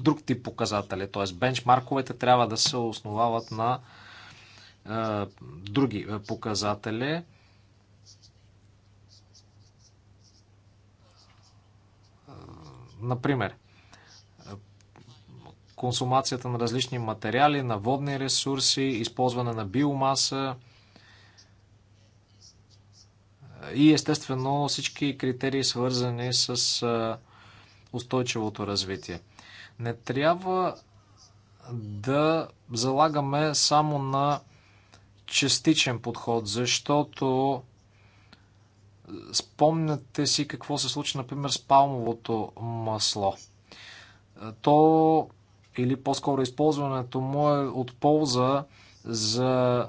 друг тип показатели, т.е. бенчмарковете трябва да се основават на е, други е, показатели. Например, консумацията на различни материали, на водни ресурси, използване на биомаса и естествено всички критерии свързани с устойчивото развитие. Не трябва да залагаме само на частичен подход, защото Спомняте си какво се случи, например, с палмовото масло. То или по-скоро използването му е от полза за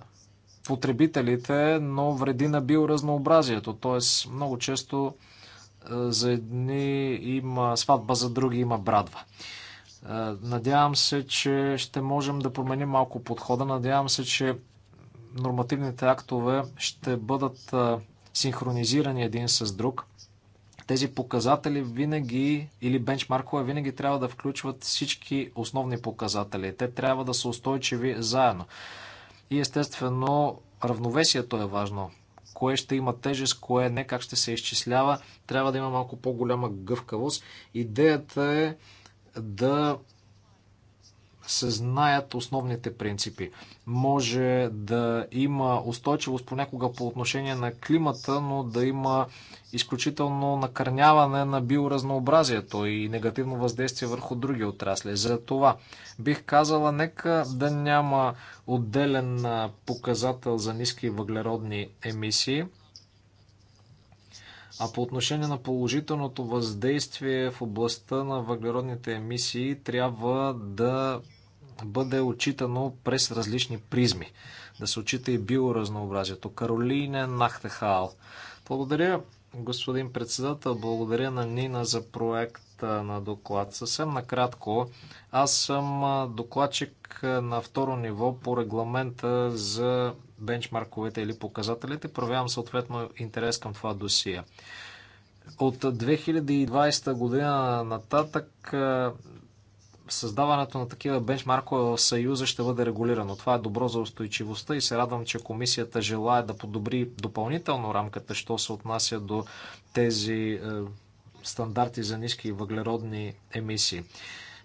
потребителите, но вреди на биоразнообразието. Т.е. много често за едни има сватба, за други има брадва. Надявам се, че ще можем да променим малко подхода. Надявам се, че нормативните актове ще бъдат синхронизирани един с друг. Тези показатели винаги или бенчмаркове винаги трябва да включват всички основни показатели. Те трябва да са устойчиви заедно. И естествено, равновесието е важно. Кое ще има тежест, кое не, как ще се изчислява. Трябва да има малко по-голяма гъвкавост. Идеята е да се знаят основните принципи. Може да има устойчивост понякога по отношение на климата, но да има изключително накърняване на биоразнообразието и негативно въздействие върху други отрасли. За това бих казала, нека да няма отделен показател за ниски въглеродни емисии, а по отношение на положителното въздействие в областта на въглеродните емисии, трябва да бъде отчитано през различни призми. Да се отчита и биоразнообразието. Каролине Нахтехал. Благодаря, господин председател. Благодаря на Нина за проекта на доклад. Съвсем накратко, аз съм докладчик на второ ниво по регламента за бенчмарковете или показателите. Проявявам съответно интерес към това досия. от 2020 година нататък създаването на такива бенчмаркове в Съюза ще бъде регулирано. Това е добро за устойчивостта и се радвам, че комисията желая да подобри допълнително рамката, що се отнася до тези е, стандарти за ниски въглеродни емисии.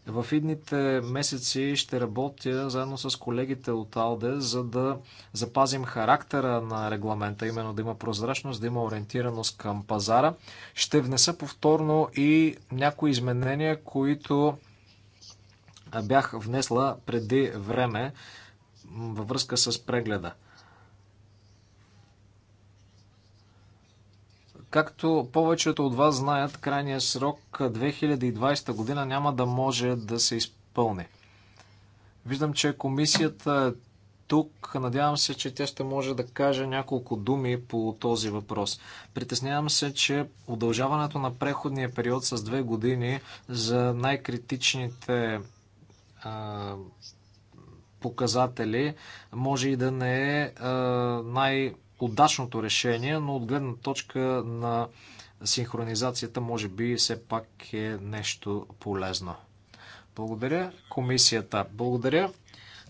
В идните месеци ще работя заедно с колегите от АЛДЕ, за да запазим характера на регламента, именно да има прозрачност, да има ориентираност към пазара. Ще внеса повторно и някои изменения, които бях внесла преди време във връзка с прегледа. Както повечето от вас знаят, крайният срок 2020 година няма да може да се изпълни. Виждам, че комисията е тук. Надявам се, че тя ще може да каже няколко думи по този въпрос. Притеснявам се, че удължаването на преходния период с две години за най-критичните показатели, може и да не е най-удачното решение, но от гледна точка на синхронизацията, може би все пак е нещо полезно. Благодаря комисията. Благодаря.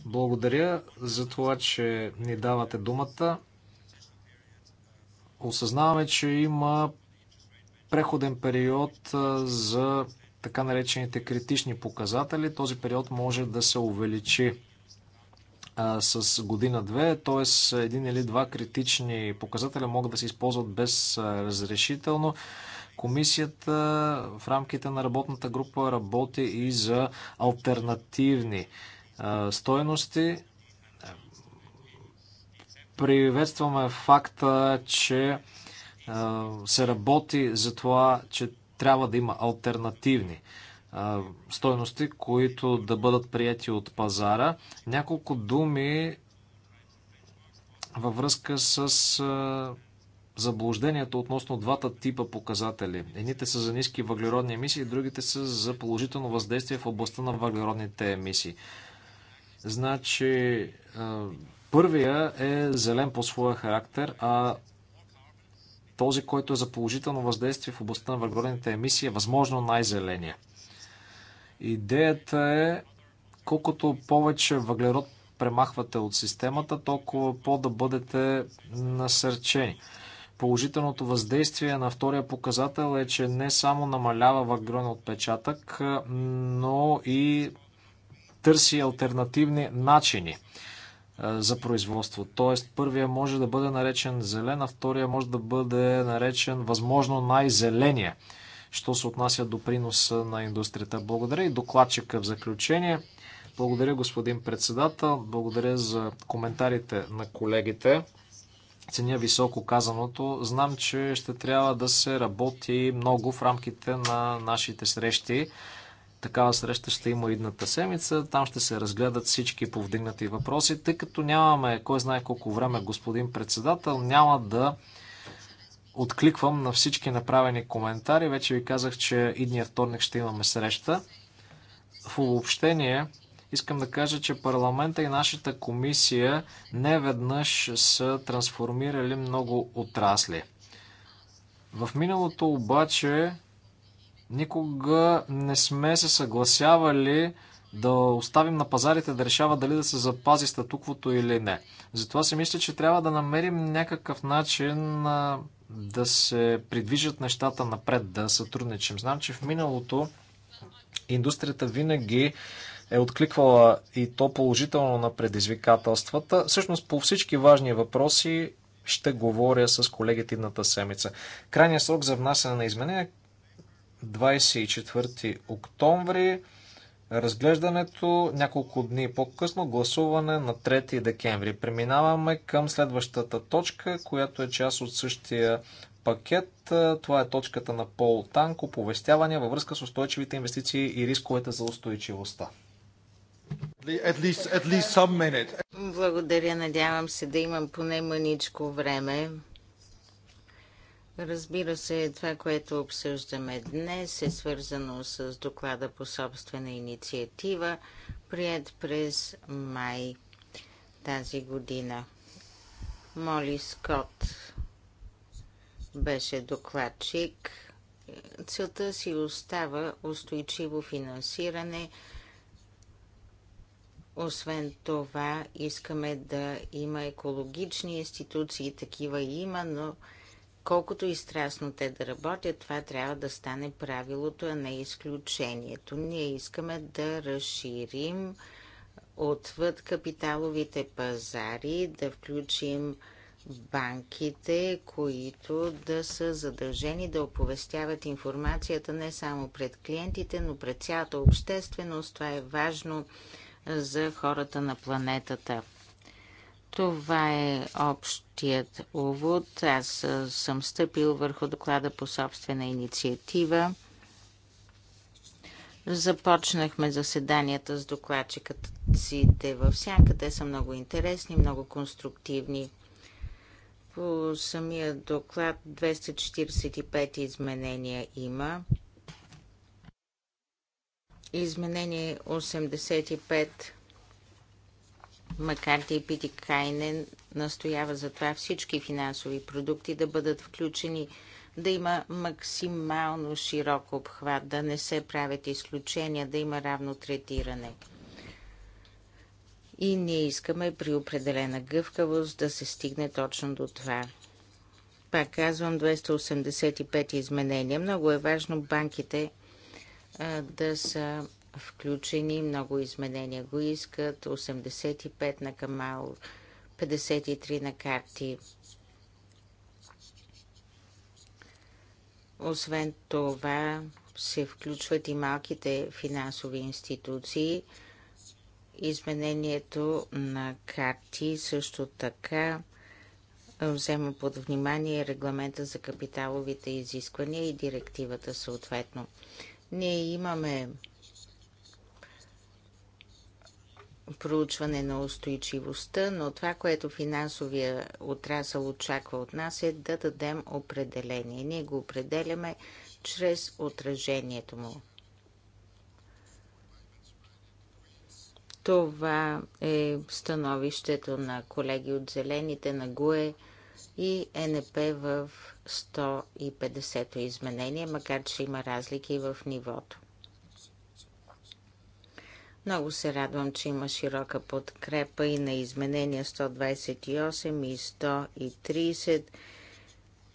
Благодаря за това, че ни давате думата. Осъзнаваме, че има преходен период за така наречените критични показатели, този период може да се увеличи а, с година-две, т.е. един или два критични показателя могат да се използват без разрешително. Комисията в рамките на работната група работи и за альтернативни а, стоености. Приветстваме факта, че се работи за това, че трябва да има альтернативни стойности, които да бъдат прияти от пазара. Няколко думи във връзка с заблуждението относно двата типа показатели. Едните са за ниски въглеродни емисии, другите са за положително въздействие в областта на въглеродните емисии. Значи, първия е зелен по своя характер, а този, който е за положително въздействие в областта на въглеродните емисии, е възможно най-зеления. Идеята е, колкото повече въглерод премахвате от системата, толкова по-да бъдете насърчени. Положителното въздействие на втория показател е, че не само намалява въглероден отпечатък, но и търси альтернативни начини за производство. Тоест, първия може да бъде наречен зелен, а втория може да бъде наречен възможно най-зеления, що се отнася до приноса на индустрията. Благодаря и докладчика в заключение. Благодаря, господин председател. Благодаря за коментарите на колегите. Ценя високо казаното. Знам, че ще трябва да се работи много в рамките на нашите срещи. Такава среща ще има идната седмица. Там ще се разгледат всички повдигнати въпроси. Тъй като нямаме, кой знае колко време, господин председател, няма да откликвам на всички направени коментари. Вече ви казах, че идния вторник ще имаме среща. В обобщение, искам да кажа, че парламента и нашата комисия не веднъж са трансформирали много отрасли. В миналото обаче Никога не сме се съгласявали да оставим на пазарите да решава дали да се запази статуквото или не. Затова си мисля, че трябва да намерим някакъв начин да се придвижат нещата напред, да сътрудничим. Знам, че в миналото индустрията винаги е откликвала и то положително на предизвикателствата. Всъщност по всички важни въпроси ще говоря с колегите едната седмица. Крайният срок за внасяне на изменения 24 октомври разглеждането, няколко дни по-късно гласуване на 3 декември. Преминаваме към следващата точка, която е част от същия пакет. Това е точката на Пол Танко, повестяване във връзка с устойчивите инвестиции и рисковете за устойчивостта. At least, at least Благодаря, надявам се да имам поне мъничко време. Разбира се, това, което обсъждаме днес е свързано с доклада по собствена инициатива, прият през май тази година. Моли Скот беше докладчик. Целта си остава устойчиво финансиране. Освен това, искаме да има екологични институции, такива има, но Колкото и страстно те да работят, това трябва да стане правилото, а не изключението. Ние искаме да разширим отвъд капиталовите пазари, да включим банките, които да са задължени да оповестяват информацията не само пред клиентите, но пред цялата общественост. Това е важно за хората на планетата. Това е общият увод. Аз съм стъпил върху доклада по собствена инициатива. Започнахме заседанията с докладчиката във сянка. Те са много интересни, много конструктивни. По самия доклад 245 изменения има. Изменение 85 Макар и Пити Кайнен настоява за това всички финансови продукти да бъдат включени, да има максимално широк обхват, да не се правят изключения, да има равно третиране. И ние искаме при определена гъвкавост да се стигне точно до това. Пак казвам 285 изменения. Много е важно банките да са включени. Много изменения го искат. 85 на Камал, 53 на карти. Освен това се включват и малките финансови институции. Изменението на карти също така взема под внимание регламента за капиталовите изисквания и директивата съответно. Ние имаме проучване на устойчивостта, но това, което финансовия отрасъл очаква от нас е да дадем определение. Ние го определяме чрез отражението му. Това е становището на колеги от Зелените, на ГУЕ и НП в 150-то изменение, макар че има разлики в нивото. Много се радвам, че има широка подкрепа и на изменения 128 и 130,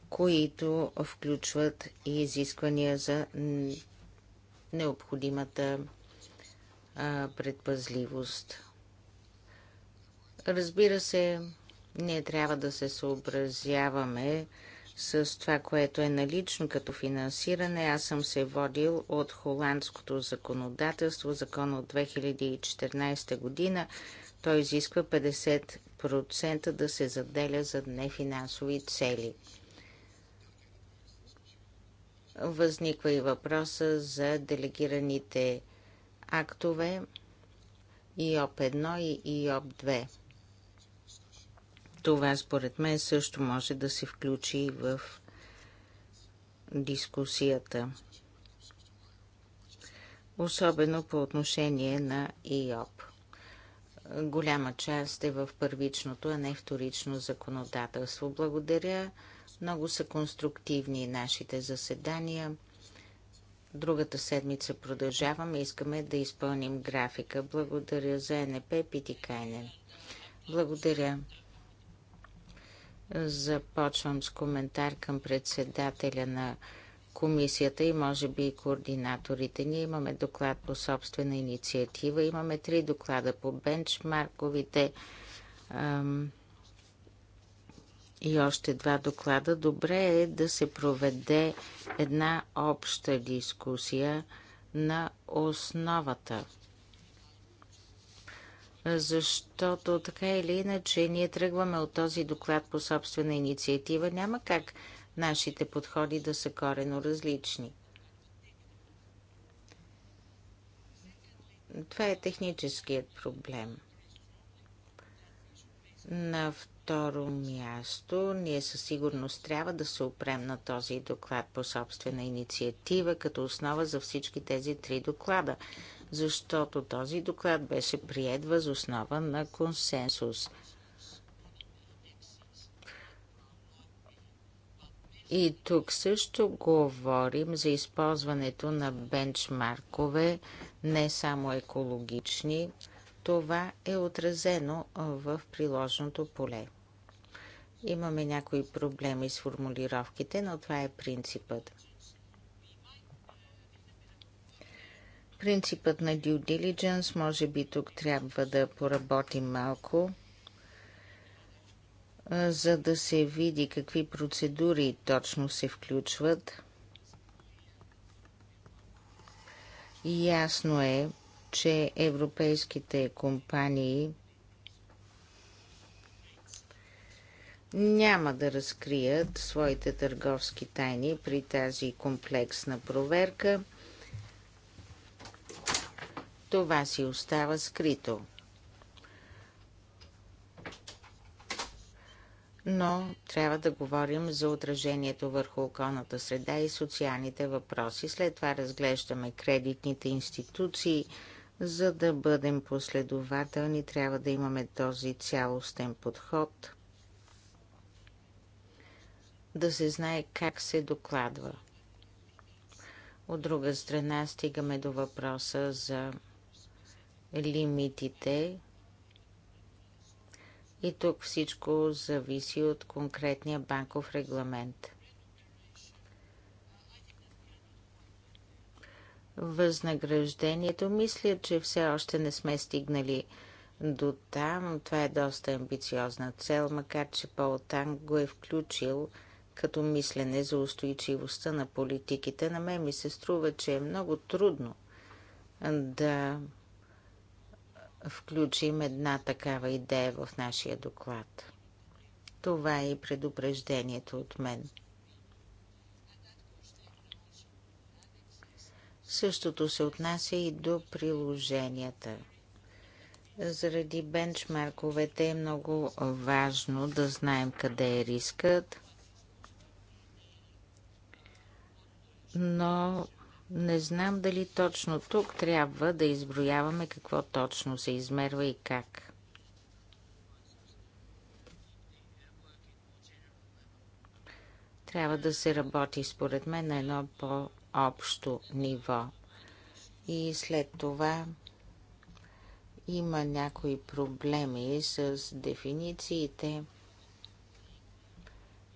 които включват и изисквания за необходимата предпазливост. Разбира се, ние трябва да се съобразяваме с това, което е налично като финансиране. Аз съм се водил от холандското законодателство, закон от 2014 година. Той изисква 50% да се заделя за нефинансови цели. Възниква и въпроса за делегираните актове ИОП-1 и ИОП-2. Това според мен също може да се включи в дискусията. Особено по отношение на ИОП. Голяма част е в първичното, а не вторично законодателство. Благодаря. Много са конструктивни нашите заседания. Другата седмица продължаваме. Искаме да изпълним графика. Благодаря за НП Питикайнен. Благодаря. Започвам с коментар към председателя на комисията и може би и координаторите. Ние имаме доклад по собствена инициатива. Имаме три доклада по бенчмарковите ам, и още два доклада. Добре е да се проведе една обща дискусия на основата защото така или иначе ние тръгваме от този доклад по собствена инициатива. Няма как нашите подходи да са корено различни. Това е техническият проблем. На второ място, ние със сигурност трябва да се опрем на този доклад по собствена инициатива като основа за всички тези три доклада защото този доклад беше прият въз основа на консенсус. И тук също говорим за използването на бенчмаркове, не само екологични. Това е отразено в приложното поле. Имаме някои проблеми с формулировките, но това е принципът. Принципът на due diligence, може би тук трябва да поработим малко, за да се види какви процедури точно се включват. Ясно е, че европейските компании няма да разкрият своите търговски тайни при тази комплексна проверка – това си остава скрито. но трябва да говорим за отражението върху околната среда и социалните въпроси. След това разглеждаме кредитните институции. За да бъдем последователни, трябва да имаме този цялостен подход, да се знае как се докладва. От друга страна стигаме до въпроса за лимитите. И тук всичко зависи от конкретния банков регламент. Възнаграждението мисля, че все още не сме стигнали до там. Това е доста амбициозна цел, макар че Пол Танг го е включил като мислене за устойчивостта на политиките. На мен ми се струва, че е много трудно да включим една такава идея в нашия доклад. Това е и предупреждението от мен. Същото се отнася и до приложенията. Заради бенчмарковете е много важно да знаем къде е рискът, но не знам дали точно тук трябва да изброяваме какво точно се измерва и как. Трябва да се работи, според мен, на едно по-общо ниво. И след това има някои проблеми с дефинициите.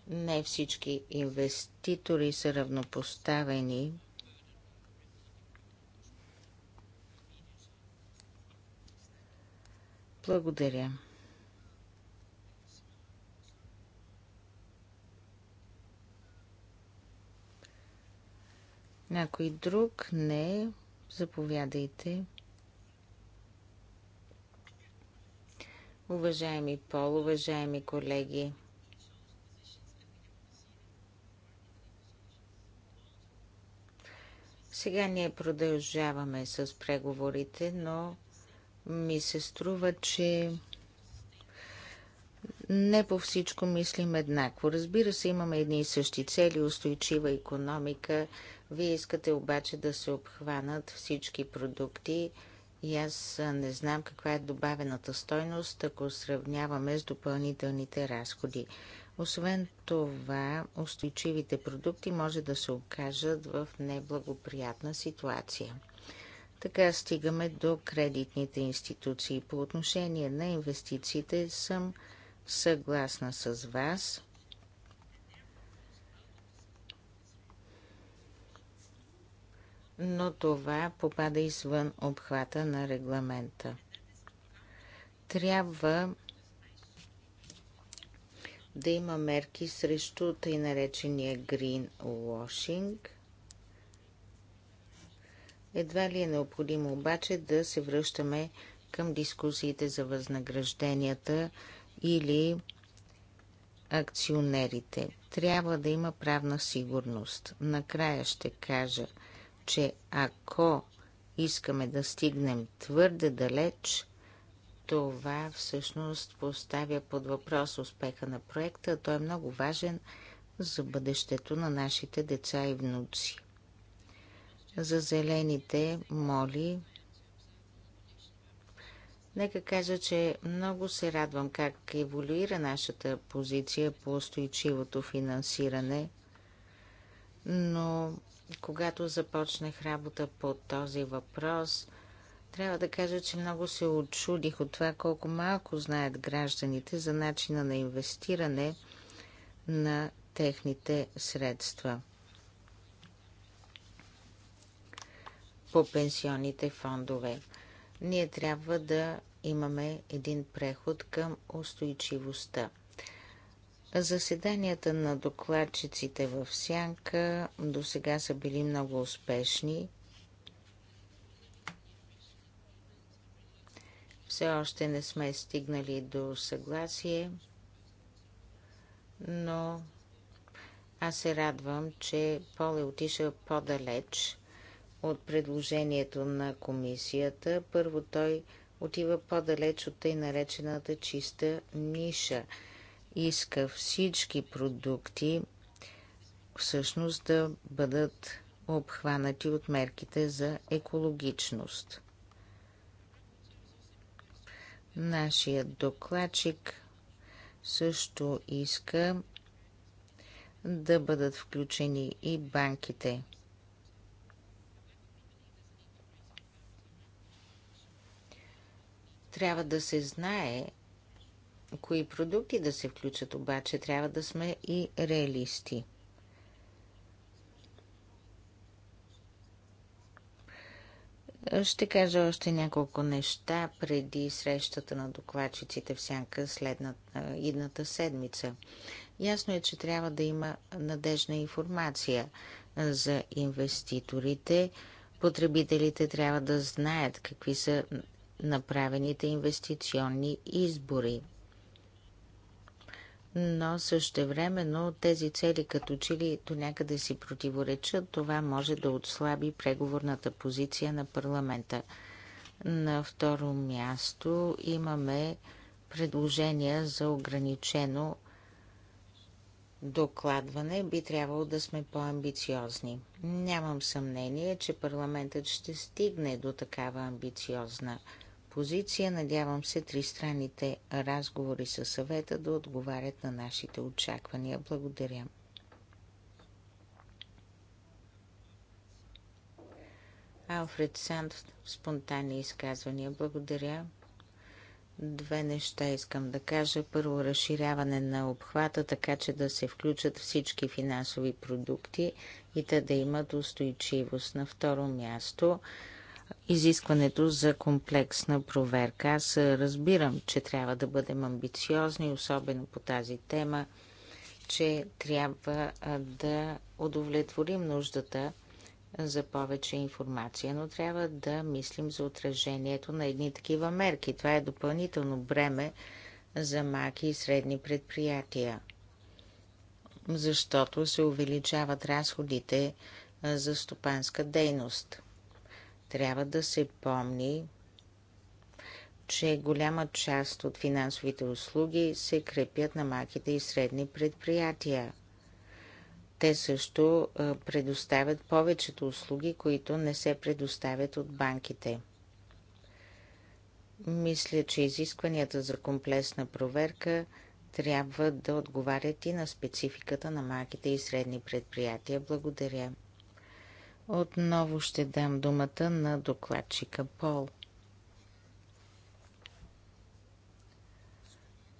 Не всички инвеститори са равнопоставени Благодаря. Някой друг? Не. Заповядайте. Уважаеми Пол, уважаеми колеги, сега ние продължаваме с преговорите, но ми се струва, че не по всичко мислим еднакво. Разбира се, имаме едни и същи цели, устойчива економика. Вие искате обаче да се обхванат всички продукти и аз не знам каква е добавената стойност, ако сравняваме с допълнителните разходи. Освен това, устойчивите продукти може да се окажат в неблагоприятна ситуация. Така стигаме до кредитните институции. По отношение на инвестициите съм съгласна с вас. Но това попада извън обхвата на регламента. Трябва да има мерки срещу тъй наречения green washing – едва ли е необходимо обаче да се връщаме към дискусиите за възнагражденията или акционерите. Трябва да има правна сигурност. Накрая ще кажа, че ако искаме да стигнем твърде далеч, това всъщност поставя под въпрос успеха на проекта. Той е много важен за бъдещето на нашите деца и внуци. За зелените моли. Нека кажа, че много се радвам как еволюира нашата позиция по устойчивото финансиране, но когато започнах работа по този въпрос, трябва да кажа, че много се очудих от това колко малко знаят гражданите за начина на инвестиране на техните средства. по пенсионните фондове. Ние трябва да имаме един преход към устойчивостта. Заседанията на докладчиците в Сянка до сега са били много успешни. Все още не сме стигнали до съгласие, но аз се радвам, че Пол е отишъл по-далеч от предложението на комисията. Първо той отива по-далеч от тъй наречената чиста ниша. Иска всички продукти всъщност да бъдат обхванати от мерките за екологичност. Нашият докладчик също иска да бъдат включени и банките – Трябва да се знае кои продукти да се включат, обаче трябва да сме и реалисти. Ще кажа още няколко неща преди срещата на докладчиците в сянка следната едната седмица. Ясно е, че трябва да има надежна информация за инвеститорите. Потребителите трябва да знаят какви са направените инвестиционни избори. Но същевременно тези цели като че ли до някъде си противоречат, това може да отслаби преговорната позиция на парламента. На второ място имаме предложения за ограничено докладване, би трябвало да сме по-амбициозни. Нямам съмнение, че парламентът ще стигне до такава амбициозна позиция. Надявам се тристранните разговори със съвета да отговарят на нашите очаквания. Благодаря. Алфред Санд, спонтанни изказвания. Благодаря. Две неща искам да кажа. Първо, разширяване на обхвата, така че да се включат всички финансови продукти и да имат устойчивост. На второ място, изискването за комплексна проверка. Аз разбирам, че трябва да бъдем амбициозни, особено по тази тема, че трябва да удовлетворим нуждата за повече информация, но трябва да мислим за отражението на едни такива мерки. Това е допълнително бреме за маки и средни предприятия, защото се увеличават разходите за стопанска дейност. Трябва да се помни, че голяма част от финансовите услуги се крепят на малките и средни предприятия. Те също предоставят повечето услуги, които не се предоставят от банките. Мисля, че изискванията за комплексна проверка трябва да отговарят и на спецификата на малките и средни предприятия. Благодаря. Отново ще дам думата на докладчика Пол.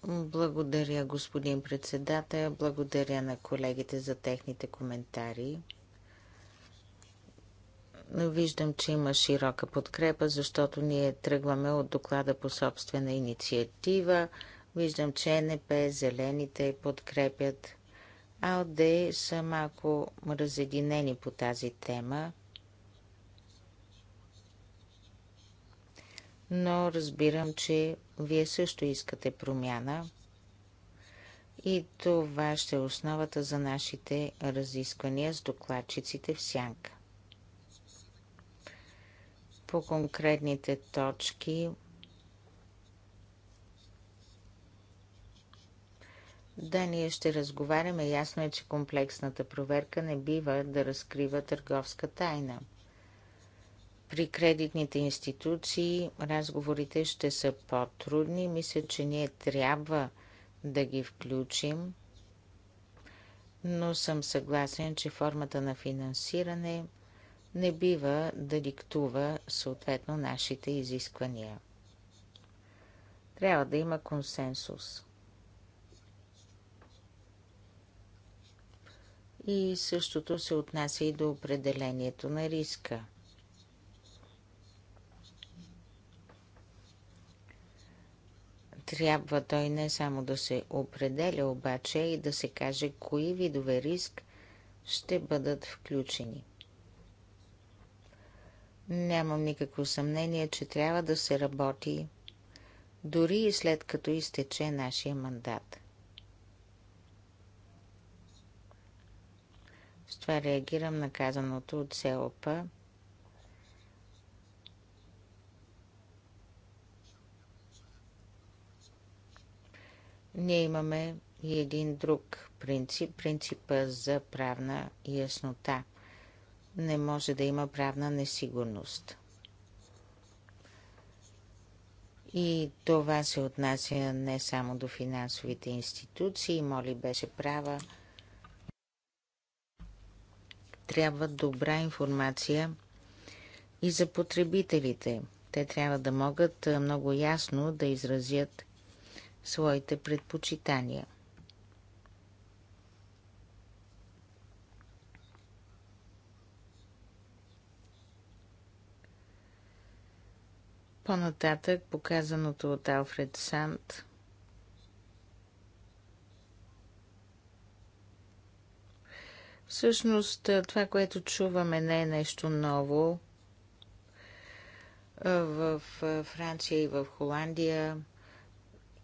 Благодаря, господин председател. Благодаря на колегите за техните коментари. Виждам, че има широка подкрепа, защото ние тръгваме от доклада по собствена инициатива. Виждам, че е НП, зелените подкрепят Алде са малко разединени по тази тема, но разбирам, че вие също искате промяна и това ще е основата за нашите разисквания с докладчиците в сянка. По конкретните точки Да, ние ще разговаряме. Ясно е, че комплексната проверка не бива да разкрива търговска тайна. При кредитните институции разговорите ще са по-трудни. Мисля, че ние трябва да ги включим, но съм съгласен, че формата на финансиране не бива да диктува съответно нашите изисквания. Трябва да има консенсус. И същото се отнася и до определението на риска. Трябва той не само да се определя, обаче и да се каже кои видове риск ще бъдат включени. Нямам никакво съмнение, че трябва да се работи дори и след като изтече нашия мандат. С това реагирам на казаното от СЕОП. Ние имаме и един друг принцип, принципа за правна яснота. Не може да има правна несигурност. И това се отнася не само до финансовите институции, Моли беше права, трябва добра информация и за потребителите. Те трябва да могат много ясно да изразят своите предпочитания. По-нататък показаното от Алфред Сант. Всъщност е, това, което чуваме, не е нещо ново. Е, в е, Франция и в Холандия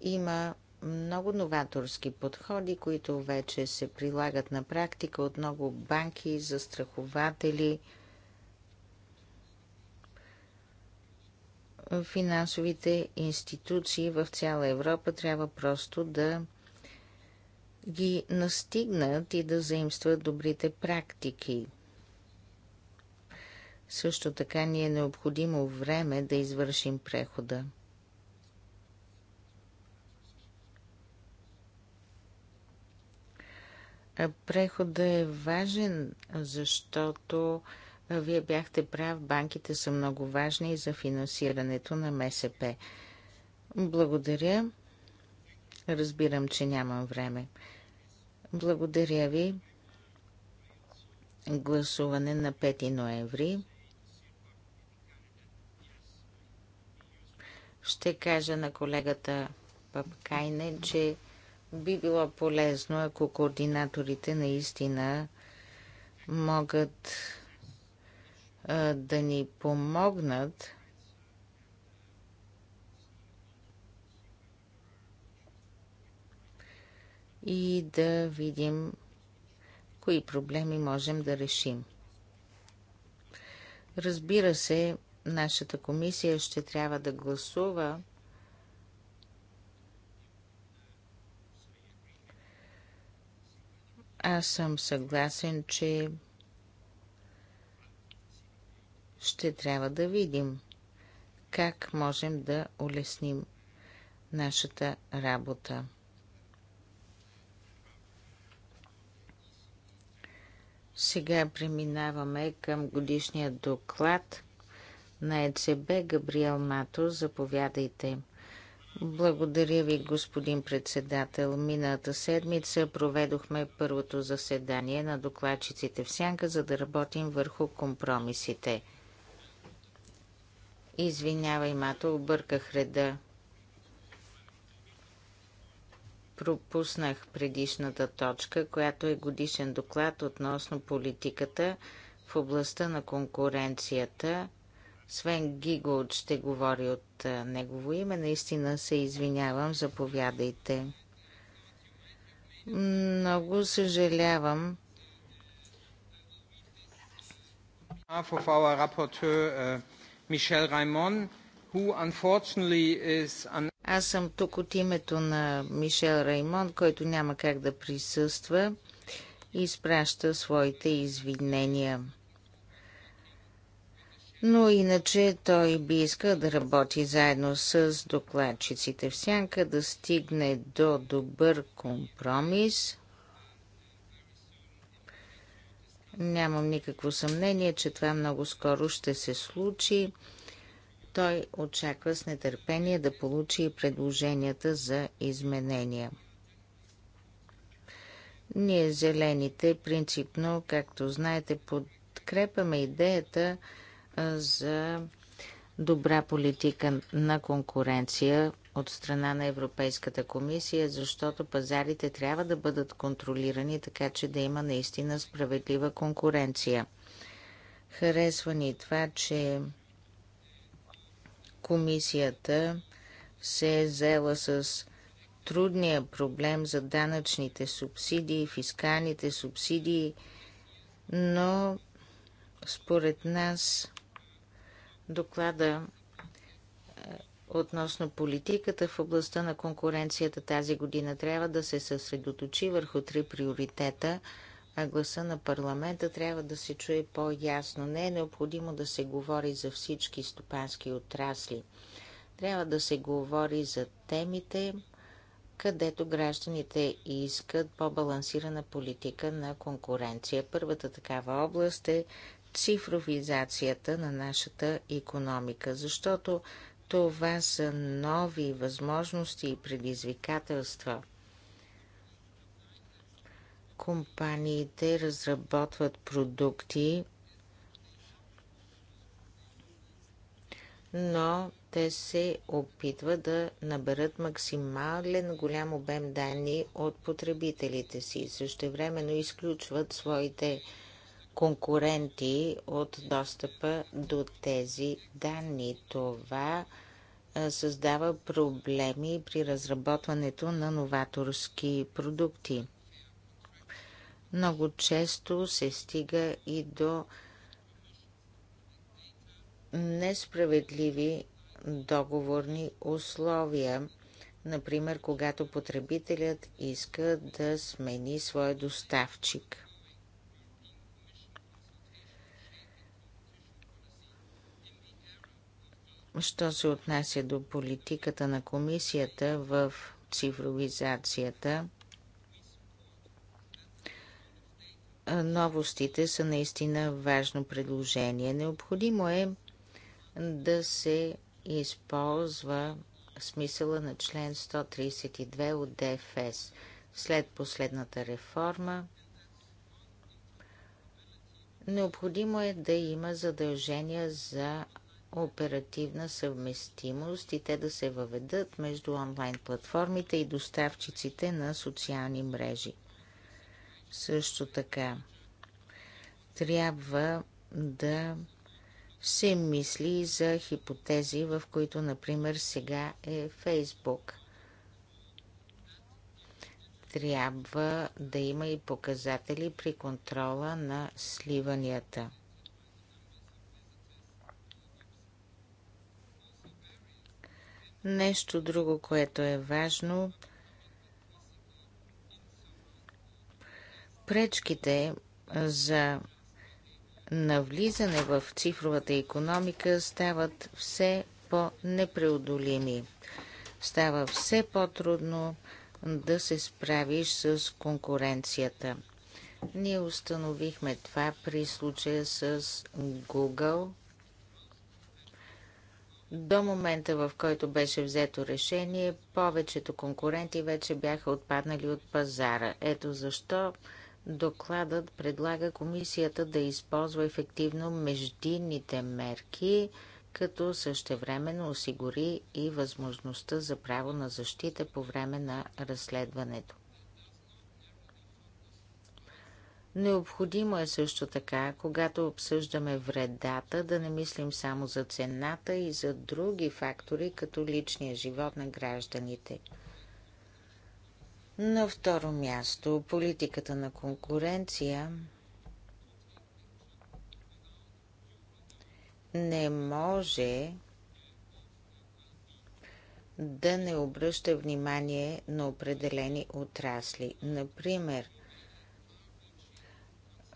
има много новаторски подходи, които вече се прилагат на практика от много банки, застрахователи, финансовите институции в цяла Европа трябва просто да ги настигнат и да заимстват добрите практики. Също така ни е необходимо време да извършим прехода. Преходът е важен, защото вие бяхте прав, банките са много важни и за финансирането на МСП. Благодаря. Разбирам, че нямам време. Благодаря ви. Гласуване на 5 ноември. Ще кажа на колегата Папкайне, че би било полезно, ако координаторите наистина могат да ни помогнат и да видим кои проблеми можем да решим. Разбира се, нашата комисия ще трябва да гласува Аз съм съгласен, че ще трябва да видим как можем да улесним нашата работа. Сега преминаваме към годишния доклад на ЕЦБ. Габриел Мато, заповядайте. Благодаря ви, господин председател. Миналата седмица проведохме първото заседание на докладчиците в Сянка, за да работим върху компромисите. Извинявай, Мато, обърках реда пропуснах предишната точка, която е годишен доклад относно политиката в областта на конкуренцията. Свен Гигот ще говори от негово име. Наистина се извинявам. Заповядайте. Много съжалявам. Мишел Раймон, uh, who unfortunately is an аз съм тук от името на Мишел Раймон, който няма как да присъства и изпраща своите извинения. Но иначе той би искал да работи заедно с докладчиците в сянка, да стигне до добър компромис. Нямам никакво съмнение, че това много скоро ще се случи. Той очаква с нетърпение да получи предложенията за изменения. Ние, зелените, принципно, както знаете, подкрепяме идеята за добра политика на конкуренция от страна на Европейската комисия, защото пазарите трябва да бъдат контролирани, така че да има наистина справедлива конкуренция. Харесва ни това, че Комисията се е взела с трудния проблем за данъчните субсидии, фискалните субсидии, но според нас доклада е, относно политиката в областта на конкуренцията тази година трябва да се съсредоточи върху три приоритета – а гласа на парламента трябва да се чуе по-ясно. Не е необходимо да се говори за всички стопански отрасли. Трябва да се говори за темите, където гражданите искат по-балансирана политика на конкуренция. Първата такава област е цифровизацията на нашата економика, защото това са нови възможности и предизвикателства – компаниите разработват продукти, но те се опитват да наберат максимален голям обем данни от потребителите си. също времено изключват своите конкуренти от достъпа до тези данни. Това създава проблеми при разработването на новаторски продукти. Много често се стига и до несправедливи договорни условия. Например, когато потребителят иска да смени своя доставчик. Що се отнася до политиката на комисията в цифровизацията – новостите са наистина важно предложение. Необходимо е да се използва смисъла на член 132 от ДФС. След последната реформа необходимо е да има задължения за оперативна съвместимост и те да се въведат между онлайн платформите и доставчиците на социални мрежи. Също така трябва да се мисли за хипотези, в които, например, сега е Фейсбук. Трябва да има и показатели при контрола на сливанията. Нещо друго, което е важно – Пречките за навлизане в цифровата економика стават все по-непреодолими. Става все по-трудно да се справиш с конкуренцията. Ние установихме това при случая с Google. До момента, в който беше взето решение, повечето конкуренти вече бяха отпаднали от пазара. Ето защо Докладът предлага комисията да използва ефективно междинните мерки, като същевременно осигури и възможността за право на защита по време на разследването. Необходимо е също така, когато обсъждаме вредата, да не мислим само за цената и за други фактори, като личния живот на гражданите – на второ място, политиката на конкуренция не може да не обръща внимание на определени отрасли. Например,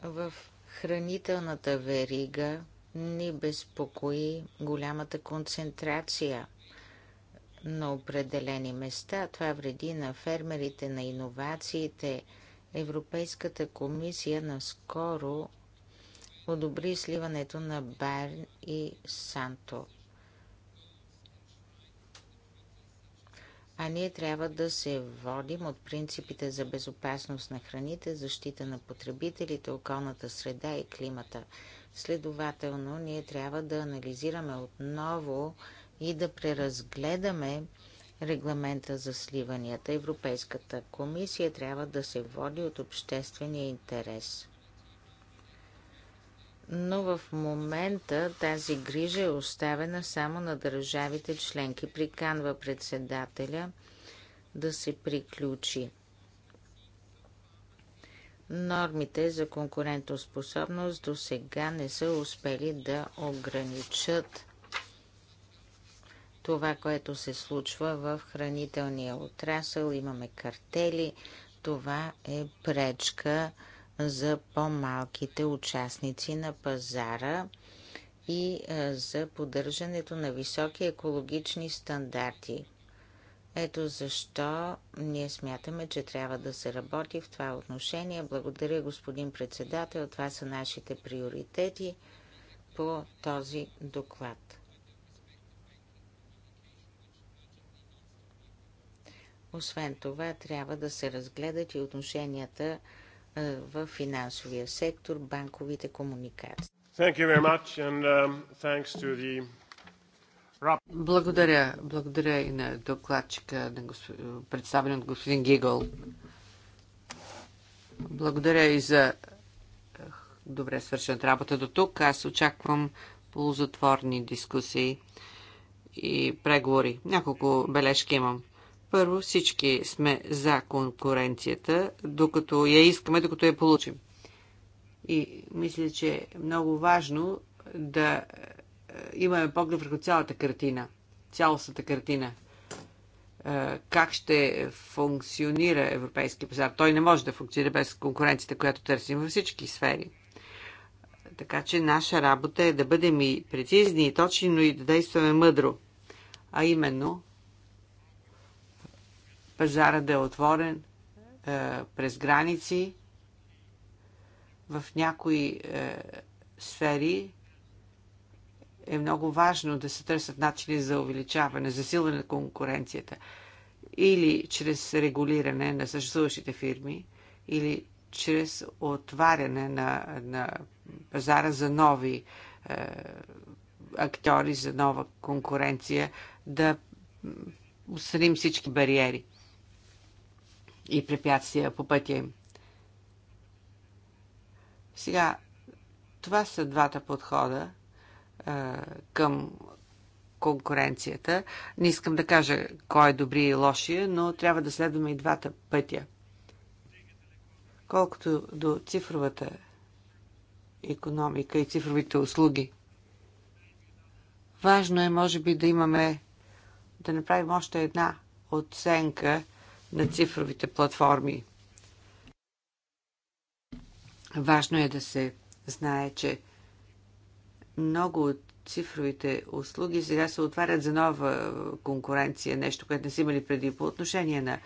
в хранителната верига ни безпокои голямата концентрация – на определени места. Това вреди на фермерите, на иновациите. Европейската комисия наскоро одобри сливането на Байерн и Санто. А ние трябва да се водим от принципите за безопасност на храните, защита на потребителите, околната среда и климата. Следователно, ние трябва да анализираме отново и да преразгледаме регламента за сливанията. Европейската комисия трябва да се води от обществения интерес. Но в момента тази грижа е оставена само на държавите членки. Приканва председателя да се приключи. Нормите за конкурентоспособност до сега не са успели да ограничат това, което се случва в хранителния отрасъл. Имаме картели. Това е пречка за по-малките участници на пазара и за поддържането на високи екологични стандарти. Ето защо ние смятаме, че трябва да се работи в това отношение. Благодаря, господин председател. Това са нашите приоритети по този доклад. Освен това, трябва да се разгледат и отношенията е, в финансовия сектор, банковите комуникации. Um, благодаря. Благодаря и на докладчика, на госп... представен от господин Гигъл. Благодаря и за е, добре свършената работа до тук. Аз очаквам ползотворни дискусии и преговори. Няколко бележки имам. Първо всички сме за конкуренцията, докато я искаме, докато я получим. И мисля, че е много важно да е, имаме поглед върху цялата картина, цялостната картина. Е, как ще функционира европейския пазар? Той не може да функционира без конкуренцията, която търсим във всички сфери. Така че наша работа е да бъдем и прецизни, и точни, но и да действаме мъдро. А именно, пазара да е отворен е, през граници. В някои е, сфери е много важно да се търсят начини за увеличаване, засилване на конкуренцията или чрез регулиране на съществуващите фирми, или чрез отваряне на, на пазара за нови е, актьори, за нова конкуренция, да усилим всички бариери и препятствия по пътя им. Сега, това са двата подхода а, към конкуренцията. Не искам да кажа кой е добри и лошия, но трябва да следваме и двата пътя. Колкото до цифровата економика и цифровите услуги, важно е, може би, да имаме, да направим още една оценка на цифровите платформи. Важно е да се знае, че много от цифровите услуги сега се отварят за нова конкуренция, нещо, което не са имали преди по отношение на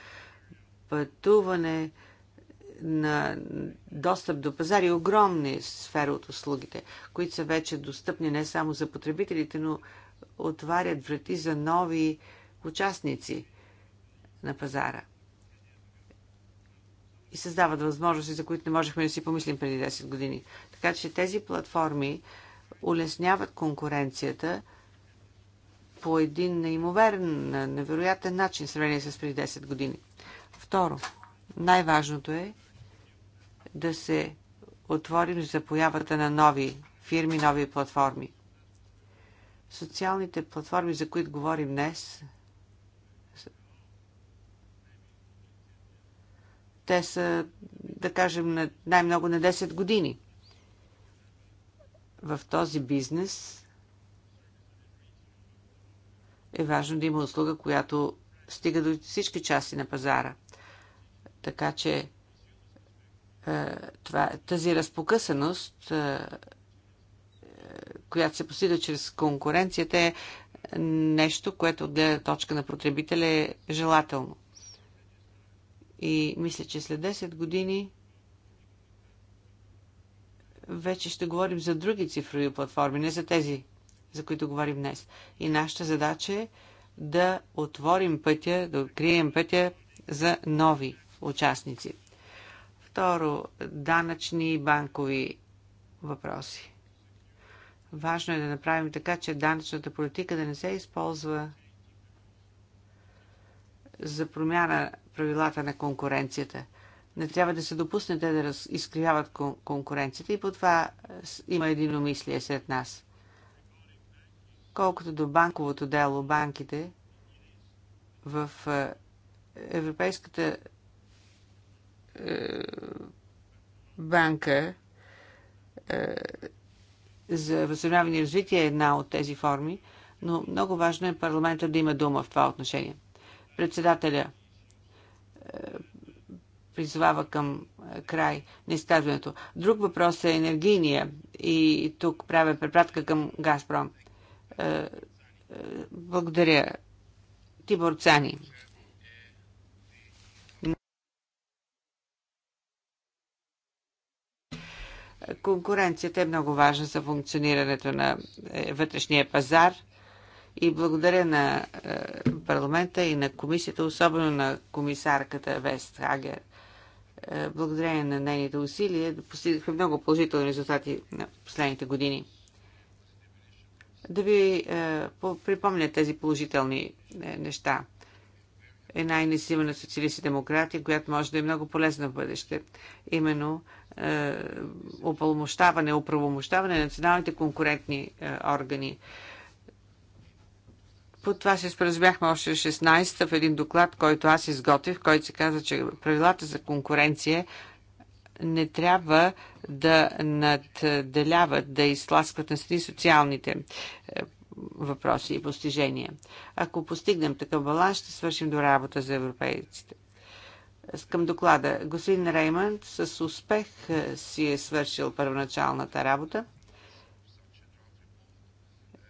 пътуване, на достъп до пазари, огромни сфери от услугите, които са вече достъпни не само за потребителите, но отварят врати за нови участници на пазара – и създават възможности, за които не можехме да си помислим преди 10 години. Така че тези платформи улесняват конкуренцията по един неимоверен, невероятен начин в сравнение с преди 10 години. Второ, най-важното е да се отворим за появата на нови фирми, нови платформи. Социалните платформи, за които говорим днес, Те са, да кажем, най-много на 10 години. В този бизнес е важно да има услуга, която стига до всички части на пазара. Така че е, това, тази разпокъсаност, е, е, която се постига чрез конкуренцията, е нещо, което от гледна точка на потребителя е желателно. И мисля, че след 10 години вече ще говорим за други цифрови платформи, не за тези, за които говорим днес. И нашата задача е да отворим пътя, да открием пътя за нови участници. Второ, данъчни и банкови въпроси. Важно е да направим така, че данъчната политика да не се използва за промяна правилата на конкуренцията. Не трябва да се допусне те да раз... изкривяват кон... конкуренцията и по това е, има единомислие сред нас. Колкото до банковото дело, банките в е, Европейската е, банка за възстановяване и развитие е една от тези форми, но много важно е парламента да има дума в това отношение. Председателя е, призвава към е, край на изказването. Друг въпрос е енергийния и тук правя препратка към Газпром. Е, благодаря. Тибор Цани. Конкуренцията е много важна за функционирането на вътрешния пазар – и благодаря на е, парламента и на комисията, особено на комисарката Вест Хагер, е, Благодарение на нейните усилия да постигнахме много положителни резултати на последните години. Да ви е, припомня тези положителни неща. Една инициатива на социалисти демократи, която може да е много полезна в бъдеще. Именно опълмощаване, оправомощаване на националните конкурентни органи по това се споразумяхме още 16-та в един доклад, който аз изготвих, който се каза, че правилата за конкуренция не трябва да надделяват, да изтласкват на страни социалните е, въпроси и постижения. Ако постигнем такъв баланс, ще свършим до работа за европейците. Към доклада. Господин Реймънд с успех е, си е свършил първоначалната работа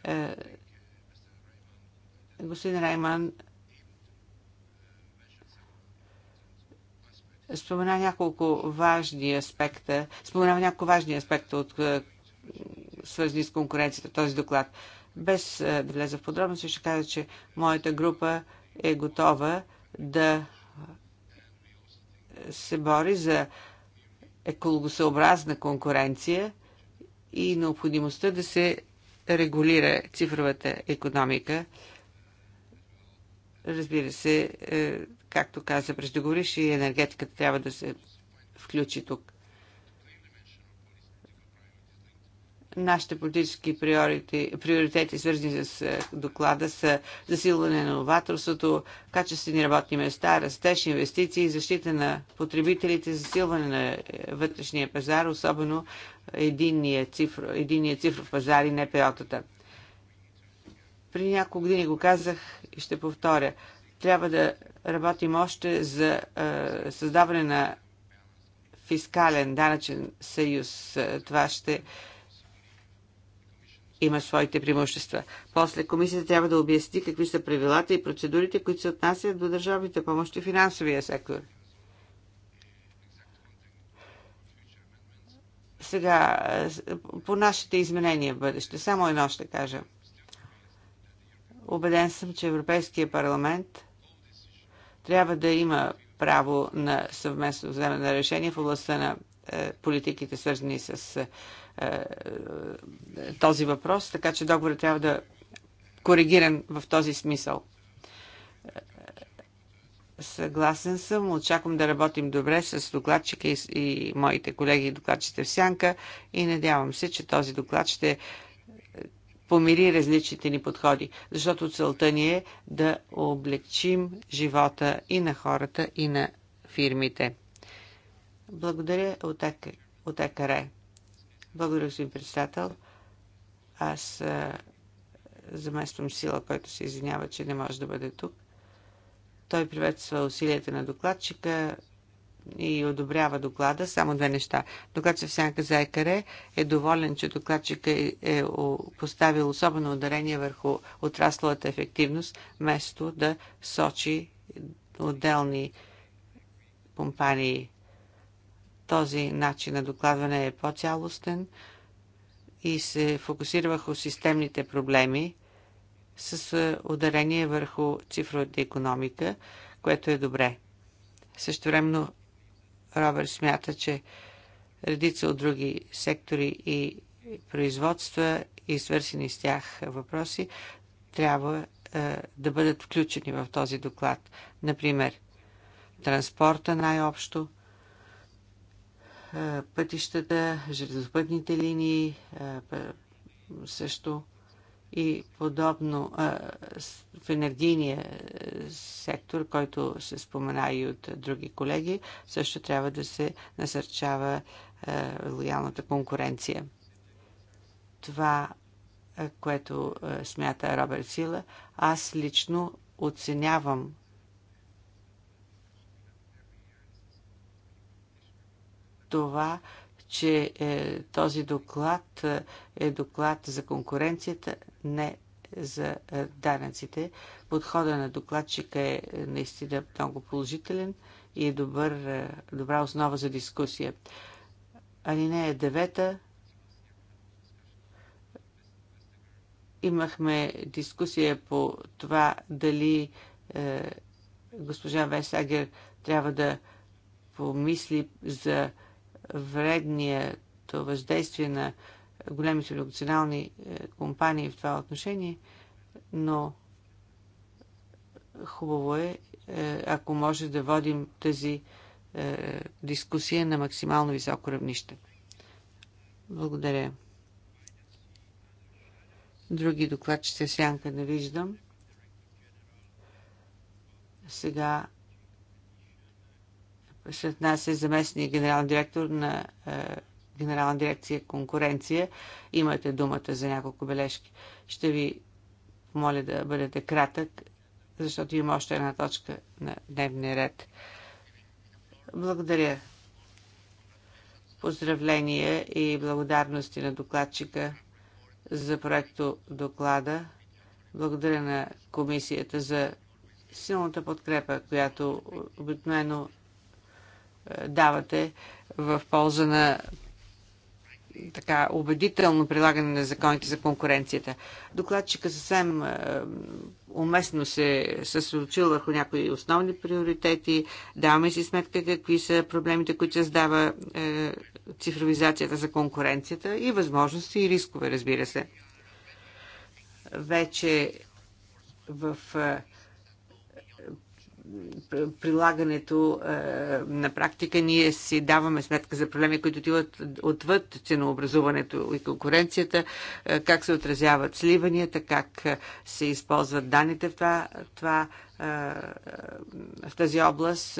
е, Господин Райман спомена няколко важни аспекта, спомена няколко важни аспекта, от, е, свързани с конкуренцията, този доклад. Без е, да влеза в подробности, ще кажа, че моята група е готова да се бори за екологосъобразна конкуренция и необходимостта да се регулира цифровата економика Разбира се, е, както каза преждеговориш, и енергетиката трябва да се включи тук. Нашите политически приоритети, свързани с е, доклада, са засилване на новаторството, качествени работни места, растеж, инвестиции, защита на потребителите, засилване на е, вътрешния пазар, особено единния цифров, единния цифров пазар и НПО-тата. При няколко години го казах и ще повторя, трябва да работим още за е, създаване на фискален данъчен съюз. Това ще има своите преимущества. После комисията трябва да обясни какви са правилата и процедурите, които се отнасят до държавните помощи и финансовия сектор. Сега, по нашите изменения в бъдеще, само едно ще кажа – Обеден съм, че Европейския парламент трябва да има право на съвместно вземане на решение в областта на е, политиките, свързани с е, е, този въпрос, така че договорът трябва да коригиран в този смисъл. Съгласен съм. Очаквам да работим добре с докладчика и, и моите колеги докладчите в Сянка и надявам се, че този доклад ще помири различните ни подходи, защото целта ни е да облегчим живота и на хората, и на фирмите. Благодаря от, АКР. Благодаря, господин председател. Аз а, замествам сила, който се извинява, че не може да бъде тук. Той приветства усилията на докладчика, и одобрява доклада. Само две неща. Докладчик Сянка Зайкаре е доволен, че докладчик е, е поставил особено ударение върху отраслата ефективност, вместо да сочи отделни компании. Този начин на докладване е по-цялостен и се фокусира върху системните проблеми с е, ударение върху цифровата економика, което е добре. Също времено Робърт смята, че редица от други сектори и производства и свързани с тях въпроси трябва е, да бъдат включени в този доклад. Например, транспорта най-общо, е, пътищата, железопътните линии е, също и подобно а, в енергийния сектор, който се спомена и от други колеги, също трябва да се насърчава а, лоялната конкуренция. Това, а, което а, смята Роберт Сила, аз лично оценявам това, че е, този доклад е доклад за конкуренцията не за е, данъците. Подхода на докладчика е, е наистина много положителен и е добър, е, добра основа за дискусия. Алинея 9 имахме дискусия по това дали е, госпожа Весагер трябва да помисли за вредния въздействие на големите национални е, компании в това отношение, но хубаво е, е ако може да водим тази е, дискусия на максимално високо равнище. Благодаря. Други докладчици сянка не виждам. Сега след нас е заместник генерален директор на Генерална дирекция конкуренция. Имате думата за няколко бележки. Ще ви моля да бъдете кратък, защото има още една точка на дневния ред. Благодаря. Поздравления и благодарности на докладчика за проекто доклада. Благодаря на комисията за силната подкрепа, която обикновено е, давате в полза на така убедително прилагане на законите за конкуренцията. Докладчика съвсем е, уместно се съсредоточил върху някои основни приоритети. Даваме си сметка какви са проблемите, които създава е, цифровизацията за конкуренцията и възможности и рискове, разбира се. Вече в е, прилагането а, е, на практика ние си даваме сметка за проблеми, които отиват отвъд ценообразуването и конкуренцията, а, е, как се отразяват сливанията, как е, се използват данните в, това, това, а, в тази област.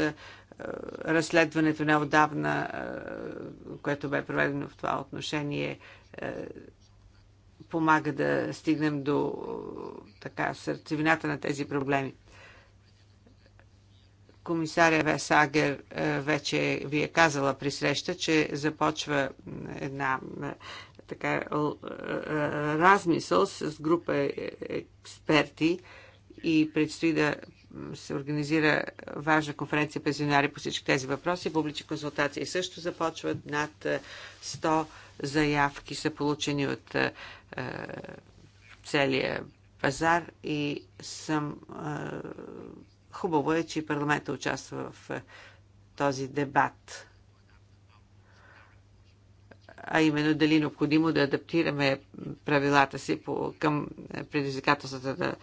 Разследването неодавна, което бе проведено в това отношение, помага да стигнем до така сърцевината на тези проблеми. Комисаря Весагер е, вече ви е казала при среща, че започва една е, така е, размисъл с група експерти и предстои да се организира важна конференция пенсионари по всички тези въпроси. Публични консултации също започват. Над 100 заявки са получени от е, целия пазар и съм е, Хубаво е, че парламента участва в е, този дебат. А именно дали е необходимо да адаптираме правилата си по, към предизвикателствата на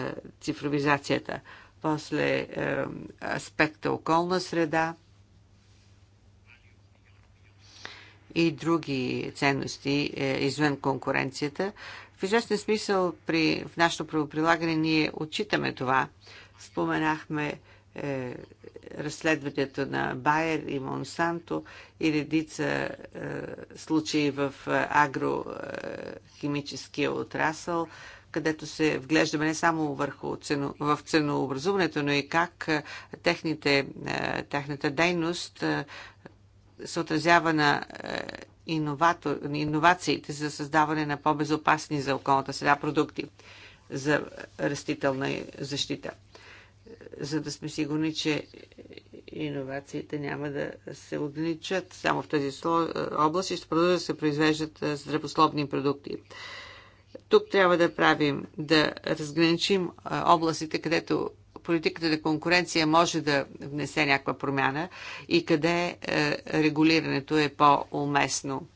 е, цифровизацията. После е, аспекта околна среда и други ценности извън конкуренцията. В известен смисъл при, в нашето правоприлагане ние отчитаме това. Споменахме е, разследването на Байер и Монсанто и редица е, случаи в е, агрохимическия отрасъл, където се вглеждаме не само върху цено, в ценообразуването, но и как е, техните, е, техната дейност е, се отразява на е, иновациите за създаване на по-безопасни за околната среда продукти за растителна защита за да сме сигурни, че иновациите няма да се ограничат само в тези област и ще продължат да се произвеждат здравословни продукти. Тук трябва да правим, да разграничим областите, където политиката на конкуренция може да внесе някаква промяна и къде е, регулирането е по-уместно.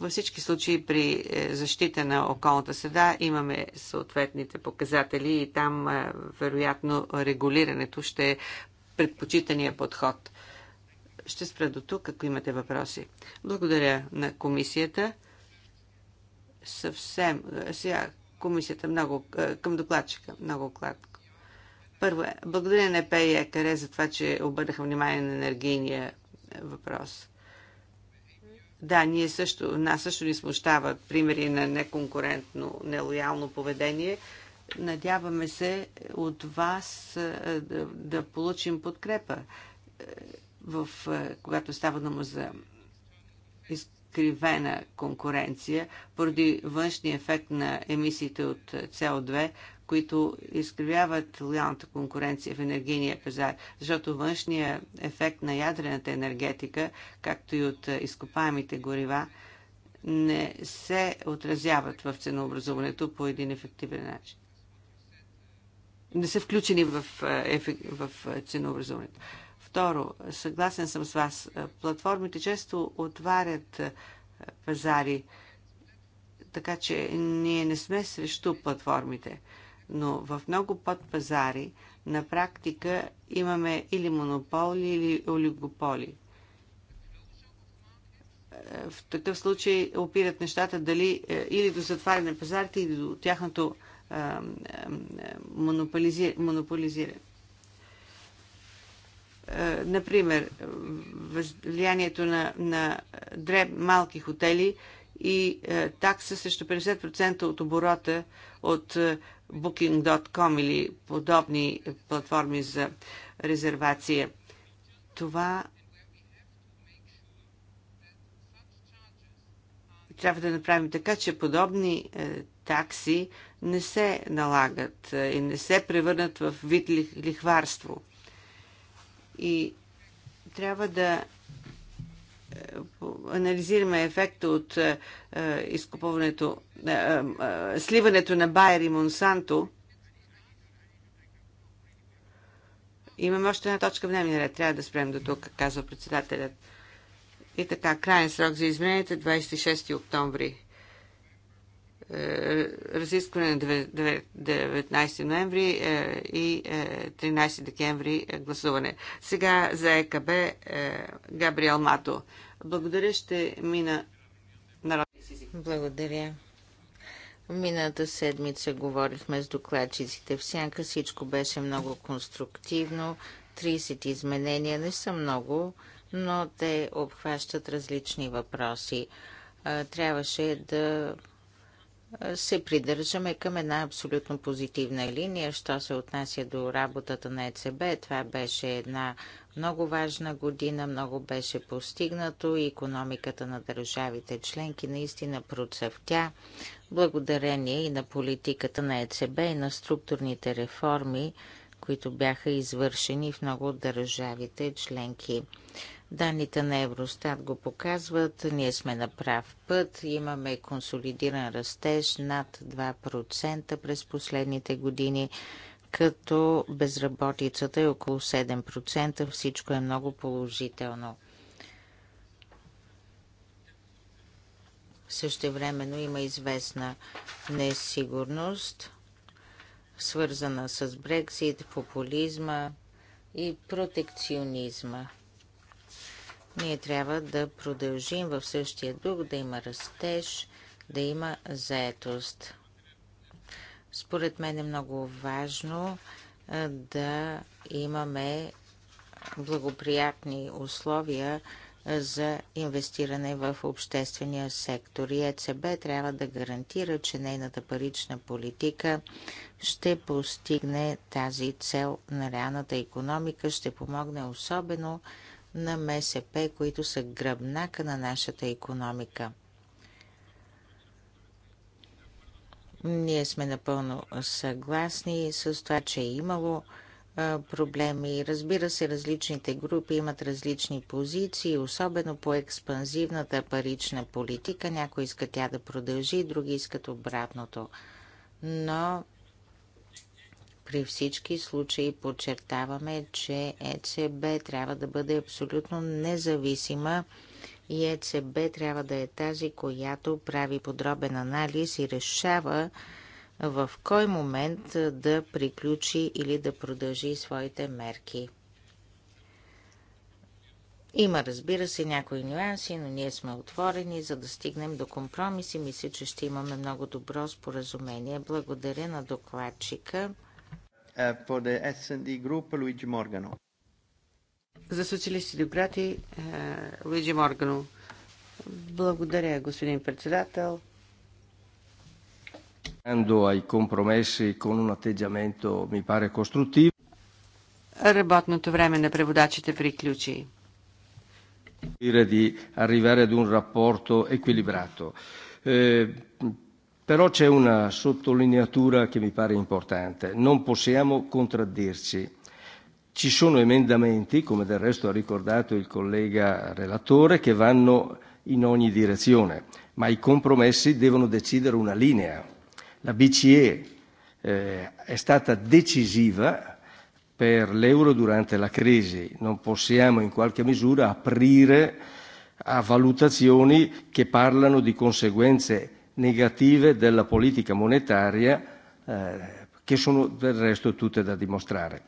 Във всички случаи при е, защита на околната среда имаме съответните показатели и там е, вероятно регулирането ще е предпочитания подход. Ще спра до тук, ако имате въпроси. Благодаря на комисията. Съвсем. Е, сега комисията много, към докладчика. Много кратко. Първо, благодаря на ПЕКР за това, че обърнаха внимание на енергийния въпрос. Да, ние също, нас също ни смущават примери на неконкурентно, нелоялно поведение. Надяваме се от вас да, да получим подкрепа, в, когато става дума за изкривена конкуренция поради външния ефект на емисиите от CO2, които изкривяват лоялната конкуренция в енергийния пазар, защото външният ефект на ядрената енергетика, както и от изкопаемите горива, не се отразяват в ценообразуването по един ефективен начин. Не са включени в, е, в ценообразуването. Второ, съгласен съм с вас, платформите често отварят е, пазари, така че ние не сме срещу платформите но в много подпазари на практика имаме или монополи, или олигополи. Е, в такъв случай опират нещата дали е, или до затваряне на пазарите, или до тяхното е, монополизиране. Например, влиянието на, на дреб, малки хотели и такса срещу 50% от оборота от Booking.com или подобни платформи за резервация. Това трябва да направим така, че подобни е, такси не се налагат е, и не се превърнат в вид лихварство. И трябва да е, анализираме ефекта от е, е изкупуването, е, сливането на Байер и Монсанто, имаме още една точка в дневния ред. Трябва да спрем до тук, казва председателят. И така, крайен срок за измененията 26 октомври. Разискване на 19 ноември и 13 декември гласуване. Сега за ЕКБ Габриел Мато. Благодаря, ще мина на Благодаря. Мината седмица говорихме с докладчиците в сянка. Всичко беше много конструктивно. 30 изменения не са много, но те обхващат различни въпроси. Трябваше да се придържаме към една абсолютно позитивна линия, що се отнася до работата на ЕЦБ. Това беше една много важна година, много беше постигнато и економиката на държавите членки наистина процъфтя, благодарение и на политиката на ЕЦБ и на структурните реформи, които бяха извършени в много от държавите членки. Данните на Евростат го показват. Ние сме на прав път. Имаме консолидиран растеж над 2% през последните години, като безработицата е около 7%. Всичко е много положително. Същевременно има известна несигурност, свързана с Брексит, популизма и протекционизма. Ние трябва да продължим в същия дух, да има растеж, да има заетост. Според мен е много важно да имаме благоприятни условия за инвестиране в обществения сектор. И ЕЦБ трябва да гарантира, че нейната парична политика ще постигне тази цел на реалната економика, ще помогне особено на МСП, които са гръбнака на нашата економика. Ние сме напълно съгласни с това, че е имало проблеми. Разбира се, различните групи имат различни позиции, особено по експанзивната парична политика. Някои искат тя да продължи, други искат обратното. Но при всички случаи подчертаваме, че ЕЦБ трябва да бъде абсолютно независима и ЕЦБ трябва да е тази, която прави подробен анализ и решава в кой момент да приключи или да продължи своите мерки. Има, разбира се, някои нюанси, но ние сме отворени, за да стигнем до компромиси. Мисля, че ще имаме много добро споразумение. Благодаря на докладчика. For the S&D Group, Luigi Morgano. За социалисти демократи, Луиджи Моргано. Благодаря, господин председател. Ai compromessi con un atteggiamento, mi pare, costruttivo. Работното време на преводачите приключи. Di arrivare ad un rapporto equilibrato. Eh, Però c'è una sottolineatura che mi pare importante. Non possiamo contraddirci. Ci sono emendamenti, come del resto ha ricordato il collega relatore, che vanno in ogni direzione, ma i compromessi devono decidere una linea. La BCE eh, è stata decisiva per l'euro durante la crisi. Non possiamo in qualche misura aprire a valutazioni che parlano di conseguenze negative della politica monetaria, eh, che sono del resto tutte da dimostrare.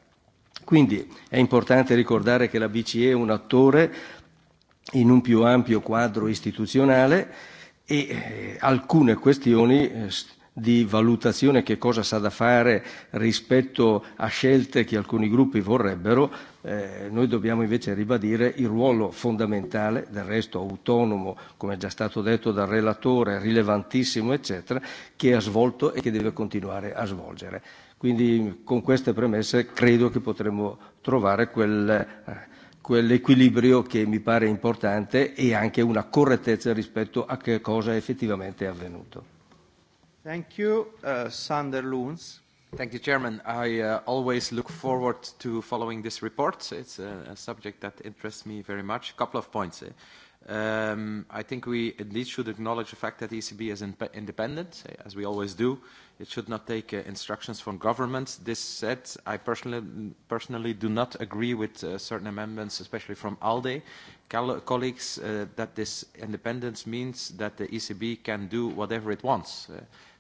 Quindi è importante ricordare che la BCE è un attore in un più ampio quadro istituzionale e eh, alcune questioni eh, di valutazione che cosa sa da fare rispetto a scelte che alcuni gruppi vorrebbero eh, noi dobbiamo invece ribadire il ruolo fondamentale, del resto autonomo, come è già stato detto dal relatore, rilevantissimo, eccetera, che ha svolto e che deve continuare a svolgere. Quindi con queste premesse credo che potremo trovare quel, eh, quell'equilibrio che mi pare importante e anche una correttezza rispetto a che cosa effettivamente è avvenuto. Thank you, uh, Sander Thank you, Chairman. I uh, always look forward to following this report. It's a, a subject that interests me very much. A couple of points. Um, I think we at least should acknowledge the fact that the ECB is in independent, as we always do. It should not take uh, instructions from governments. This said, I personally, personally do not agree with uh, certain amendments, especially from ALDE colleagues, uh, that this independence means that the ECB can do whatever it wants. Uh,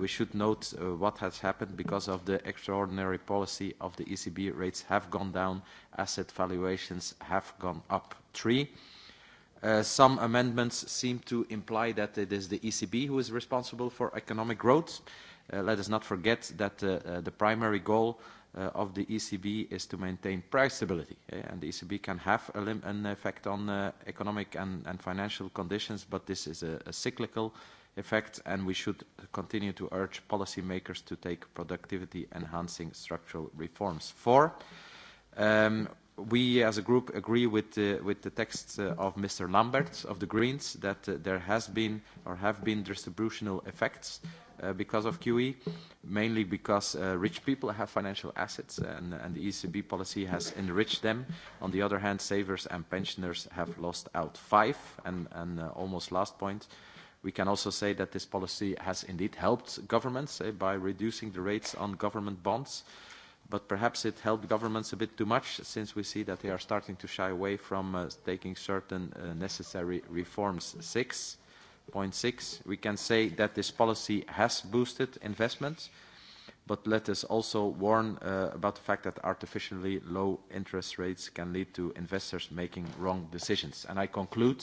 we should note uh what has happened because of the extraordinary policy of the ECB. Rates have gone down, asset valuations have gone up. Three, some amendments seem to imply that it is the ECB who is responsible for economic growth. Let us not forget that uh the primary goal uh of the ECB is to maintain price stability. and The ECB can have a lim an effect on uh economic and financial conditions, but this is a cyclical effects and we should continue to urge policymakers to take productivity-enhancing structural reforms. Four, we as a group agree with the, with the text of Mr. Lambert of the Greens that there has been or have been distributional effects because of QE, mainly because rich people have financial assets and, and the ECB policy has enriched them. On the other hand, savers and pensioners have lost out. Five, and, and almost last point, uh, We can also say that this policy has indeed helped governments by reducing the rates on government bonds. But perhaps it helped governments a bit too much since we see that they are starting to shy away from taking certain necessary reforms. Six point six, we can say that this policy has boosted investment, but let us also warn about the fact that artificially low interest rates can lead to investors making wrong decisions. I conclude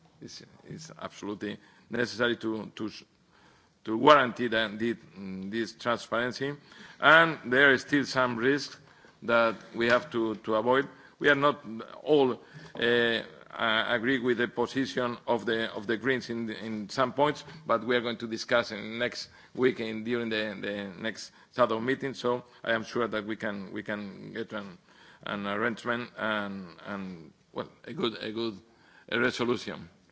is it's absolutely necessary to to to guarantee that the this transparency. And there are still some risks that we have to to avoid. We are not all uh agree with the position of the of the Greens in in some points, but we are going to discuss in next week and during the the next shadow meeting. So I am sure that we can we can get an an arrangement and and well, a good a good resolution.